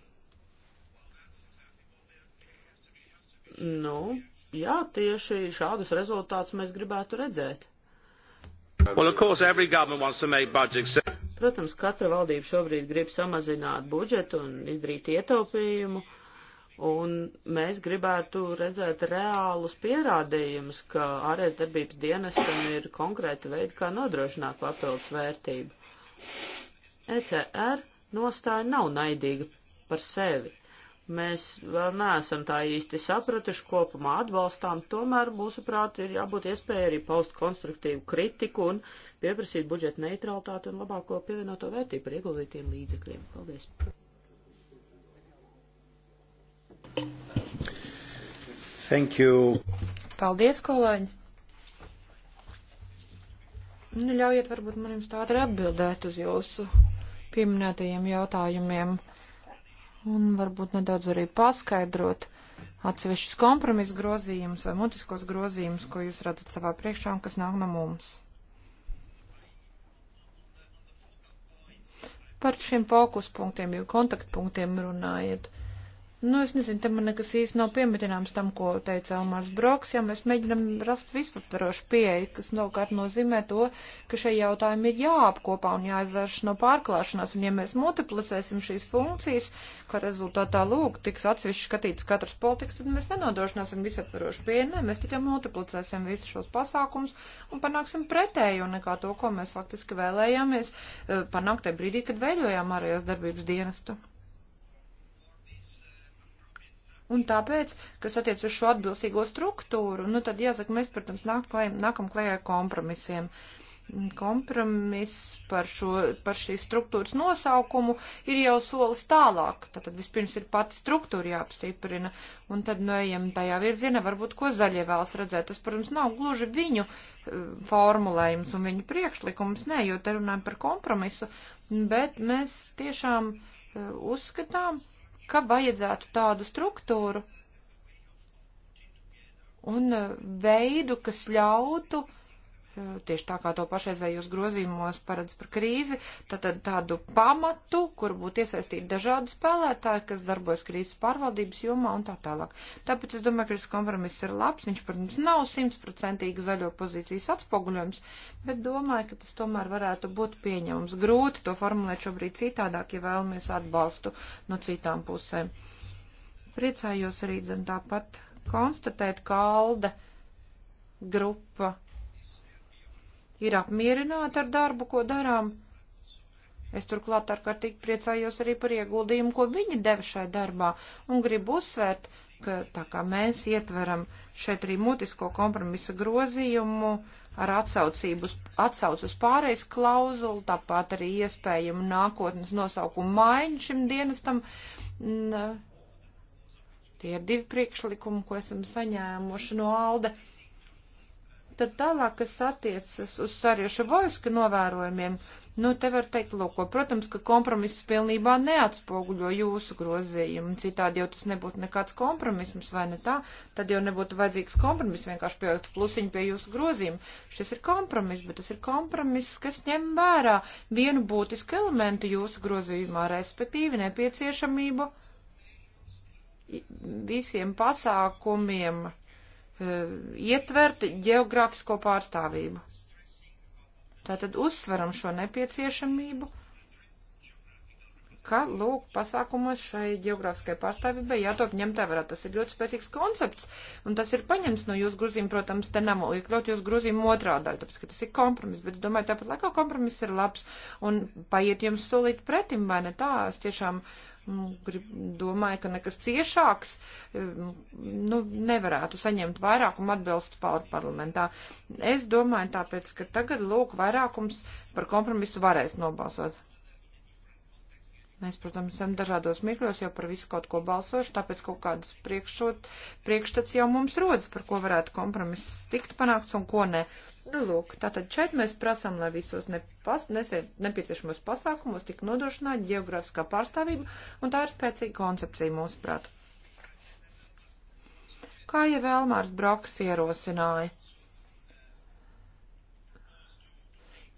Nu, jā, tieši šādus rezultātus mēs gribētu redzēt. Well, course, Protams, katra valdība šobrīd grib samazināt budžetu un izdarīt ietaupījumu, un mēs gribētu redzēt reālus pierādījumus, ka ārējais darbības dienestam ir konkrēta veida, kā nodrošināt papildus vērtību. ECR nostāja nav naidīga par sevi mēs vēl neesam tā īsti sapratuši, kopumā atbalstām, tomēr mūsuprāt ir jābūt iespēja arī paust konstruktīvu kritiku un pieprasīt budžeta neutralitāti un labāko pievienoto vērtību par ieguldītiem līdzekļiem. Paldies! Thank you. Paldies, kolēģi! Nu, ļaujiet varbūt man jums tā arī atbildēt uz jūsu pieminētajiem jautājumiem un varbūt nedaudz arī paskaidrot atsevišķus kompromisu grozījumus vai mutiskos grozījumus, ko jūs redzat savā priekšā un kas nāk no mums. Par šiem fokuspunktiem, jau kontaktpunktiem runājiet. Nu, es nezinu, te man nekas īsti nav piemetināms tam, ko teica Elmārs Broks, ja mēs mēģinam rast visaptvarošu pieeju, kas nokārt nozīmē to, ka šie jautājumi ir jāapkopā un jāizvērš no pārklāšanās, un ja mēs multiplicēsim šīs funkcijas, ka rezultātā, lūk, tiks atsevišķi skatīts katrs politikas, tad mēs nenodrošināsim visaptvarošu pieeju, ne, mēs tikai multiplicēsim visus šos pasākums un panāksim pretēju nekā to, ko mēs faktiski vēlējāmies eh, panākt tajā brīdī, kad veidojām ārējās darbības dienestu. Un tāpēc, kas attiec uz šo atbilstīgo struktūru, nu tad jāsaka, mēs, protams, nāk, nākam klējā kompromisiem. Kompromiss par, šo, par šīs struktūras nosaukumu ir jau solis tālāk. Tātad vispirms ir pati struktūra jāapstiprina, un tad noejam nu tajā virzienā, varbūt ko zaļie vēlas redzēt. Tas, protams, nav gluži viņu eh, formulējums un viņu priekšlikums, nē, jo te runājam par kompromisu, bet mēs tiešām eh, uzskatām, ka vajadzētu tādu struktūru un uh, veidu, kas ļautu uh, tieši tā kā to pašreizējos grozījumos paredz par krīzi, tad tādu pamatu, kur būtu iesaistīti dažādi spēlētāji, kas darbojas krīzes pārvaldības jomā un tā tālāk. Tāpēc es domāju, ka šis kompromiss ir labs. Viņš, protams, nav simtprocentīgi zaļo pozīcijas atspoguļojums, bet domāju, ka tas tomēr varētu būt pieņemams. Grūti to formulēt šobrīd citādāk, ja vēlamies atbalstu no citām pusēm. Priecājos arī, zin, tāpat konstatēt, ka Alde grupa ir apmierināti ar darbu, ko darām. Es turklāt ārkārtīgi priecājos arī par ieguldījumu, ko viņi deva šai darbā, un gribu uzsvērt, ka tā kā mēs ietveram šeit arī mutisko kompromisa grozījumu ar atsaucību uz, atsauc uz pārejas klauzulu, tāpat arī iespējumu nākotnes nosaukumu maiņu šim dienestam. N tie ir divi priekšlikumi, ko esam saņēmuši no Alde. Uh, Tad tālāk, kas attiecas uz sarieša vojska novērojumiem, nu, te var teikt, lūk, protams, ka kompromiss pilnībā neatspoguļo jūsu grozījumu, citādi jau tas nebūtu nekāds kompromisms, vai ne tā, tad jau nebūtu vajadzīgs kompromiss, vienkārši pielikt plusiņu pie jūsu grozījumu. Šis ir kompromiss, bet tas ir kompromiss, kas ņem vērā vienu būtisku elementu jūsu grozījumā, respektīvi nepieciešamību visiem pasākumiem Eh, ietvert geogrāfisko pārstāvību. Tātad uzsveram šo nepieciešamību, ka, lūk, pasākumos šai geogrāfiskai pārstāvībai jātop ņemtā vērā. Tas ir ļoti spēcīgs koncepts, un tas ir paņemts no jūsu grūzīm, protams, te nav iekļaut jūsu grūzīm otrā daļa, tāpēc, ka tas ir kompromiss, bet es domāju, tāpat laikā kompromiss ir labs, un paiet jums solīt pretim, vai ne tā, es tiešām. Uh, Nu, grib, domāju, ka nekas ciešāks eh, nu, nevarētu saņemt vairākumu atbilstu parlamentā. Es domāju tāpēc, ka tagad lūk vairākums par kompromisu varēs nobalsot. Mēs, protams, esam dažādos mirkļos jau par visu kaut ko balsojuši, tāpēc kaut kādas priekšstats jau mums rodas, par ko varētu kompromiss tikt panākts un ko ne. Uh, Nu, lūk, tātad šeit mēs prasām, lai visos nepas, nesiet, nepieciešamos pasākumos tik nodrošināta geogrāfiskā pārstāvība, un tā ir spēcīga koncepcija mūsuprāt. Kā jau Elmārs Broks ierosināja?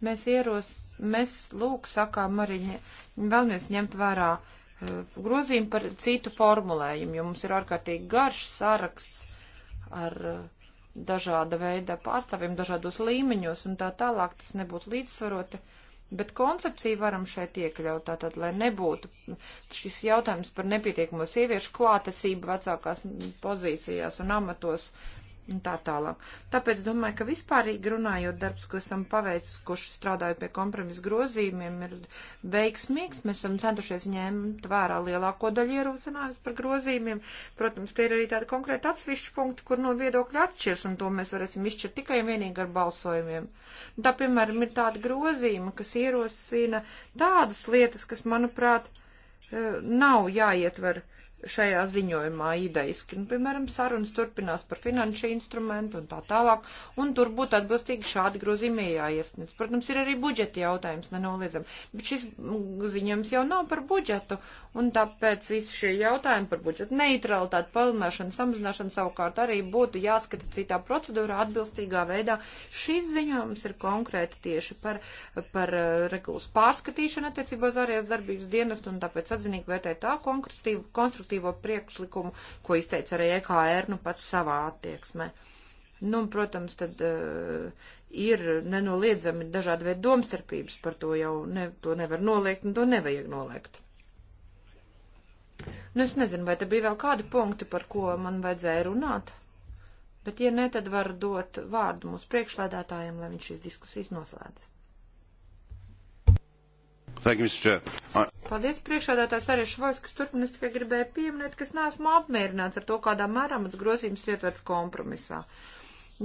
Mēs ieros, mēs lūk, sakām arī ņem, vēlamies ņemt vērā uh, grozījumu par citu formulējumu, jo mums ir ārkārtīgi garš saraksts ar uh, dažāda veida pārstāvjiem, dažādos līmeņos un tā tālāk, tas nebūtu līdzsvaroti. Bet koncepciju varam šeit iekļaut, tātad, lai nebūtu šis jautājums par nepietiekamo sieviešu klātesību vecākās pozīcijās un amatos. Uh, un tā tālāk. Tāpēc domāju, ka vispārīgi runājot darbs, ko esam paveicis, kurš strādāju pie kompromisa grozījumiem, ir veiksmīgs. Mēs esam centušies ņemt vērā lielāko daļu ierosinājumus par grozījumiem. Protams, te ir arī tādi konkrēti atsevišķi punkti, kur no viedokļa atšķirs, un to mēs varēsim izšķirt tikai un vienīgi ar balsojumiem. Tā, piemēram, ir tāda grozījuma, kas ierosina tādas lietas, kas, manuprāt, eh, nav jāietver šajā ziņojumā ideiski. Nu, piemēram, sarunas turpinās par finanšu instrumentu un tā tālāk, un tur būtu atbilstīgi šādi grozījumi jāiesniedz. Protams, ir arī budžeta jautājums, nenoliedzam, bet šis ziņojums jau nav par budžetu, un tāpēc visi šie jautājumi par budžetu neutralitāti, palielināšanu, samazināšanu savukārt arī būtu jāskata citā procedūrā atbilstīgā veidā. Šis ziņojums ir konkrēti tieši par, par eh, regulas pārskatīšanu attiecībā uz ārējās darbības dienestu, un tāpēc atzinīgi vērtē tā konstruktīvu pozitīvo priekšlikumu, ko izteica arī EKR, nu pats savā attieksmē. Nu, un, protams, tad uh, ir nenoliedzami dažādi veidi domstarpības par to jau, ne, to nevar noliegt un to nevajag noliegt. Nu, es nezinu, vai te bija vēl kādi punkti, par ko man vajadzēja runāt, bet, ja ne, tad varu dot vārdu mūsu priekšlēdētājiem, lai viņš šīs diskusijas noslēdz. Paldies priekšādātājs arī Švojs, kas turpin, es tikai gribēju pieminēt, kas neesmu apmierināts ar to, kādā mērā mans grozījums ir ietverts kompromisā.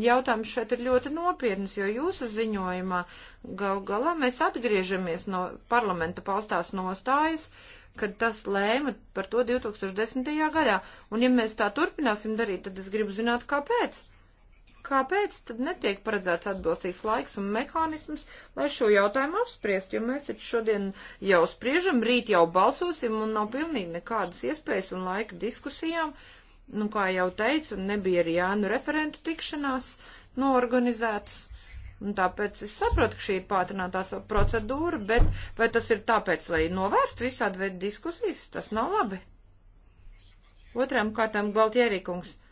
Jautājums šeit ir ļoti nopietns, jo jūsu ziņojumā gal galā mēs atgriežamies no parlamenta paustās nostājas, kad tas lēma par to 2010. gadā. Un ja mēs tā turpināsim darīt, tad es gribu zināt, kāpēc. Kāpēc tad netiek paredzēts atbilstīgs laiks un mehānisms, lai šo jautājumu apspriest, jo mēs taču šodien jau spriežam, rīt jau balsosim un nav pilnīgi nekādas iespējas un laika diskusijām. Nu, kā jau teicu, nebija arī jānu referentu tikšanās noorganizētas. Un tāpēc es saprotu, ka šī ir pātrinātā procedūra, bet vai tas ir tāpēc, lai novērstu visādi veidu diskusijas, tas nav labi. Otram kārtām Galtierīkungs. kungs.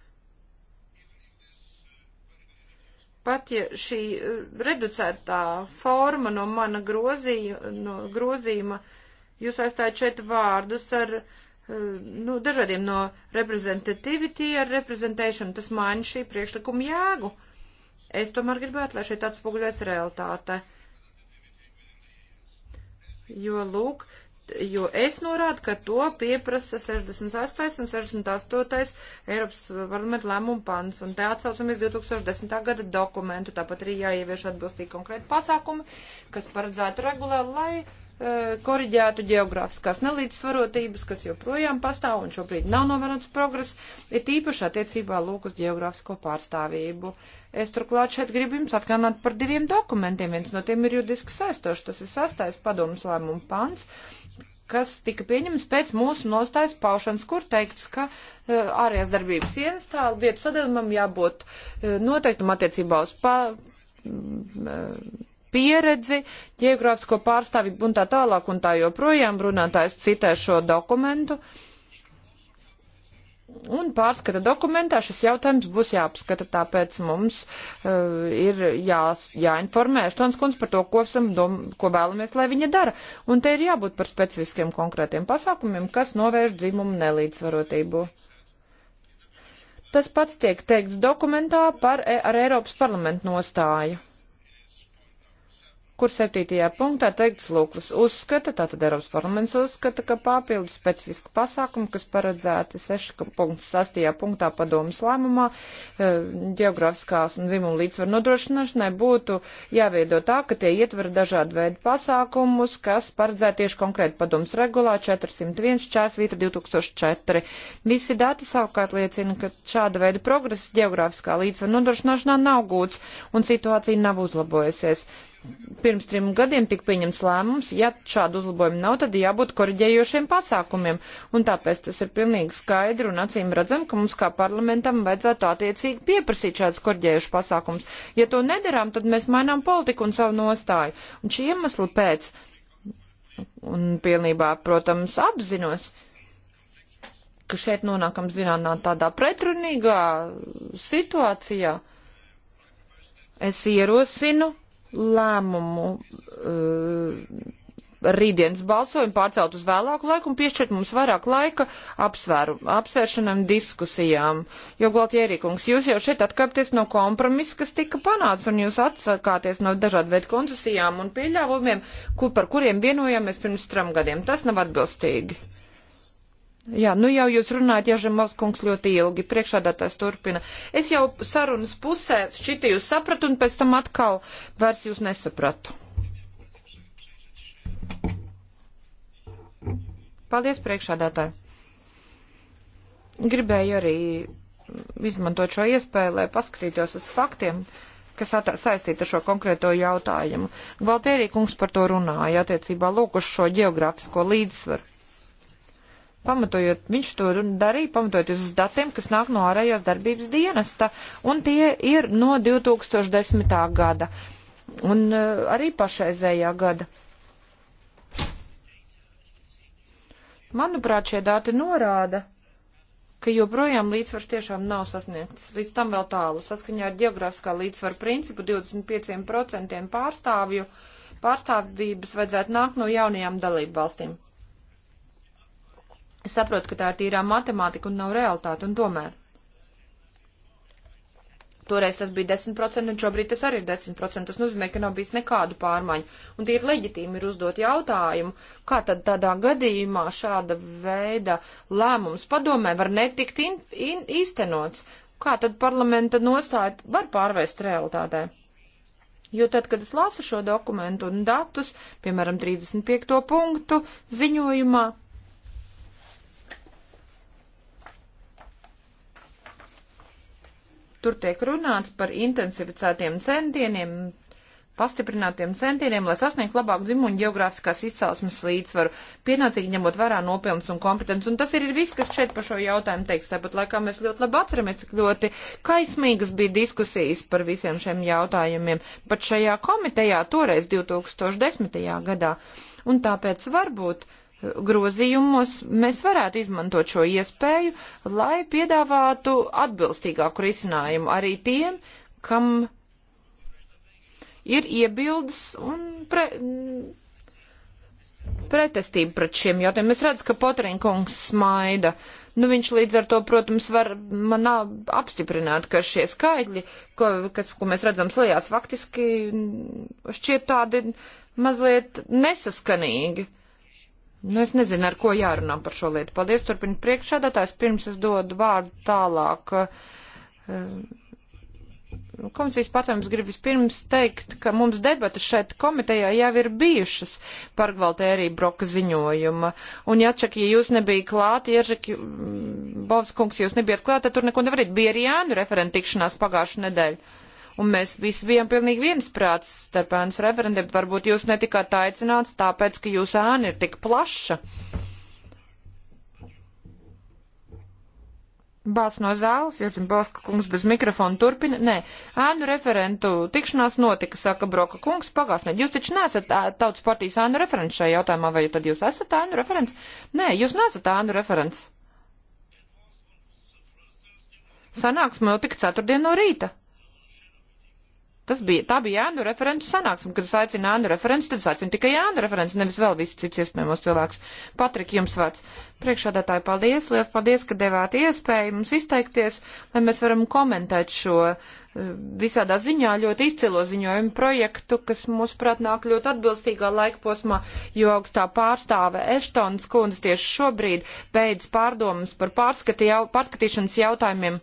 Pat ja šī eh, reducētā forma no mana grozījuma, no grozījuma jūs aizstājat šeit vārdus ar eh, nu, dažādiem no reprezentativity ar representation, tas maina šī priekšlikuma jēgu. Es tomēr gribētu, lai šeit atspoguļojas realitāte. Jo, lūk, jo es norādu, ka to pieprasa 68. un 68. Eiropas parlamenta lēmuma pants, un te atsaucamies 2010. gada dokumentu, tāpat arī jāievieš atbilstīgi konkrēti pasākumi, kas paredzētu regulāri, lai e, koriģētu geogrāfiskās nelīdzsvarotības, kas joprojām pastāv un šobrīd nav novērojams progress, ir tīpaši attiecībā lūk uz geogrāfisko pārstāvību. Es turklāt šeit gribu jums atgādināt par diviem dokumentiem. Viens no tiem ir juridiski saistošs, tas ir sastais padomus lēmuma pants, kas tika pieņemts pēc mūsu nostājas paušanas, kur teikts, ka uh, ārējās darbības ienestā vietu sadalījumam jābūt uh, noteiktam attiecībā uz pa, uh, pieredzi, ģeogrāfisko pārstāvību un tā tālāk un tā joprojām runātājs citē šo dokumentu. Uh, Un pārskata dokumentā šis jautājums būs jāapskata, tāpēc mums uh, ir jā, jāinformē Eštons kundz par to, ko, esam, dom, ko vēlamies, lai viņa dara. Un te ir jābūt par specifiskiem konkrētiem pasākumiem, kas novērš dzimumu nelīdzvarotību. Tas pats tiek teikts dokumentā par, e, ar Eiropas parlamentu nostāju kur septītajā punktā teikts Lūklis uzskata, tātad Eiropas parlaments uzskata, ka papildus specifiski pasākumi, kas paredzēti 6.6. punktā padomas lēmumā, eh, geogrāfiskās un dzimuma līdzsvaru nodrošināšanai būtu jāveido tā, ka tie ietver dažādu veidu pasākumus, kas paredzēti tieši konkrēti padomas regulā 401, 4, 2004. Visi dati savukārt liecina, ka šāda veida progress geogrāfiskā līdzsvaru nodrošināšanā nav gūts un situācija nav uzlabojusies pirms trim gadiem tika pieņemts lēmums, ja šādu uzlabojumu nav, tad jābūt korģējošiem pasākumiem. Un tāpēc tas ir pilnīgi skaidri un acīm redzam, ka mums kā parlamentam vajadzētu attiecīgi pieprasīt šādus korģējušus pasākumus. Ja to nedarām, tad mēs mainām politiku un savu nostāju. Un šī iemesla pēc, un pilnībā, protams, apzinos, ka šeit nonākam zināmā tādā pretrunīgā situācijā, es ierosinu lēmumu eh, rītdienas balsojumu pārcelt uz vēlāku laiku un piešķirt mums vairāk laika apsvēru, apsvēršanam, diskusijām. Jo, Galtjērīkungs, jūs jau šeit atkāpties no kompromisa, kas tika panāts, un jūs atsakāties no dažādu veidu koncesijām un pieļāvumiem, kur, par kuriem vienojāmies pirms tram gadiem. Tas nav atbilstīgi. Jā, nu jau jūs runājat, Jažamovs kungs, ļoti ilgi. Priekšādātājs turpina. Es jau sarunas pusē šitī jūs sapratu un pēc tam atkal vairs jūs nesapratu. Paldies, priekšādātāji. Gribēju arī izmantot šo iespēju, lai paskatītos uz faktiem, kas saistīta ar šo konkrēto jautājumu. Valtērī kungs par to runāja attiecībā lūk uz šo geogrāfisko līdzsvaru pamatojot, viņš to darīja, pamatojoties uz datiem, kas nāk no ārējās darbības dienesta, un tie ir no 2010. gada, un eh, arī pašreizējā gada. Manuprāt, šie dati norāda, ka joprojām līdzsvars tiešām nav sasniegts. Līdz tam vēl tālu. Saskaņā ar geogrāfiskā līdzsvara principu 25% pārstāvju pārstāvības vajadzētu nākt no jaunajām dalību valstīm. Es saprotu, ka tā ir tīrā matemātika un nav realitāte, un tomēr. Toreiz tas bija 10%, un šobrīd tas arī ir 10%. Tas nozīmē, ka nav bijis nekādu pārmaiņu. Un tie ir leģitīmi ir uzdot jautājumu, kā tad tādā gadījumā šāda veida lēmums padomē var netikt in, in, īstenots. Kā tad parlamenta nostāja var pārvērst realitātē? Jo tad, kad es lasu šo dokumentu un datus, piemēram, 35. punktu ziņojumā, Tur tiek runāts par intensificētiem centieniem, pastiprinātiem centieniem, lai sasniegtu labāku dzimumu geogrāfiskās izcelsmes līdzsvaru, pienācīgi ņemot vērā nopelnus un kompetences. Un tas ir viss, kas šeit par šo jautājumu teiks. Tāpat laikā mēs ļoti labi atceramies, cik ļoti kaismīgas bija diskusijas par visiem šiem jautājumiem pat šajā komitejā toreiz 2010. gadā. Un tāpēc varbūt grozījumos mēs varētu izmantot šo iespēju, lai piedāvātu atbilstīgāku risinājumu arī tiem, kam ir iebildes un pre, pretestība pret šiem jautājumiem. Es redzu, ka Potrinkungs smaida. Nu, viņš līdz ar to, protams, var man apstiprināt, ka šie skaitļi, ko, kas, ko mēs redzam slējās, faktiski šķiet tādi mazliet nesaskanīgi. Nu, es nezinu, ar ko jārunā par šo lietu. Paldies, turpina priekšādātājs. Pirms es dodu vārdu tālāk. Eh, nu, komisijas patvērums grib vispirms teikt, ka mums debatas šeit komitejā jau ir bijušas par Gvaltērī Broka ziņojuma. Un, Jačak, ja jūs nebija klāt, Ježek, mm, Bovs kungs, jūs nebijat klāt, tad tur neko nevarīt. Bija arī Jānu referenta tikšanās pagājušu nedēļu un mēs visi bijām pilnīgi viensprāts starp ēnas referentiem. Varbūt jūs netikāt aicināts, tāpēc, ka jūsu ēna ir tik plaša. Bāls no zāles, ja zinu, Balska kungs bez mikrofona turpina. Nē, ēnu referentu tikšanās notika, saka Broka kungs pagātnē. Jūs taču nesat tautas partijas ēnu referents šajā jautājumā, vai tad jūs esat ēnu referents? Nē, jūs nesat ēnu referents. Sanāksme jau tik ceturtdien no rīta. Tas bija, tā bija ēnu referentu sanāksme, kad es aicinu ēnu referentu, tad es aicinu tikai ēnu referentu, nevis vēl visus cits iespējamos cilvēkus. Patrik, jums vārds. Priekšādātāji, paldies, liels paldies, ka devāt iespēju mums izteikties, lai mēs varam komentēt šo eh, visādā ziņā ļoti izcilo ziņojumu projektu, kas, mūsuprāt, nāk ļoti atbilstīgā laika posmā, jo augstā pārstāve Eštons kundze tieši šobrīd beidz pārdomas par pārskatīšanas jautājumiem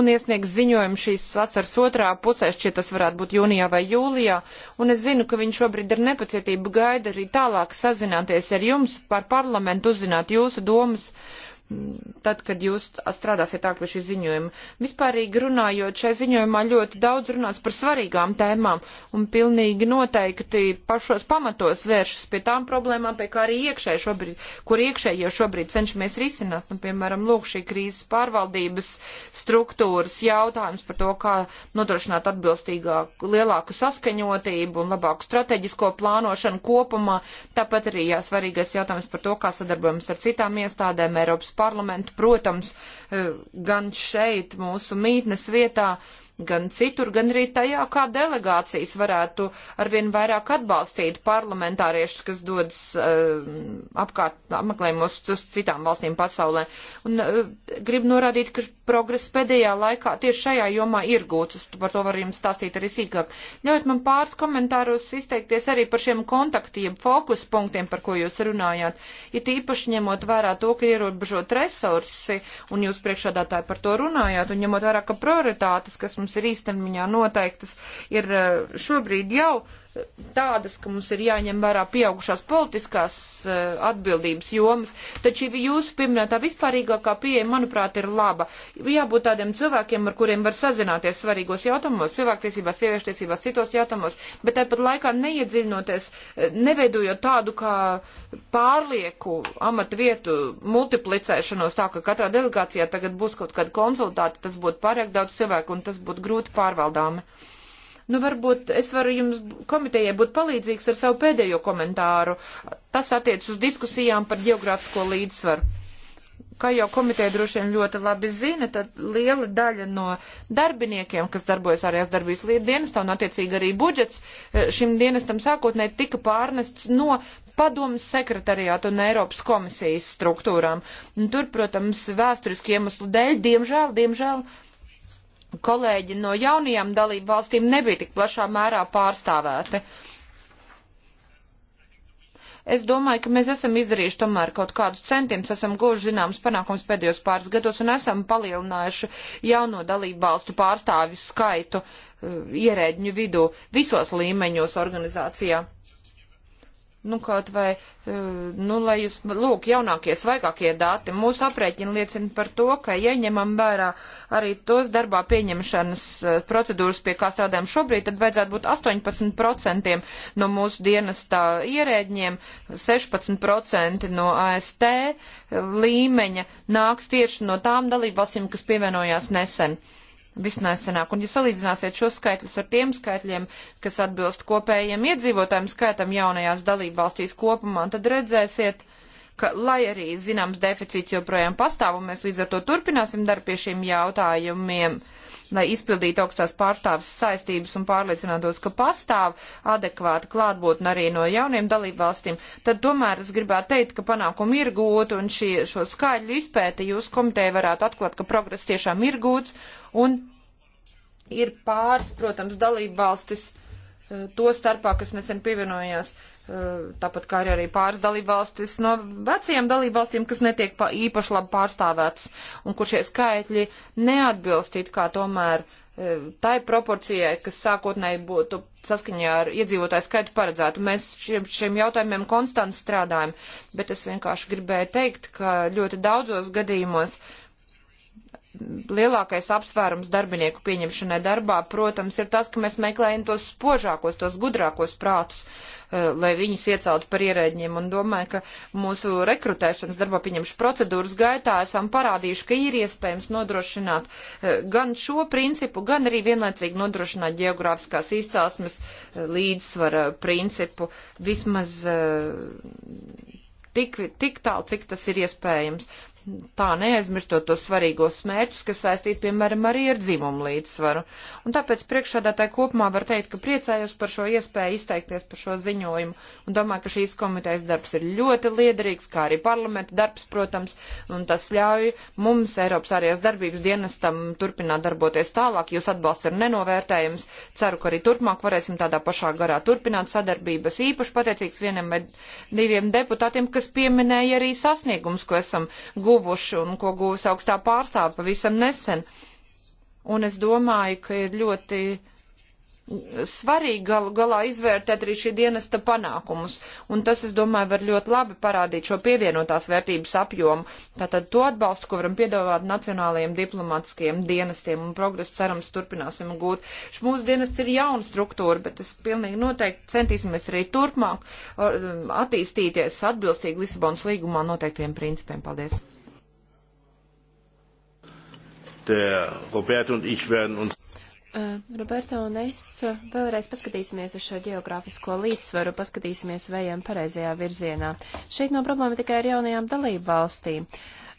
un iesniegs ziņojumu šīs vasaras otrā pusē, šķiet tas varētu būt jūnijā vai jūlijā, un es zinu, ka viņš šobrīd ar nepacietību gaida arī tālāk sazināties ar jums par parlamentu, uzzināt jūsu domas tad, kad jūs strādāsiet tā pie šī ziņojuma. Vispārīgi runājot, šai ziņojumā ļoti daudz runāts par svarīgām tēmām un pilnīgi noteikti pašos pamatos vēršas pie tām problēmām, pie kā arī iekšēji šobrīd, kur iekšēji jau šobrīd cenšamies risināt. Un, nu, piemēram, lūk šī krīzes pārvaldības struktūras jautājums par to, kā nodrošināt atbilstīgāku, lielāku saskaņotību un labāku strateģisko plānošanu kopumā. Tāpat arī jā, svarīgais jautājums par to, kā sadarbojamies ar citām iestādēm Eiropas parlamentu, protams, Eh, gan šeit, mūsu mītnes vietā, gan citur, gan arī tajā, kā delegācijas varētu arvien vairāk atbalstīt parlamentāriešus, kas dodas uh, apkārt apmeklējumos uz citām valstīm pasaulē. Un uh, gribu norādīt, ka progress pēdējā laikā tieši šajā jomā ir gūts, par to var jums stāstīt arī sīkāk. Ļaujiet man pāris komentāros izteikties arī par šiem kontaktiem, fokus punktiem, par ko jūs runājāt. Ir ja tīpaši ņemot vērā to, ka ierobežot resursi, un jūs priekšādātāji par to runājāt, un ņemot vērā, ka prioritātes, kas mums ir īstenībā noteiktas, ir eh, šobrīd jau uh, tādas, ka mums ir jāņem vērā pieaugušās politiskās eh, atbildības jomas, taču jūsu pieminētā vispārīgākā pieeja, manuprāt, ir laba. Jābūt tādiem cilvēkiem, ar kuriem var sazināties svarīgos jautājumos, cilvēktiesībās, sieviešķiesībās, citos jautājumos, bet tāpat laikā neiedziļinoties, eh, neveidojot tādu kā pārlieku amatu vietu multiplicēšanos, tā ka katrā delegācijā tagad būs kaut kāda konsultāta, tas būtu pārāk daudz cilvēku un tas būtu grūti pārvaldāmi. Nu, varbūt es varu jums komitejai būt palīdzīgs ar savu pēdējo komentāru. Tas attiec uz diskusijām par geogrāfisko līdzsvaru. Kā jau komiteja droši vien ļoti labi zina, tad liela daļa no darbiniekiem, kas darbojas ārējās darbības lietu dienestā un attiecīgi arī budžets, e, šim dienestam sākotnēji tika pārnests no padomas sekretariātu un Eiropas komisijas struktūrām. Un tur, protams, vēsturiski iemeslu dēļ, diemžēl, diemžēl, kolēģi no jaunajām dalību valstīm nebija tik plašā mērā pārstāvēti. Es domāju, ka mēs esam izdarījuši tomēr kaut kādus centienus, esam guvuši zināmas panākums pēdējos pāris gados un esam palielinājuši jauno dalību valstu pārstāvju skaitu uh, ierēģņu vidū visos līmeņos organizācijā. Nu, kaut vai, eh, nu, lai jūs, lūk, jaunākie, svaigākie dati, mūsu aprēķina liecina par to, ka ieņemam vērā arī tos darbā pieņemšanas eh, procedūras, pie kā strādājam šobrīd, tad vajadzētu būt 18% no mūsu dienestā ierēģiem, 16% no AST eh, līmeņa nāks tieši no tām dalībvalstīm, kas pievienojās nesen. Uh, visnesenāk. Un, ja salīdzināsiet šos skaitļus ar tiem skaitļiem, kas atbilst kopējiem iedzīvotājiem skaitam jaunajās dalībvalstīs kopumā, tad redzēsiet, ka, lai arī zināms deficīts joprojām pastāv, un mēs līdz ar to turpināsim darbu pie šiem jautājumiem, lai izpildītu augstās pārstāvis saistības un pārliecinātos, ka pastāv adekvāta klātbūtne arī no jauniem dalībvalstīm, tad tomēr es gribētu teikt, ka panākumi ir gūti, un šie, šo skaļu izpēti jūs komiteja varētu atklāt, ka progress tiešām ir gūts, Un ir pāris, protams, dalību valstis eh, to starpā, kas nesen pievienojās, eh, tāpat kā arī pāris dalību valstis no vecajām dalību valstīm, kas netiek īpaši labi pārstāvētas un kur šie skaitļi neatbilstīt kā tomēr eh, tai proporcijai, kas sākotnēji būtu saskaņā ar iedzīvotāju skaitu paredzētu. Mēs šiem, šiem jautājumiem konstanti strādājam, bet es vienkārši gribēju teikt, ka ļoti daudzos gadījumos uh, lielākais apsvērums darbinieku pieņemšanai darbā, protams, ir tas, ka mēs meklējam tos spožākos, tos gudrākos prātus, eh, lai viņus ieceltu par ierēģiem. Un domāju, ka mūsu rekrutēšanas darba pieņemšu procedūras gaitā esam parādījuši, ka ir iespējams nodrošināt eh, gan šo principu, gan arī vienlaicīgi nodrošināt geogrāfiskās izcelsmes eh, līdzsvara principu vismaz tik, tik tālu, cik tas ir iespējams tā neaizmirstot tos svarīgos mērķus, kas saistīti, piemēram, arī ar dzimumu līdzsvaru. Un tāpēc priekšsādātāji kopumā var teikt, ka priecājos par šo iespēju izteikties par šo ziņojumu un domāju, ka šīs komitejas darbs ir ļoti liederīgs, kā arī parlamenta darbs, protams, un tas ļauj mums, Eiropas ārējās darbības dienestam, turpināt darboties tālāk. Jūs atbalsts ir nenovērtējums. Ceru, ka arī turpmāk varēsim tādā pašā garā turpināt sadarbības. Īpaši pateicīgs vienam vai diviem deputātiem, kas pieminēja arī sasniegumus, ko esam gūti guvuši un ko gūs augstā pārstāve pavisam nesen. Un es domāju, ka ir ļoti svarīgi gal, galā izvērtēt arī šī dienesta panākumus. Un tas, es domāju, var ļoti labi parādīt šo pievienotās vērtības apjomu. Tātad to atbalstu, ko varam piedāvāt nacionālajiem diplomatiskajiem dienestiem un progresu cerams turpināsim gūt. Šis mūsu dienests ir jauna struktūra, bet es pilnīgi noteikti centīsimies arī turpmāk uh, attīstīties atbilstīgi Lisabonas līgumā noteiktiem principiem. Paldies! der Roberto und ich werden uns. Uh, Roberto un es uh, vēlreiz paskatīsimies uz šo geogrāfisko līdzsvaru, paskatīsimies vējiem pareizajā virzienā. Šeit nav no problēma tikai ar jaunajām dalību valstīm.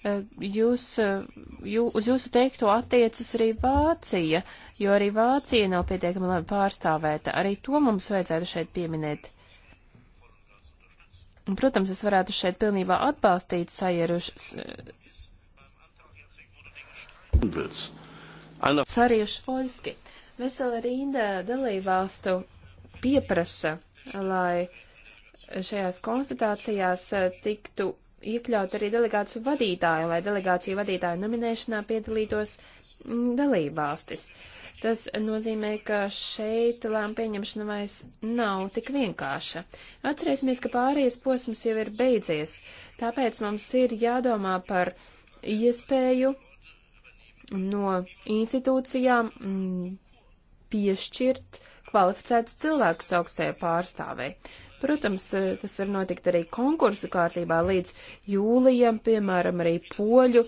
Uh, jūs, uh, jū, uz jūsu teikto attiecas arī Vācija, jo arī Vācija nav pietiekami labi pārstāvēta. Arī to mums vajadzētu šeit pieminēt. Un, protams, es varētu šeit pilnībā atbalstīt sajerušas Sarjuši poļski. Vesela rinda dalībvalstu pieprasa, lai šajās konstatācijās tiktu iekļaut arī delegāciju vadītāju, lai delegāciju vadītāju nominēšanā piedalītos mm, dalībvalstis. Tas nozīmē, ka šeit lēma pieņemšana vairs nav tik vienkārša. Atcerēsimies, ka pārējais posms jau ir beidzies, tāpēc mums ir jādomā par iespēju no institūcijām mm, piešķirt kvalificētus cilvēkus augstajai pārstāvei. Protams, eh, tas var notikt arī konkursu kārtībā līdz jūlijam, piemēram, arī poļu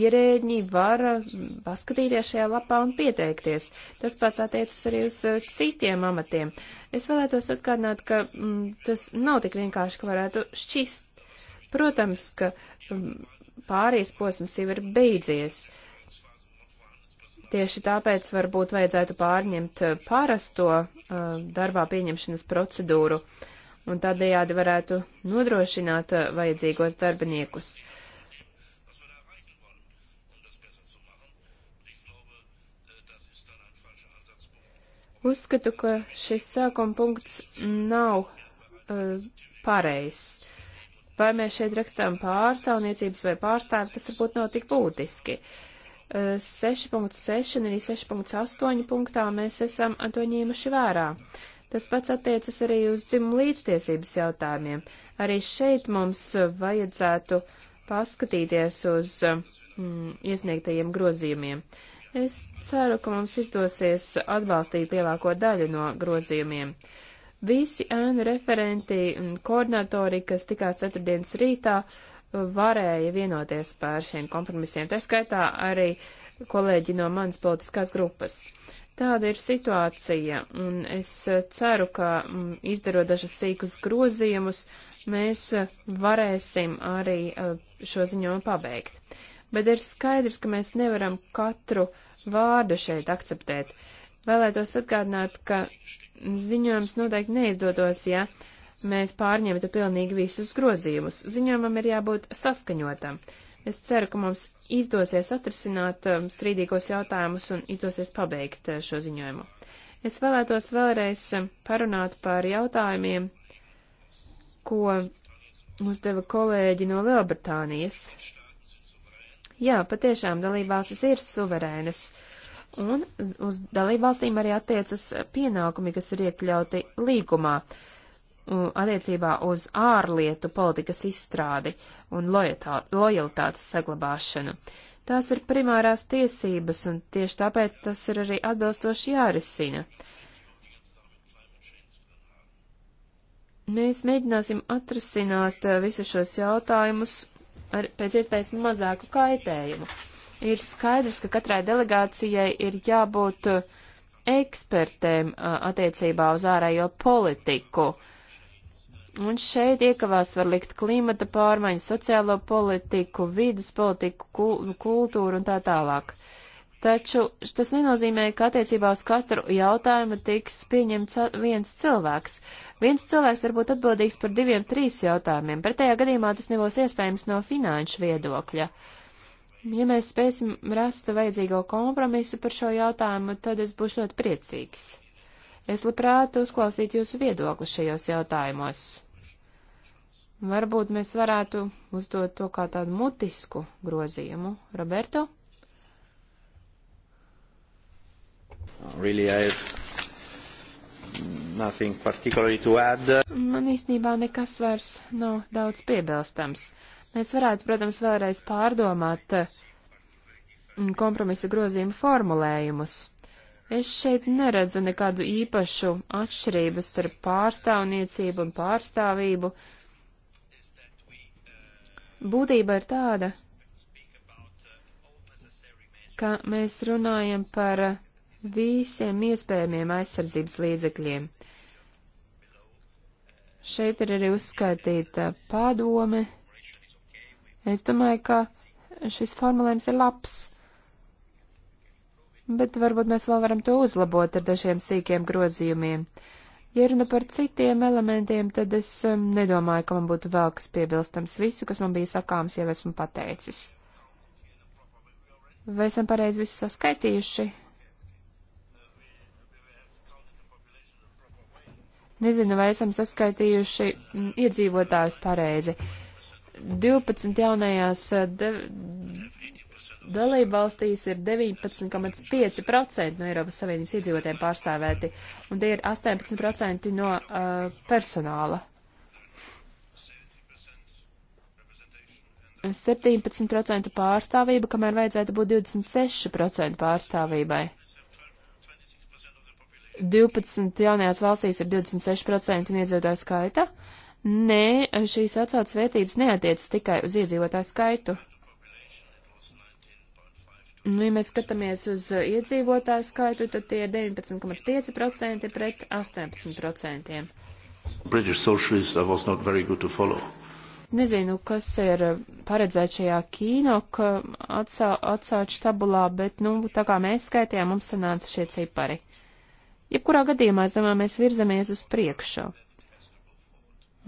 ierēģi var mm, paskatīties šajā lapā un pieteikties. Tas pats attiecas arī uz eh, citiem amatiem. Es vēlētos atkārtināt, ka mm, tas nav tik vienkārši, ka varētu šķist. Protams, ka mm, pāries posms jau ir beidzies. Uh, Tieši tāpēc varbūt vajadzētu pārņemt eh, parasto uh, darbā pieņemšanas procedūru un tādējādi varētu nodrošināt uh, vajadzīgos darbiniekus. Uzskatu, ka šis sākuma punkts nav uh, pareizs. Vai mēs šeit rakstām pārstāvniecības vai pārstāvi, tas varbūt nav tik būtiski. Uh, 6.6 un arī 6.8 punktā mēs esam to ņēmuši vērā. Tas pats attiecas arī uz dzimumu līdztiesības jautājumiem. Arī šeit mums vajadzētu paskatīties uz mm, iesniegtajiem grozījumiem. Es ceru, ka mums izdosies atbalstīt lielāko daļu no grozījumiem. Visi ēnu referenti un koordinatori, kas tikās ceturtdienas rītā, uh, varēja vienoties par šiem kompromisiem. Tā skaitā arī kolēģi no manas politiskās grupas. Tāda ir situācija, un es ceru, ka mm, izdarot dažas sīkus grozījumus, mēs varēsim arī eh, šo ziņojumu pabeigt. Bet ir skaidrs, ka mēs nevaram katru vārdu šeit akceptēt. Vēlētos atgādināt, ka ziņojums noteikti neizdotos, ja uh, mēs pārņemtu pilnīgi visus grozījumus. Ziņojumam ir jābūt saskaņotam. Es ceru, ka mums izdosies atrisināt um, strīdīgos jautājumus un izdosies pabeigt uh, šo ziņojumu. Es vēlētos vēlreiz um, parunāt par jautājumiem, ko uzdeva kolēģi no Lielbritānijas. Jā, patiešām dalībvalstis ir suverēnas, un uz dalībvalstīm arī attiecas pienākumi, kas ir iekļauti līgumā. Uh, attiecībā uz ārlietu politikas izstrādi un lojalitātes saglabāšanu. Tās ir primārās tiesības, un tieši tāpēc tas ir arī atbilstoši jārisina. Mēs mēģināsim atrasināt uh, visus šos jautājumus ar pēc iespējas mazāku kaitējumu. Ir skaidrs, ka katrai delegācijai ir jābūt uh, ekspertēm uh, attiecībā uz ārējo politiku. Uh, Un šeit iekavās var likt klimata pārmaiņu, sociālo politiku, vidas politiku, kultūru un tā tālāk. Taču tas nenozīmē, ka attiecībā uz katru jautājumu tiks pieņemts viens cilvēks. Viens cilvēks var būt atbildīgs par diviem, trīs jautājumiem, pretējā gadījumā tas nebūs iespējams no finanšu viedokļa. Ja mēs spēsim rast vajadzīgo kompromisu par šo jautājumu, tad es būšu ļoti priecīgs. Es labprāt uzklausītu jūsu viedokli šajos jautājumos. Varbūt mēs varētu uzdot to kā tādu mutisku grozījumu. Roberto? Really, Man īstenībā nekas vairs nav daudz piebilstams. Mēs varētu, protams, vēlreiz pārdomāt mm, kompromisa grozījumu formulējumus. Es šeit neredzu nekādu īpašu atšķirību starp pārstāvniecību un pārstāvību. Būtība ir tāda, ka mēs runājam par visiem iespējamiem aizsardzības līdzekļiem. Šeit ir arī uzskaitīta padome. Es domāju, ka šis formulējums ir labs bet varbūt mēs vēl varam to uzlabot ar dažiem sīkiem grozījumiem. Ja runa par citiem elementiem, tad es um, nedomāju, ka man būtu vēl kas piebilstams. Visu, kas man bija sakāms, jau esmu pateicis. Vai esam pareizi visu saskaitījuši? Nezinu, vai esam saskaitījuši mm, iedzīvotājus pareizi. 12 jaunajās eh, de dalībvalstīs ir 19,5% no Eiropas Savienības iedzīvotiem pārstāvēti, un tie ir 18% no uh, personāla. 17% pārstāvība, kamēr vajadzētu būt 26% pārstāvībai. 12 jaunajās valstīs ir 26% un iedzīvotāju skaita. Nē, šīs atsaucas vērtības neatiecas tikai uz iedzīvotāju skaitu. Nu, ja mēs skatāmies uz iedzīvotāju skaitu, tad tie ir 19,5% pret 18%. Nezinu, kas ir paredzēts šajā kīno atsā, atsauču tabulā, bet, nu, tā kā mēs skaitījām, mums sanāca šie cipari. Jebkurā gadījumā, es domāju, mēs virzamies uz priekšu.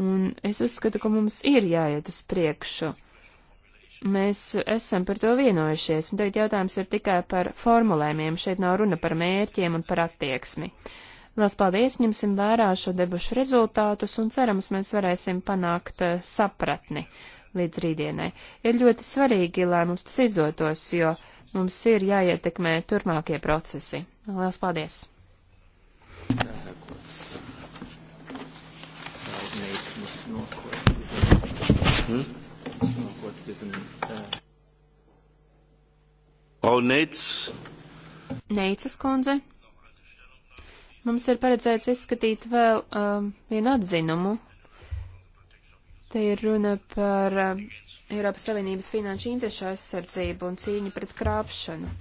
Un es uzskatu, ka mums ir jāiet uz priekšu. Mēs esam par to vienojušies, un tagad jautājums ir tikai par formulējumiem. Šeit nav runa par mērķiem un par attieksmi. Lielas paldies, ņemsim vērā šo debušu rezultātus un cerams, mēs varēsim panākt uh, sapratni līdz rītdienai. Ir ļoti svarīgi, lai mums tas izdotos, jo mums ir jāietekmē turpmākie procesi. Lielas paldies! Hmm? diesen Frau Neitz. Neicas kundze. Mums ir paredzēts izskatīt vēl um, vienu atzinumu. Te ir runa par uh, Eiropas Savienības finanšu interešu aizsardzību un cīņu pret krāpšanu.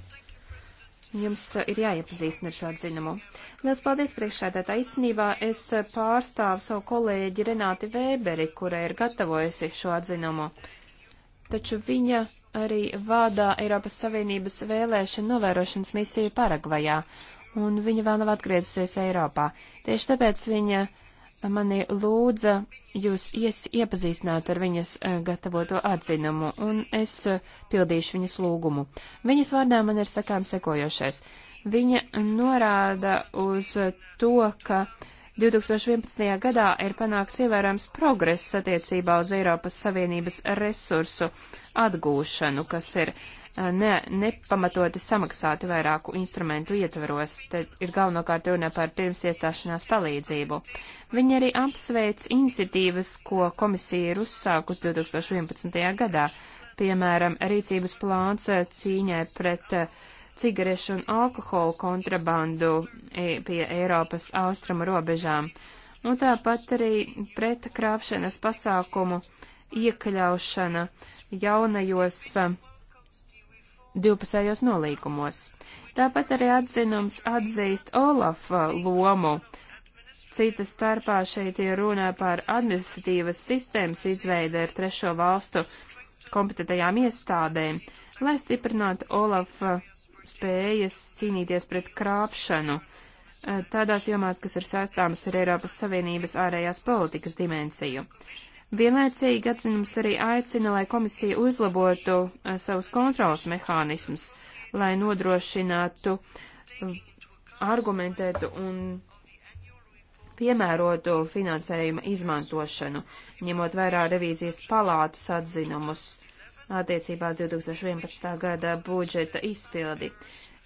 Jums uh, ir jāiepazīstina ar šo atzinumu. Lielas paldies priekšētētā. Īstenībā es uh, pārstāvu savu kolēģi Renāti Vēberi, kura ir gatavojusi šo atzinumu. Uh, taču viņa arī vada Eiropas Savienības vēlēšana novērošanas misiju Paragvajā, un viņa vēl nav atgriezusies Eiropā. Tieši tāpēc viņa mani lūdza jūs ies, iepazīstināt ar viņas e, gatavoto atzinumu, un es e, pildīšu viņas lūgumu. Viņas vārdā man ir sakām sekojošais. Viņa norāda uz to, ka uh, 2011. gadā ir panāks ievērojams progress attiecībā uz Eiropas Savienības resursu atgūšanu, kas ir eh, ne, nepamatoti samaksāti vairāku instrumentu ietveros. Te ir galvenokārt runa par pirms iestāšanās palīdzību. Viņi arī apsveic iniciatīvas, ko komisija ir uzsākus 2011. gadā, piemēram, rīcības plāns eh, cīņai pret uh, cigarešu un alkoholu kontrabandu e, pie Eiropas austrumu robežām, un tāpat arī pret krāpšanas pasākumu iekļaušana jaunajos divpusējos nolīgumos. Tāpat arī atzinums atzīst Olafa lomu. Cita starpā šeit ir runā par administratīvas sistēmas izveidi ar trešo valstu kompetentajām iestādēm, lai stiprinātu Olafa spējas cīnīties pret krāpšanu eh, tādās jomās, kas ir saistāmas ar Eiropas Savienības ārējās politikas dimensiju. Vienlaicīgi atzinums arī aicina, lai komisija uzlabotu eh, savus kontrolas mehānismus, lai nodrošinātu, eh, argumentētu un piemērotu finansējuma izmantošanu, ņemot vērā revīzijas palātas atzinumus attiecībās 2011. gada budžeta izpildi.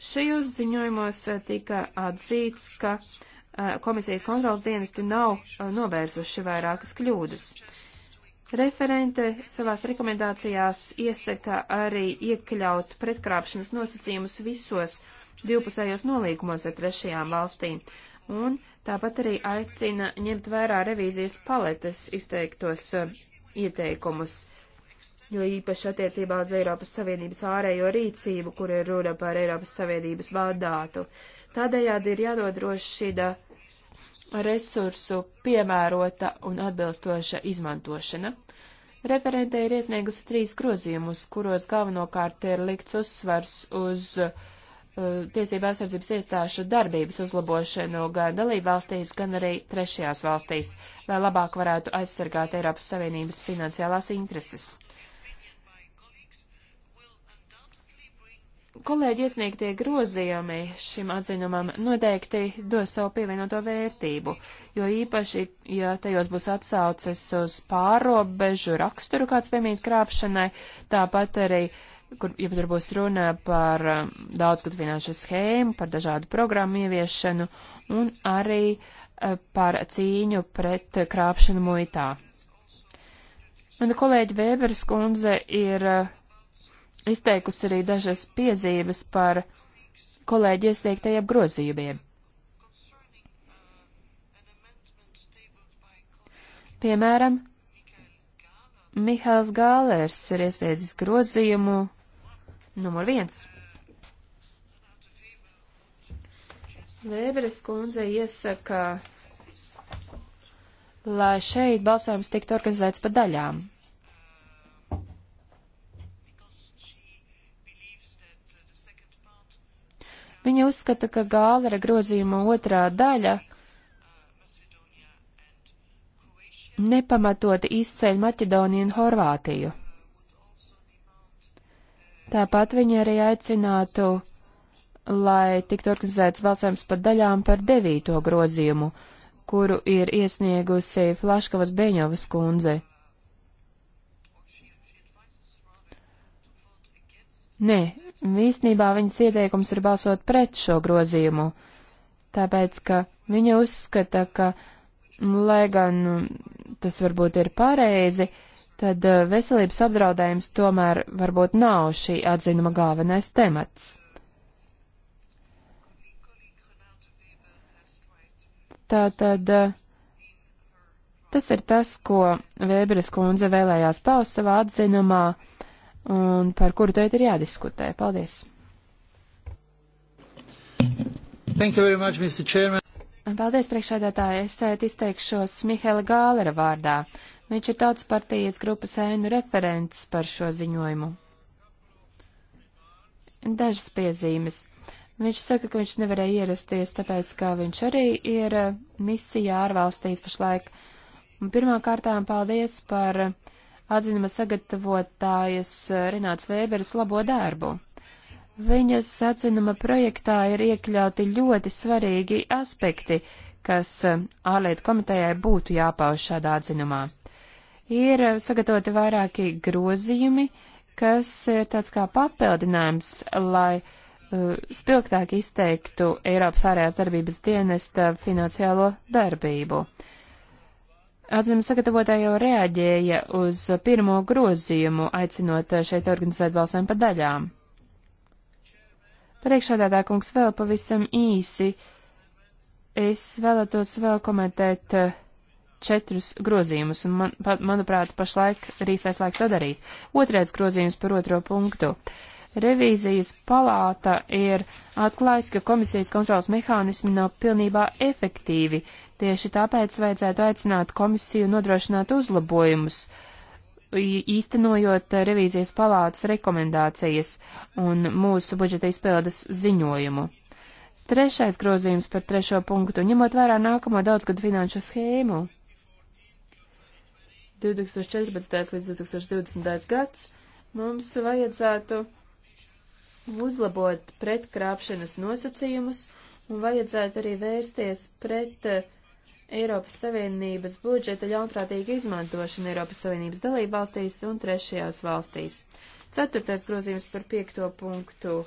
Šajos ziņojumos eh, tika atzīts, ka eh, komisijas kontrols dienesti nav eh, novērsuši vairākas kļūdas. Referente savās rekomendācijās iesaka arī iekļaut pretkrāpšanas nosacījumus visos divpusējos nolīgumos ar trešajām valstīm, un tāpat arī aicina ņemt vērā revīzijas paletes izteiktos uh, ieteikumus jo īpaši attiecībā uz Eiropas Savienības ārējo rīcību, kur ir runa par Eiropas Savienības mandātu. Tādējādi ir jānodrošina resursu piemērota un atbilstoša izmantošana. Referentē ir iesniegusi trīs grozījumus, kuros galvenokārt ir likts uzsvers uz uh, tiesību aizsardzības iestāšu darbības uzlabošanu gan dalībvalstīs, gan arī trešajās valstīs, lai labāk varētu aizsargāt Eiropas Savienības finansiālās intereses. kolēģi iesniegtie grozījumi šim atzinumam noteikti dos savu pievienoto vērtību, jo īpaši, ja tajos būs atsauces uz pārobežu raksturu kāds piemīt krāpšanai, tāpat arī, kur, ja tur būs runa par um, daudzgadu finanšu schēmu, par dažādu programmu ieviešanu un arī uh, par cīņu pret krāpšanu muitā. Mana kolēģa Vēberas kundze ir uh, izteikusi arī dažas piezīmes par kolēģi iesniegtajiem grozījumiem. Piemēram, Mihāls Gālērs ir iesniedzis grozījumu numur viens. Vēberes kundze iesaka, lai šeit balsojums tiktu organizēts pa daļām. Viņa uzskata, ka Gālera grozījuma otrā daļa nepamatoti izceļ Maķedoniju un Horvātiju. Tāpat viņa arī aicinātu, lai tiktu organizēts balsojums par daļām par devīto grozījumu, kuru ir iesniegusi Flaškavas Beņovas kundze. Nē, īstenībā viņas ieteikums ir balsot pret šo grozījumu, tāpēc, ka viņa uzskata, ka, nu, lai gan nu, tas varbūt ir pareizi, tad uh, veselības apdraudējums tomēr varbūt nav šī atzinuma galvenais temats. Tātad uh, tas ir tas, ko Vēberes kundze vēlējās paust savā atzinumā un par kuru tagad ir jādiskutē. Paldies! Thank you very much, Mr. Chairman. Paldies, priekšādātāji. Es tagad izteikšos Mihaila Gālera vārdā. Viņš ir tautas partijas grupas ēnu referents par šo ziņojumu. Dažas piezīmes. Viņš saka, ka viņš nevarēja ierasties, tāpēc, ka viņš arī ir misijā ārvalstīs pašlaik. Pirmkārtām paldies par uh, atzinuma sagatavotājas eh, Renāts Vēberis labo darbu. Viņas atzinuma projektā ir iekļauti ļoti svarīgi aspekti, kas eh, ārlietu komitejai būtu jāpauž šādā atzinumā. Ir eh, sagatavoti vairāki grozījumi, kas ir tāds kā papildinājums, lai uh, spilgtāk izteiktu Eiropas ārējās darbības dienesta finansiālo darbību. Uh, Atzīme sagatavotāja jau reaģēja uz pirmo grozījumu, aicinot šeit organizēt balsojumu pa daļām. Priekšādātā kungs vēl pavisam īsi. Es vēlētos vēl komentēt eh, četrus grozījumus, un man, manuprāt, pašlaik ir īstais laiks to darīt. Otrais grozījums par otro punktu. Uh, Revīzijas palāta ir atklājusi, ka komisijas kontrolas mehānismi nav pilnībā efektīvi. Tieši tāpēc vajadzētu aicināt komisiju nodrošināt uzlabojumus, īstenojot revīzijas palātas rekomendācijas un mūsu budžeta izpildes ziņojumu. Trešais grozījums par trešo punktu, ņemot vērā nākamo daudzgadu finanšu schēmu. 2014. līdz 2020. gads mums vajadzētu uzlabot pretkrāpšanas nosacījumus un vajadzētu arī vērsties pret eh, Eiropas Savienības budžeta ļaunprātīgu izmantošanu Eiropas Savienības dalībvalstīs un trešajās valstīs. Ceturtais grozījums par piekto punktu.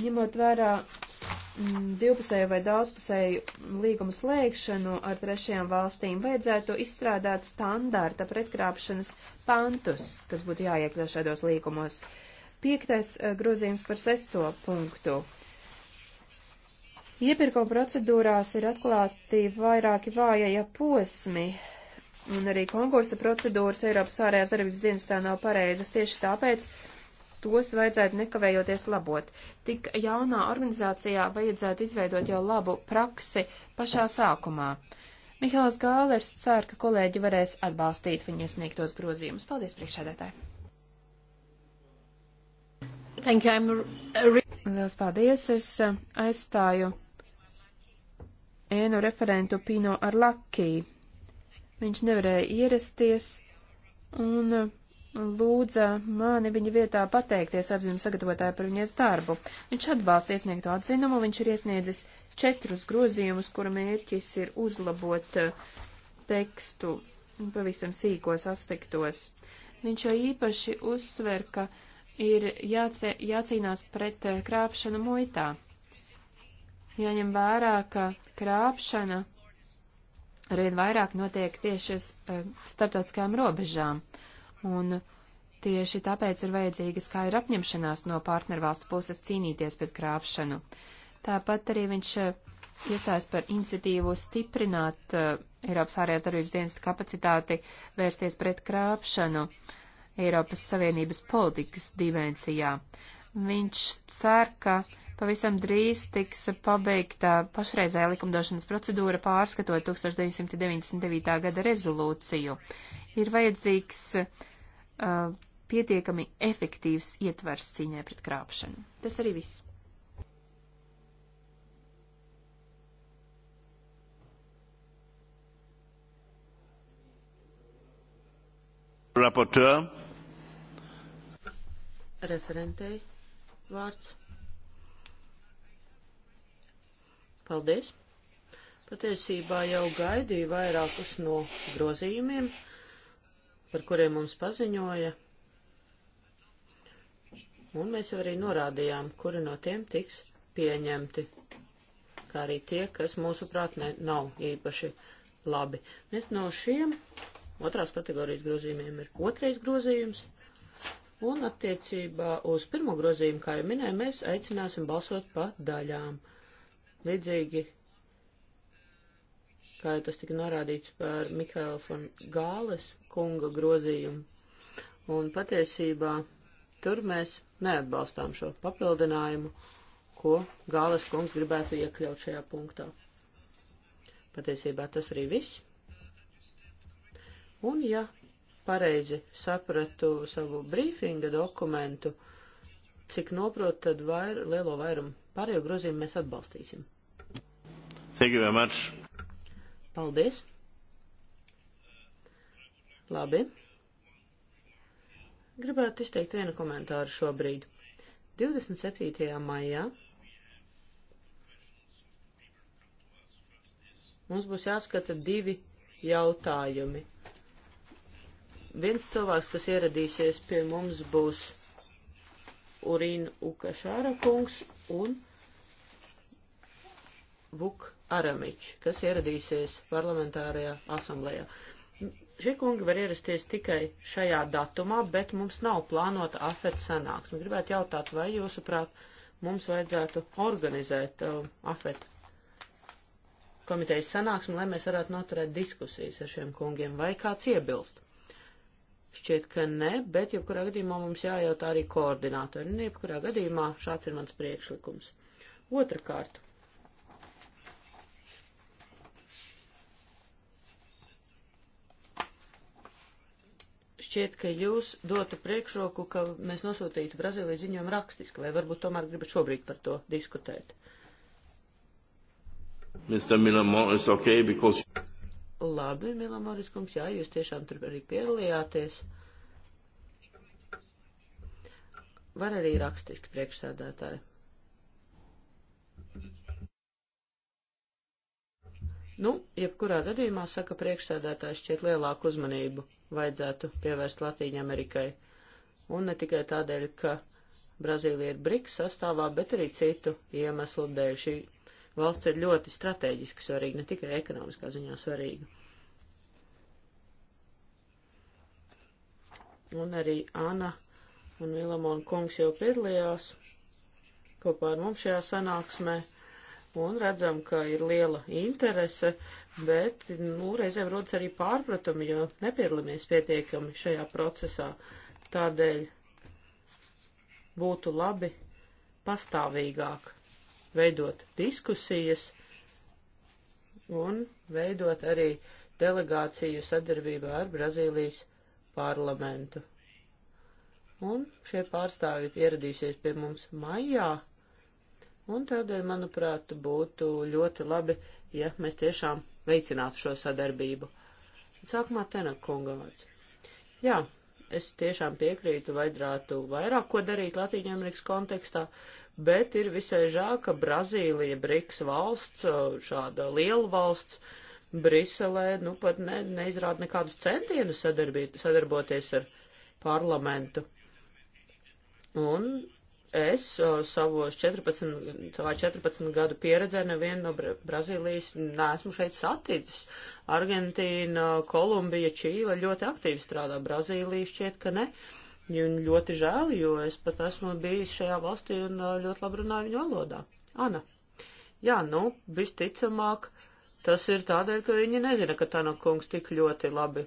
Ņemot vērā mm, divpusēju vai daudzpusēju līgumu slēgšanu ar trešajām valstīm, vajadzētu izstrādāt standārta pretkrāpšanas pantus, kas būtu jāiekļau šādos līgumos. Uh, Piektais eh, grozījums par sesto punktu. Iepirkuma procedūrās ir atklāti vairāki vājie posmi, un arī konkursa procedūras Eiropas ārējās darbības dienestā nav pareizas. Tieši tāpēc tos vajadzētu nekavējoties labot. Tik jaunā organizācijā vajadzētu izveidot jau labu praksi pašā sākumā. Mihāls Gālers cer, ka kolēģi varēs atbalstīt viņa sniegtos grozījumus. Paldies, priekšsēdētāji! Thank you. I'm... Liels paldies. Es uh, aizstāju ēnu referentu Pino Arlaki. Viņš nevarēja ierasties un uh, lūdza mani viņa vietā pateikties atziņu sagatavotāju par viņas darbu. Viņš atbalsta iesniegto atzinumu, viņš ir iesniedzis četrus grozījumus, kura mērķis ir uzlabot uh, tekstu pavisam sīkos aspektos. Viņš jau īpaši uzsver, ka ir jāce, jācīnās pret eh, krāpšanu muitā. Jāņem vērā, ka krāpšana arvien vairāk notiek tieši uz eh, starptautiskām robežām, un tieši tāpēc ir vajadzīga skaidra apņemšanās no partnervalstu puses cīnīties pret krāpšanu. Tāpat arī viņš eh, iestājas par iniciatīvu stiprināt uh, Eiropas ārējās darbības dienas kapacitāti vērsties pret krāpšanu. Uh, Eiropas Savienības politikas dimensijā. Viņš cer, ka pavisam drīz tiks pabeigta pašreizēja likumdošanas procedūra pārskatot 1999. gada rezolūciju. Ir vajadzīgs uh, pietiekami efektīvs ietvers cīņai pret krāpšanu. Tas arī viss. Rapporteur referentei vārds. Paldies! Patiesībā jau gaidīju vairākus no grozījumiem, par kuriem mums paziņoja. Un mēs jau arī norādījām, kuri no tiem tiks pieņemti, kā arī tie, kas mūsuprāt ne, nav īpaši labi. Viens no šiem otrās kategorijas grozījumiem ir otrais grozījums Un attiecībā uz pirmo grozījumu, kā jau minēju, mēs aicināsim balsot pa daļām. Līdzīgi, kā jau tas tika norādīts par Mikaela un Gāles kunga grozījumu. Un patiesībā tur mēs neatbalstām šo papildinājumu, ko Gāles kungs gribētu iekļaut šajā punktā. Patiesībā tas arī viss. Un, ja pareizi sapratu savu brīfinga dokumentu, cik noprotu, tad vair, lielo vairumu pārējo grozījumu mēs atbalstīsim. Thank you very much. Paldies. Labi. Gribētu izteikt vienu komentāru šobrīd. 27. maijā mums būs jāskata divi jautājumi Viens cilvēks, kas ieradīsies pie mums, būs Urīna Ukašāra kungs un Vuk Aramič, kas ieradīsies parlamentārajā asamblējā. Šie kungi var ierasties tikai šajā datumā, bet mums nav plānota afet sanāksme. Gribētu jautāt, vai jūsuprāt mums vajadzētu organizēt uh, afet komitejas sanāksmi, lai mēs varētu noturēt diskusijas ar šiem kungiem, vai kāds iebilst? Šķiet, ka ne, bet jebkurā gadījumā mums jājautā arī koordinātori. Un nu, jebkurā gadījumā šāds ir mans priekšlikums. Otrakārt. Šķiet, ka jūs dotu priekšroku, ka mēs nosūtītu Brazīlijas ziņojumu rakstiski, vai varbūt tomēr gribat šobrīd par to diskutēt. Mr. Milamont is okay because Labi, Milamoris kungs, jā, jūs tiešām tur arī piedalījāties. Var arī rakstiski priekšsēdētāji. Nu, jebkurā gadījumā, saka priekšsēdētājs, šķiet lielāku uzmanību vajadzētu pievērst Latīņa Amerikai. Un ne tikai tādēļ, ka Brazīlija ir BRICS sastāvā, bet arī citu iemeslu dēļ šī valsts ir ļoti strateģiski svarīga, ne tikai ekonomiskā ziņā svarīga. Un arī Ana un Vilamona kungs jau piedalījās kopā ar mums šajā sanāksmē, un redzam, ka ir liela interese, bet, nu, reizēm rodas arī pārpratumi, jo nepiedalāmies pietiekami šajā procesā. Tādēļ būtu labi pastāvīgāk veidot diskusijas un veidot arī delegāciju sadarbībā ar Brazīlijas parlamentu. Un šie pārstāvji ieradīsies pie mums maijā, un tādēļ, manuprāt, būtu ļoti labi, ja mēs tiešām veicinātu šo sadarbību. Sākumā Tena kungavārds. Jā, Es tiešām piekrītu, vajadzētu vairāk ko darīt Latvijas-Amerikas kontekstā, bet ir visai žēl, ka Brazīlija, Briks valsts, šāda liela valsts, Briselē, nu pat ne, neizrāda nekādus centienus sadarboties ar parlamentu. Un es savos 14, savā 14 gadu pieredzē nevienu no Brazīlijas neesmu šeit saticis. Argentīna, Kolumbija, Čīla ļoti aktīvi strādā, Brazīlija šķiet, ka ne. Un ļoti žēl, jo es pat esmu bijis šajā valstī un ļoti labi runāju viņu valodā. Ana. Jā, nu, visticamāk, tas ir tādēļ, ka viņi nezina, ka Tana kungs tik ļoti labi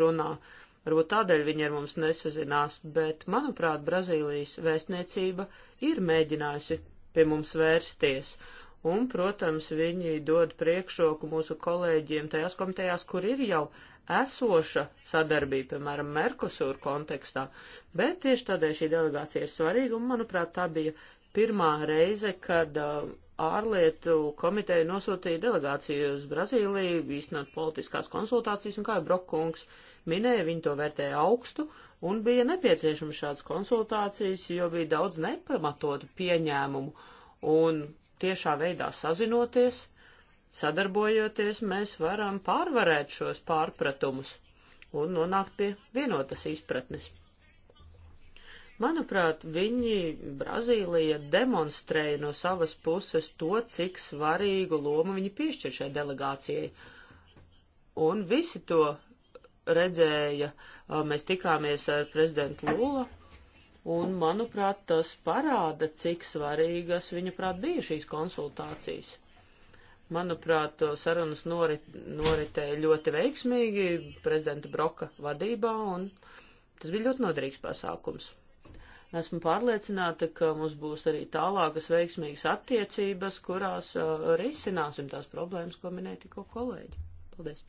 runā. Uh, Varbūt tādēļ viņi ar mums nesazinās, bet, manuprāt, Brazīlijas vēstniecība ir mēģinājusi pie mums vērsties. Un, protams, viņi dod priekšroku mūsu kolēģiem tajās komitejās, kur ir jau esoša sadarbība, piemēram, Merkosūra kontekstā. Bet tieši tādēļ šī delegācija ir svarīga, un, manuprāt, tā bija pirmā reize, kad uh, ārlietu komiteja nosūtīja delegāciju uz Brazīliju, īstenot politiskās konsultācijas, un kā jau Brokkungs minēja, viņi to vērtēja augstu, un bija nepieciešama šādas konsultācijas, jo bija daudz nepamatotu pieņēmumu, un tiešā veidā sazinoties, sadarbojoties, mēs varam pārvarēt šos pārpratumus un nonākt pie vienotas izpratnes. Manuprāt, viņi Brazīlija demonstrēja no savas puses to, cik svarīgu lomu viņi piešķir šai delegācijai. Un visi to redzēja, mēs tikāmies ar prezidentu Lula, un, manuprāt, tas parāda, cik svarīgas viņa prāt bija šīs konsultācijas. Manuprāt, sarunas norit, noritēja ļoti veiksmīgi prezidenta Broka vadībā, un tas bija ļoti noderīgs pasākums. Esmu pārliecināta, ka mums būs arī tālākas veiksmīgas attiecības, kurās uh, risināsim tās problēmas, ko minēja tikko kolēģi. Paldies!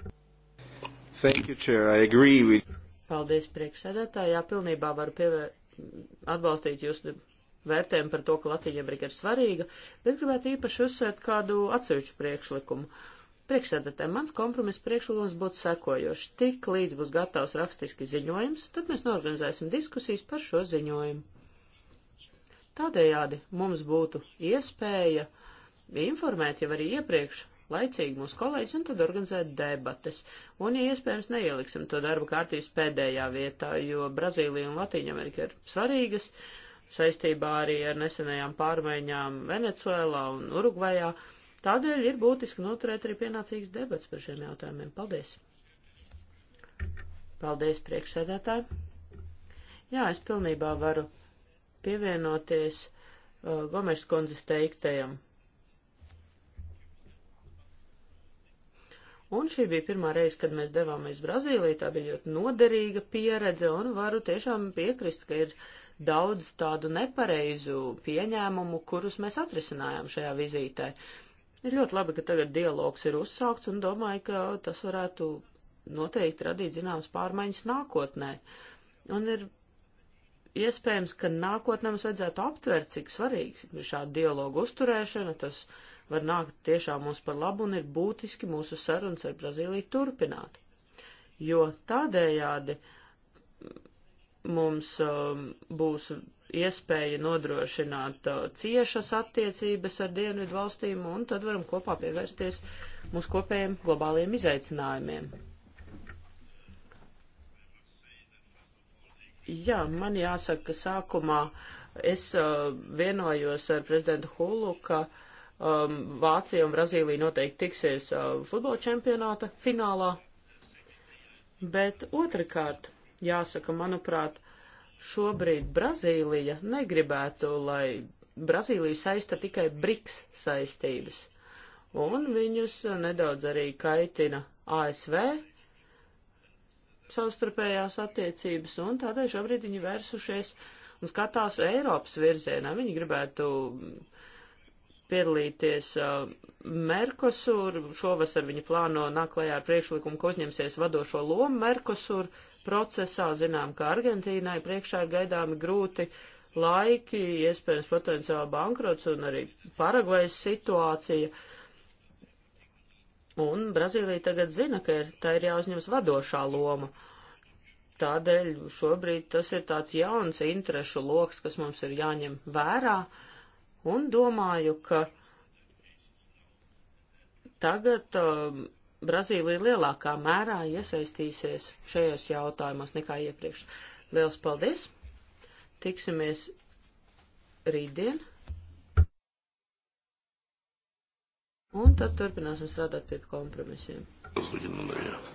Thank you, Chair. I agree with. Paldies, priekšsēdētāji. Jā, pilnībā varu pievēr... atbalstīt jūsu vērtējumu par to, ka Latvija Amerika ir svarīga, bet gribētu īpaši uzsvērt kādu atsevišķu priekšlikumu. Priekšsēdētāji, mans kompromiss priekšlikums būtu sekojošs. Tik līdz būs gatavs rakstiski ziņojums, tad mēs norganizēsim diskusijas par šo ziņojumu. Tādējādi mums būtu iespēja informēt jau arī iepriekš laicīgi mūsu kolēģis un tad organizēt debates. Un, ja iespējams, neieliksim to darba kārtības pēdējā vietā, jo Brazīlija un Latīņamerika ir svarīgas saistībā arī ar nesenajām pārmaiņām Venecuēlā un Urugvajā. Tādēļ ir būtiski noturēt arī pienācīgas debats par šiem jautājumiem. Paldies! Paldies, priekšsēdētāji! Jā, es pilnībā varu pievienoties uh, Gomeša kundzes teiktajam. Un šī bija pirmā reize, kad mēs devāmies Brazīlijā, tā bija ļoti noderīga pieredze, un varu tiešām piekrist, ka ir daudz tādu nepareizu pieņēmumu, kurus mēs atrisinājām šajā vizītē. Ir ļoti labi, ka tagad dialogs ir uzsākts, un domāju, ka tas varētu noteikti radīt zināmas pārmaiņas nākotnē. Un ir iespējams, ka nākotnē mums vajadzētu aptvert, cik svarīgi ir šāda dialoga uzturēšana, tas uh, var nākt tiešām mums par labu un ir būtiski mūsu sarunas ar Brazīliju turpināt. Jo tādējādi mums um, būs iespēja nodrošināt uh, ciešas attiecības ar dienvidu valstīm, un tad varam kopā pievērsties mūsu kopējiem globāliem izaicinājumiem. Jā, man jāsaka, ka sākumā es uh, vienojos ar prezidentu Hulu, ka uh, um, Vācija un Brazīlija noteikti tiksies uh, futbola čempionāta finālā. Bet otrkārt, jāsaka, manuprāt, šobrīd Brazīlija negribētu, lai Brazīliju saista tikai BRICS saistības. Un viņus nedaudz arī kaitina ASV savstarpējās attiecības, un tādēļ šobrīd viņi vērsušies un skatās Eiropas virzienā. Viņi gribētu uh, piedalīties uh, Merkosur. Šovasar viņi plāno naklajā ar priekšlikumu, ka uzņemsies vadošo lomu Merkosur procesā. Zinām, ka Argentīnai priekšā ir gaidāmi grūti laiki, iespējams potenciāli bankrots un arī Paragvajas situācija. Un Brazīlija tagad zina, ka ir, tā ir jāuzņems vadošā loma. Tādēļ šobrīd tas ir tāds jauns interešu loks, kas mums ir jāņem vērā. Uh, Un domāju, ka tagad um, Brazīlija lielākā mērā iesaistīsies šajos jautājumos nekā iepriekš. Liels paldies! Tiksimies rītdien! Un tad turpināsim strādāt pie kompromisiem. Tas bija numurā.